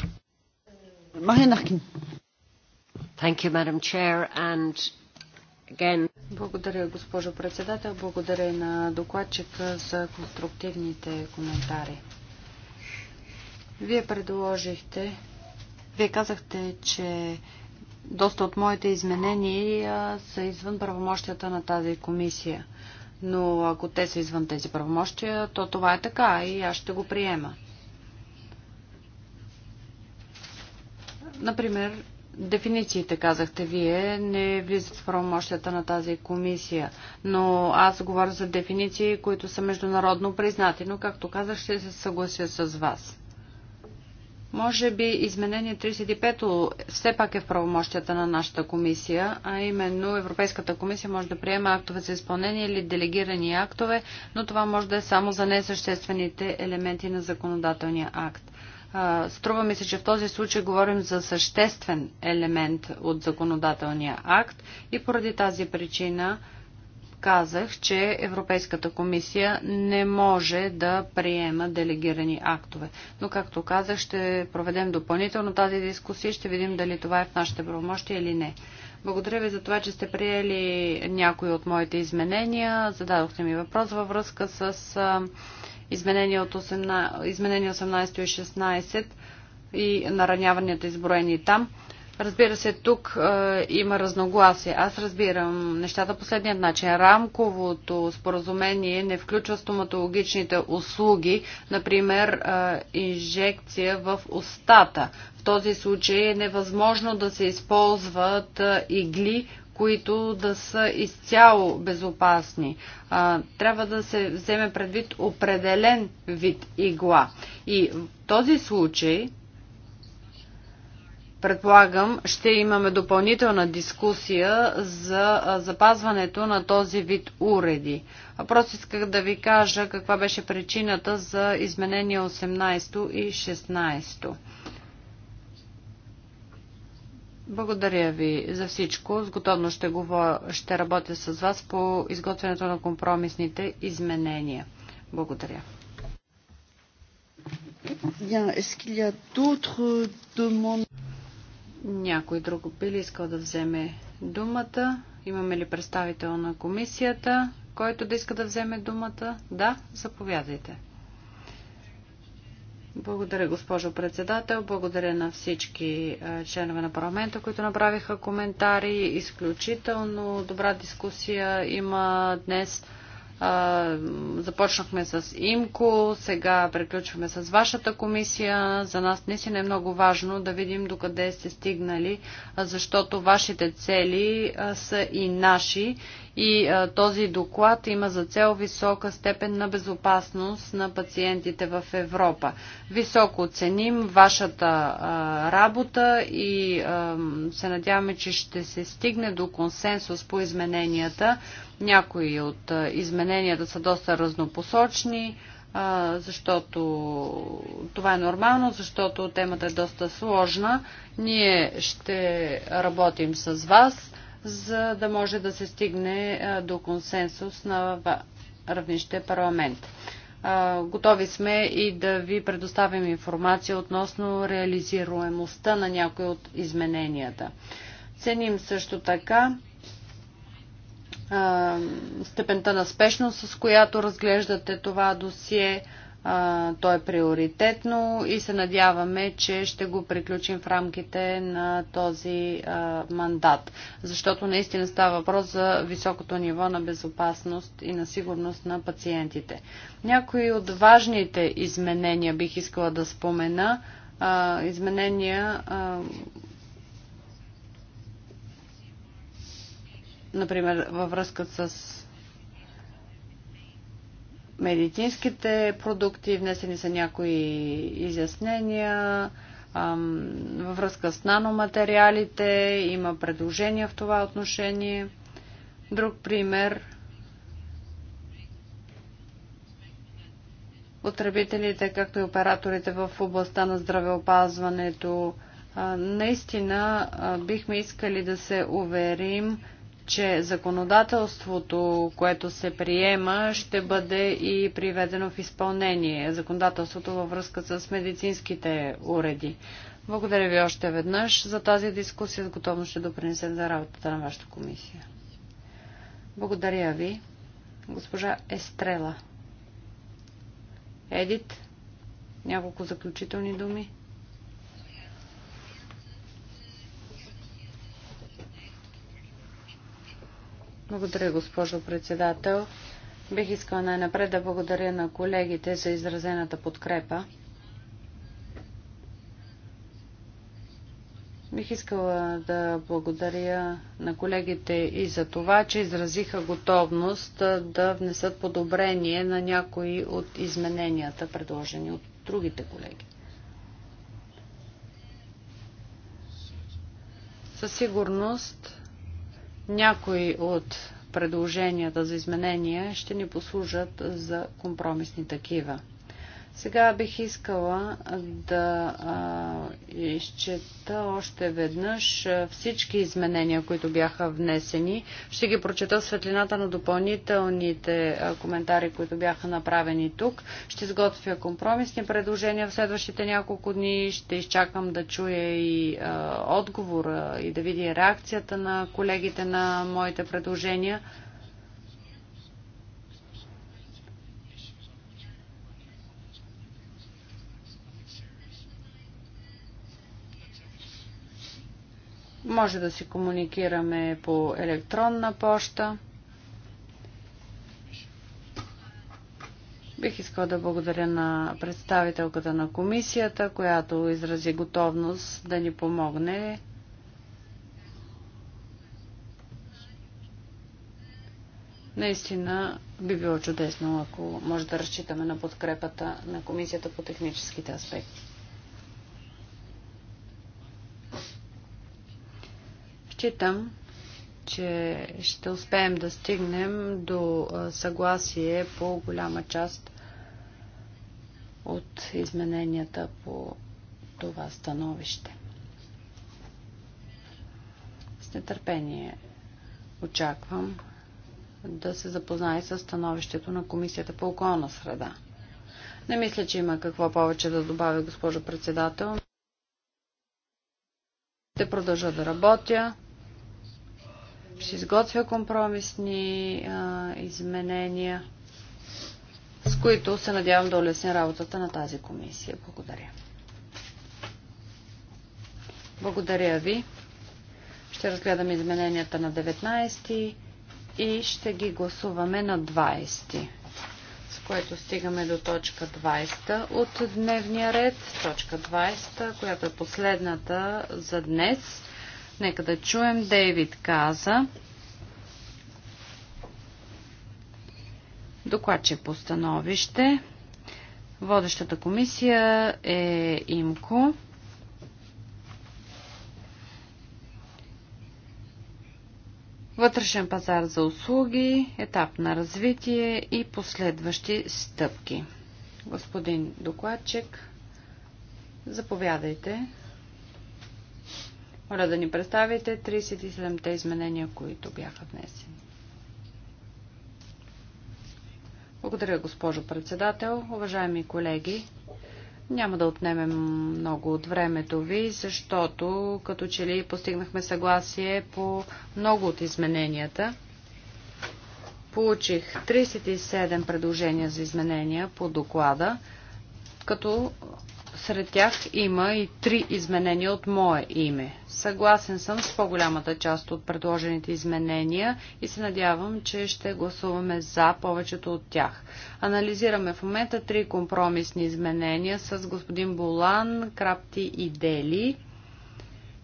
Мария Thank you, Madam Chair, and again... Благодаря, госпожо председател. Благодаря на докладчика за конструктивните коментари. Вие предложихте, вие казахте, че доста от моите изменения са извън правомощията на тази комисия. Но ако те са извън тези правомощия, то това е така и аз ще го приема. Например, Дефинициите, казахте вие, не влизат в правомощията на тази комисия, но аз говоря за дефиниции, които са международно признати, но както казах, ще се съглася с вас. Може би изменение 35-то все пак е в правомощията на нашата комисия, а именно Европейската комисия може да приема актове за изпълнение или делегирани актове, но това може да е само за несъществените елементи на законодателния акт. Струва ми се, че в този случай говорим за съществен елемент от законодателния акт и поради тази причина казах, че Европейската комисия не може да приема делегирани актове. Но, както казах, ще проведем допълнително тази дискусия и ще видим дали това е в нашите правомощи или не. Благодаря ви за това, че сте приели някои от моите изменения. Зададохте ми въпрос във връзка с изменение, от 18, изменение 18 и 16 и нараняванията изброени там. Разбира се, тук е, има разногласие. Аз разбирам нещата последният начин. Рамковото споразумение не включва стоматологичните услуги, например е, инжекция в устата. В този случай е невъзможно да се използват е, игли които да са изцяло безопасни. А, трябва да се вземе предвид определен вид игла. И в този случай, предполагам, ще имаме допълнителна дискусия за запазването на този вид уреди. А просто исках да ви кажа каква беше причината за изменения 18 и 16. Благодаря ви за всичко. С готовност ще, говоря, ще работя с вас по изготвянето на компромисните изменения. Благодаря. Някой друг би ли искал да вземе думата? Имаме ли представител на комисията, който да иска да вземе думата? Да, заповядайте. Благодаря, госпожо председател. Благодаря на всички е, членове на парламента, които направиха коментари. Изключително добра дискусия има днес. Е, започнахме с ИМКО, сега приключваме с вашата комисия. За нас наистина е много важно да видим докъде сте стигнали, защото вашите цели е, са и наши и а, този доклад има за цел висока степен на безопасност на пациентите в Европа. Високо оценим вашата а, работа и а, се надяваме, че ще се стигне до консенсус по измененията. Някои от а, измененията са доста разнопосочни защото това е нормално, защото темата е доста сложна. Ние ще работим с вас за да може да се стигне до консенсус на равнище парламент. Готови сме и да ви предоставим информация относно реализируемостта на някои от измененията. Ценим също така степента на спешност, с която разглеждате това досие – а, то е приоритетно и се надяваме, че ще го приключим в рамките на този а, мандат. Защото наистина става въпрос за високото ниво на безопасност и на сигурност на пациентите. Някои от важните изменения бих искала да спомена. А, изменения. например, във връзка с медицинските продукти, внесени са някои изяснения във връзка с наноматериалите, има предложения в това отношение. Друг пример потребителите, както и операторите в областта на здравеопазването. Наистина бихме искали да се уверим, че законодателството, което се приема, ще бъде и приведено в изпълнение. Законодателството във връзка с медицинските уреди. Благодаря ви още веднъж за тази дискусия. С ще допринесе за работата на вашата комисия. Благодаря ви, госпожа Естрела. Едит, няколко заключителни думи. Благодаря, госпожо председател. Бих искала най-напред да благодаря на колегите за изразената подкрепа. Бих искала да благодаря на колегите и за това, че изразиха готовност да внесат подобрение на някои от измененията, предложени от другите колеги. Със сигурност някои от предложенията за изменения ще ни послужат за компромисни такива. Сега бих искала да а, изчета още веднъж всички изменения, които бяха внесени. Ще ги прочета светлината на допълнителните коментари, които бяха направени тук. Ще изготвя компромисни предложения в следващите няколко дни. Ще изчакам да чуя и а, отговора и да видя реакцията на колегите на моите предложения. Може да си комуникираме по електронна поща. Бих искала да благодаря на представителката на комисията, която изрази готовност да ни помогне. Наистина би било чудесно, ако може да разчитаме на подкрепата на комисията по техническите аспекти. Считам, че ще успеем да стигнем до съгласие по голяма част от измененията по това становище. С нетърпение очаквам да се запознае с становището на Комисията по околна среда. Не мисля, че има какво повече да добавя, госпожо председател. Ще продължа да работя ще изготвя компромисни а, изменения, с които се надявам да улесня работата на тази комисия. Благодаря. Благодаря ви. Ще разгледам измененията на 19 и ще ги гласуваме на 20 което стигаме до точка 20 от дневния ред. Точка 20, която е последната за днес. Нека да чуем. Дейвид каза. Докладче по становище. Водещата комисия е ИМКО. Вътрешен пазар за услуги, етап на развитие и последващи стъпки. Господин докладчик, заповядайте. Моля да ни представите 37-те изменения, които бяха внесени. Благодаря, госпожо председател. Уважаеми колеги, няма да отнемем много от времето ви, защото като че ли постигнахме съгласие по много от измененията. Получих 37 предложения за изменения по доклада, като сред тях има и три изменения от мое име. Съгласен съм с по-голямата част от предложените изменения и се надявам, че ще гласуваме за повечето от тях. Анализираме в момента три компромисни изменения с господин Болан, Крапти и Дели.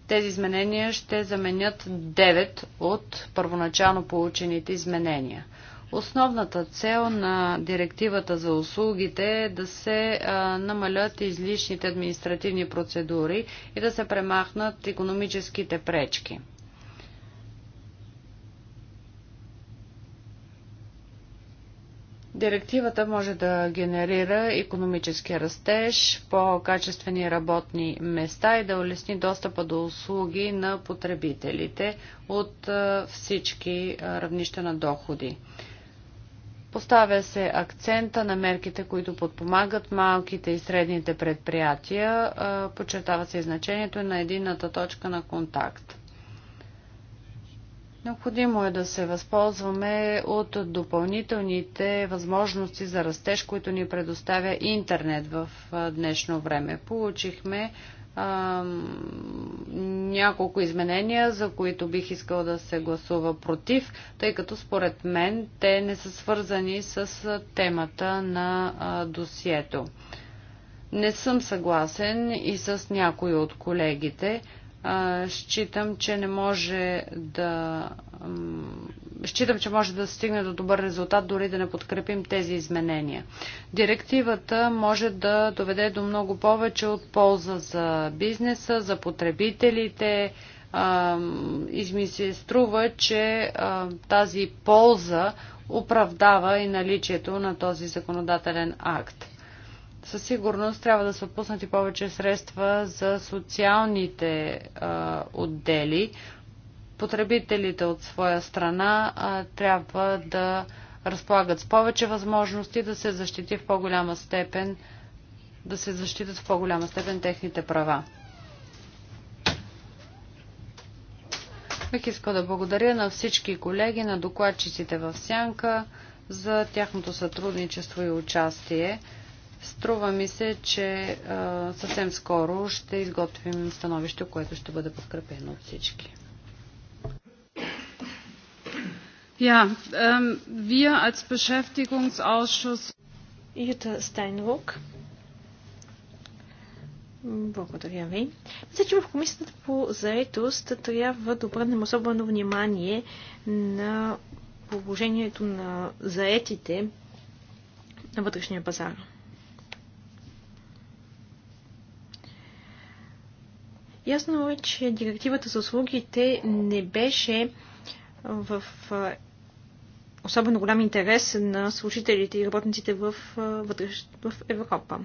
Тези изменения ще заменят 9 от първоначално получените изменения. Основната цел на директивата за услугите е да се намалят излишните административни процедури и да се премахнат економическите пречки. Директивата може да генерира економически растеж, по-качествени работни места и да улесни достъпа до услуги на потребителите от всички равнища на доходи. Поставя се акцента на мерките, които подпомагат малките и средните предприятия. Подчертава се и значението на едината точка на контакт. Необходимо е да се възползваме от допълнителните възможности за растеж, които ни предоставя интернет в днешно време. Получихме а, няколко изменения, за които бих искал да се гласува против, тъй като според мен те не са свързани с темата на а, досието. Не съм съгласен и с някои от колегите. А, считам, че не може да считам, че може да се стигне до добър резултат, дори да не подкрепим тези изменения. Директивата може да доведе до много повече от полза за бизнеса, за потребителите. И ми се струва, че тази полза оправдава и наличието на този законодателен акт. Със сигурност трябва да са отпуснати повече средства за социалните а, отдели, Потребителите от своя страна а, трябва да разполагат с повече възможности да се защити в по-голяма степен да се защитат в по-голяма степен техните права. Бих искал да благодаря на всички колеги, на докладчиците в Сянка за тяхното сътрудничество и участие. Струва ми се, че съвсем скоро ще изготвим становище, което ще бъде подкрепено от всички. Ja, ähm, wir als Beschäftigungsausschuss. Jutta Стайнрук. Благодаря ви. Мисля, че в комисията по заетост трябва да обърнем особено внимание на положението на заетите на вътрешния пазар. Ясно е, че директивата за услугите не беше в особено голям интерес на служителите и работниците в, вътреш... в Европа.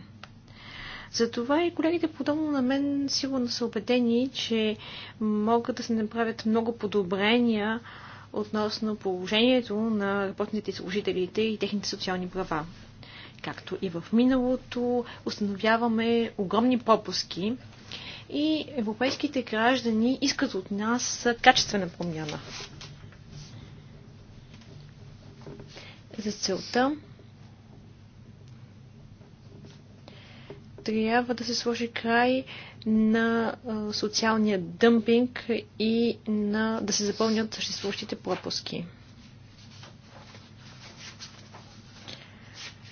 Затова и колегите, подобно на мен, сигурно са убедени, че могат да се направят много подобрения относно положението на работниците и служителите и техните социални права. Както и в миналото, установяваме огромни пропуски и европейските граждани искат от нас качествена промяна. За целта трябва да се сложи край на социалния дъмпинг и на, да се запълнят съществуващите пропуски.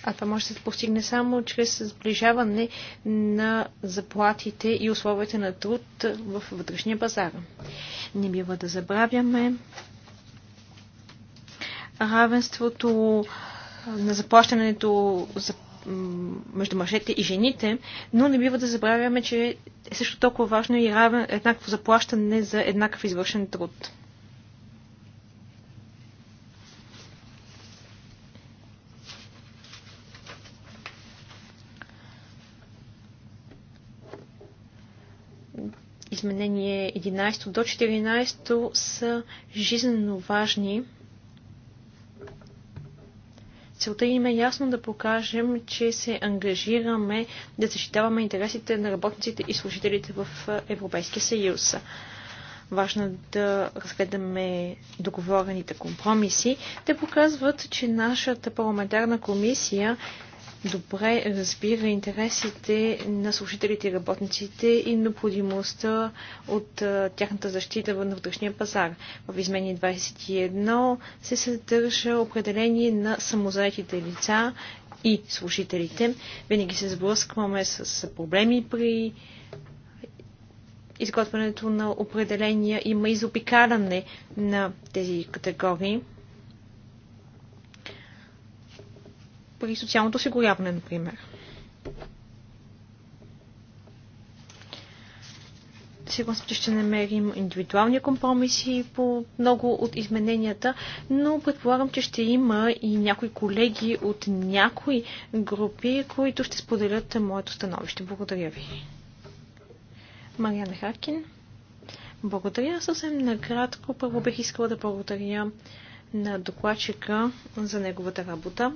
А това може да се постигне само чрез сближаване на заплатите и условията на труд в вътрешния пазар. Не бива да забравяме, равенството на заплащането за между мъжете и жените, но не бива да забравяме, че е също толкова важно и равен, еднакво заплащане за еднакъв извършен труд. Изменение 11 до 14 са жизненно важни Целта им е ясно да покажем, че се ангажираме да защитаваме интересите на работниците и служителите в Европейския съюз. Важно е да разгледаме договорените компромиси. Те показват, че нашата парламентарна комисия добре разбира интересите на служителите и работниците и необходимостта от тяхната защита на вътрешния пазар. В измени 21 се съдържа определение на самозаетите лица и служителите. Винаги се сблъскваме с, проблеми при изготвянето на определения. Има и на тези категории. при социалното осигуряване, например. Сигурно съм, че ще намерим индивидуални компромиси по много от измененията, но предполагам, че ще има и някои колеги от някои групи, които ще споделят моето становище. Благодаря ви. Марияна Харкин. Благодаря. Съвсем накратко. Първо бих искала да благодаря на докладчика за неговата работа.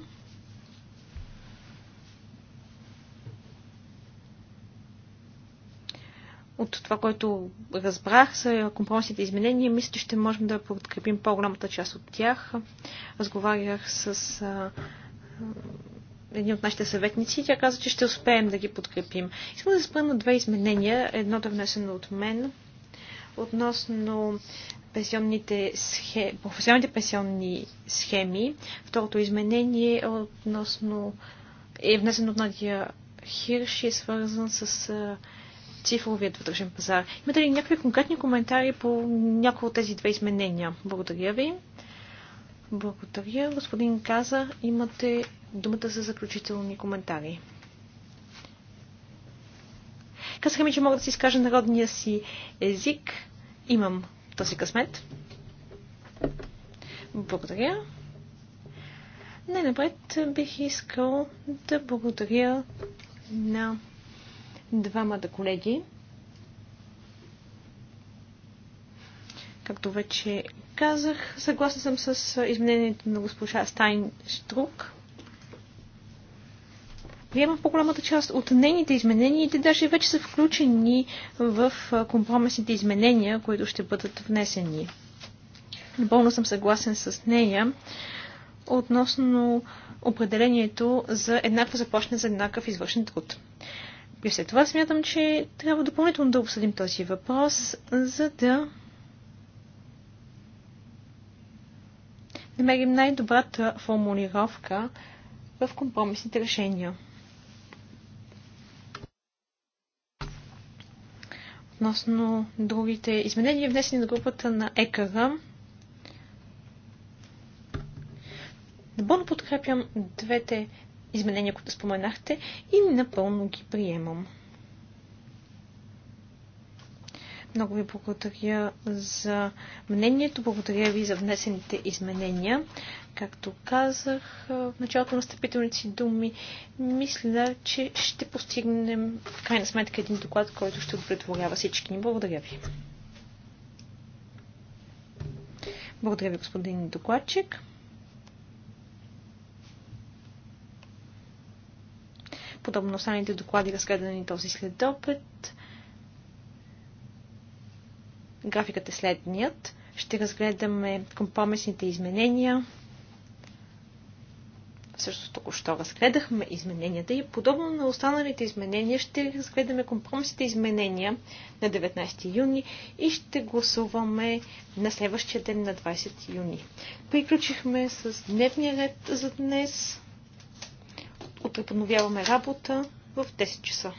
от това, което разбрах за компромисните изменения, мисля, че ще можем да подкрепим по-голямата част от тях. Разговарях с а, един от нашите съветници и тя каза, че ще успеем да ги подкрепим. Искам да спра на две изменения. Едното е внесено от мен относно пенсионните схеми, професионалните пенсионни схеми. Второто изменение е относно е внесено от Надя Хирш и е свързан с а, цифровият вътрешен пазар. Имате ли някакви конкретни коментари по някои от тези две изменения? Благодаря ви. Благодаря. Господин Каза, имате думата за заключителни коментари. Казаха ми, че мога да си изкажа народния си език. Имам този късмет. Благодаря. Най-напред бих искал да благодаря на двамата колеги. Както вече казах, съгласна съм с изменението на госпожа Стайн Штрук. Приема в по-голямата част от нейните изменения и те даже вече са включени в компромисните изменения, които ще бъдат внесени. Напълно съм съгласен с нея относно определението за еднакво започна за еднакъв извършен труд. И след това смятам, че трябва допълнително да обсъдим този въпрос, за да намерим най-добрата формулировка в компромисните решения. Относно другите изменения, внесени на групата на ЕКР, напълно подкрепям двете изменения, които споменахте, и напълно ги приемам. Много ви благодаря за мнението, благодаря ви за внесените изменения. Както казах в началото на стъпителните думи, мисля, че ще постигнем в крайна сметка един доклад, който ще удовлетворява всички ни. Благодаря ви. Благодаря ви, господин докладчик. подобно останалите доклади, разгледани този следопит. Графикът е следният. Ще разгледаме компромисните изменения. Също току-що разгледахме измененията и подобно на останалите изменения ще разгледаме компромисните изменения на 19 юни и ще гласуваме на следващия ден на 20 юни. Приключихме с дневния ред за днес. Утре подновяваме работа в 10 часа.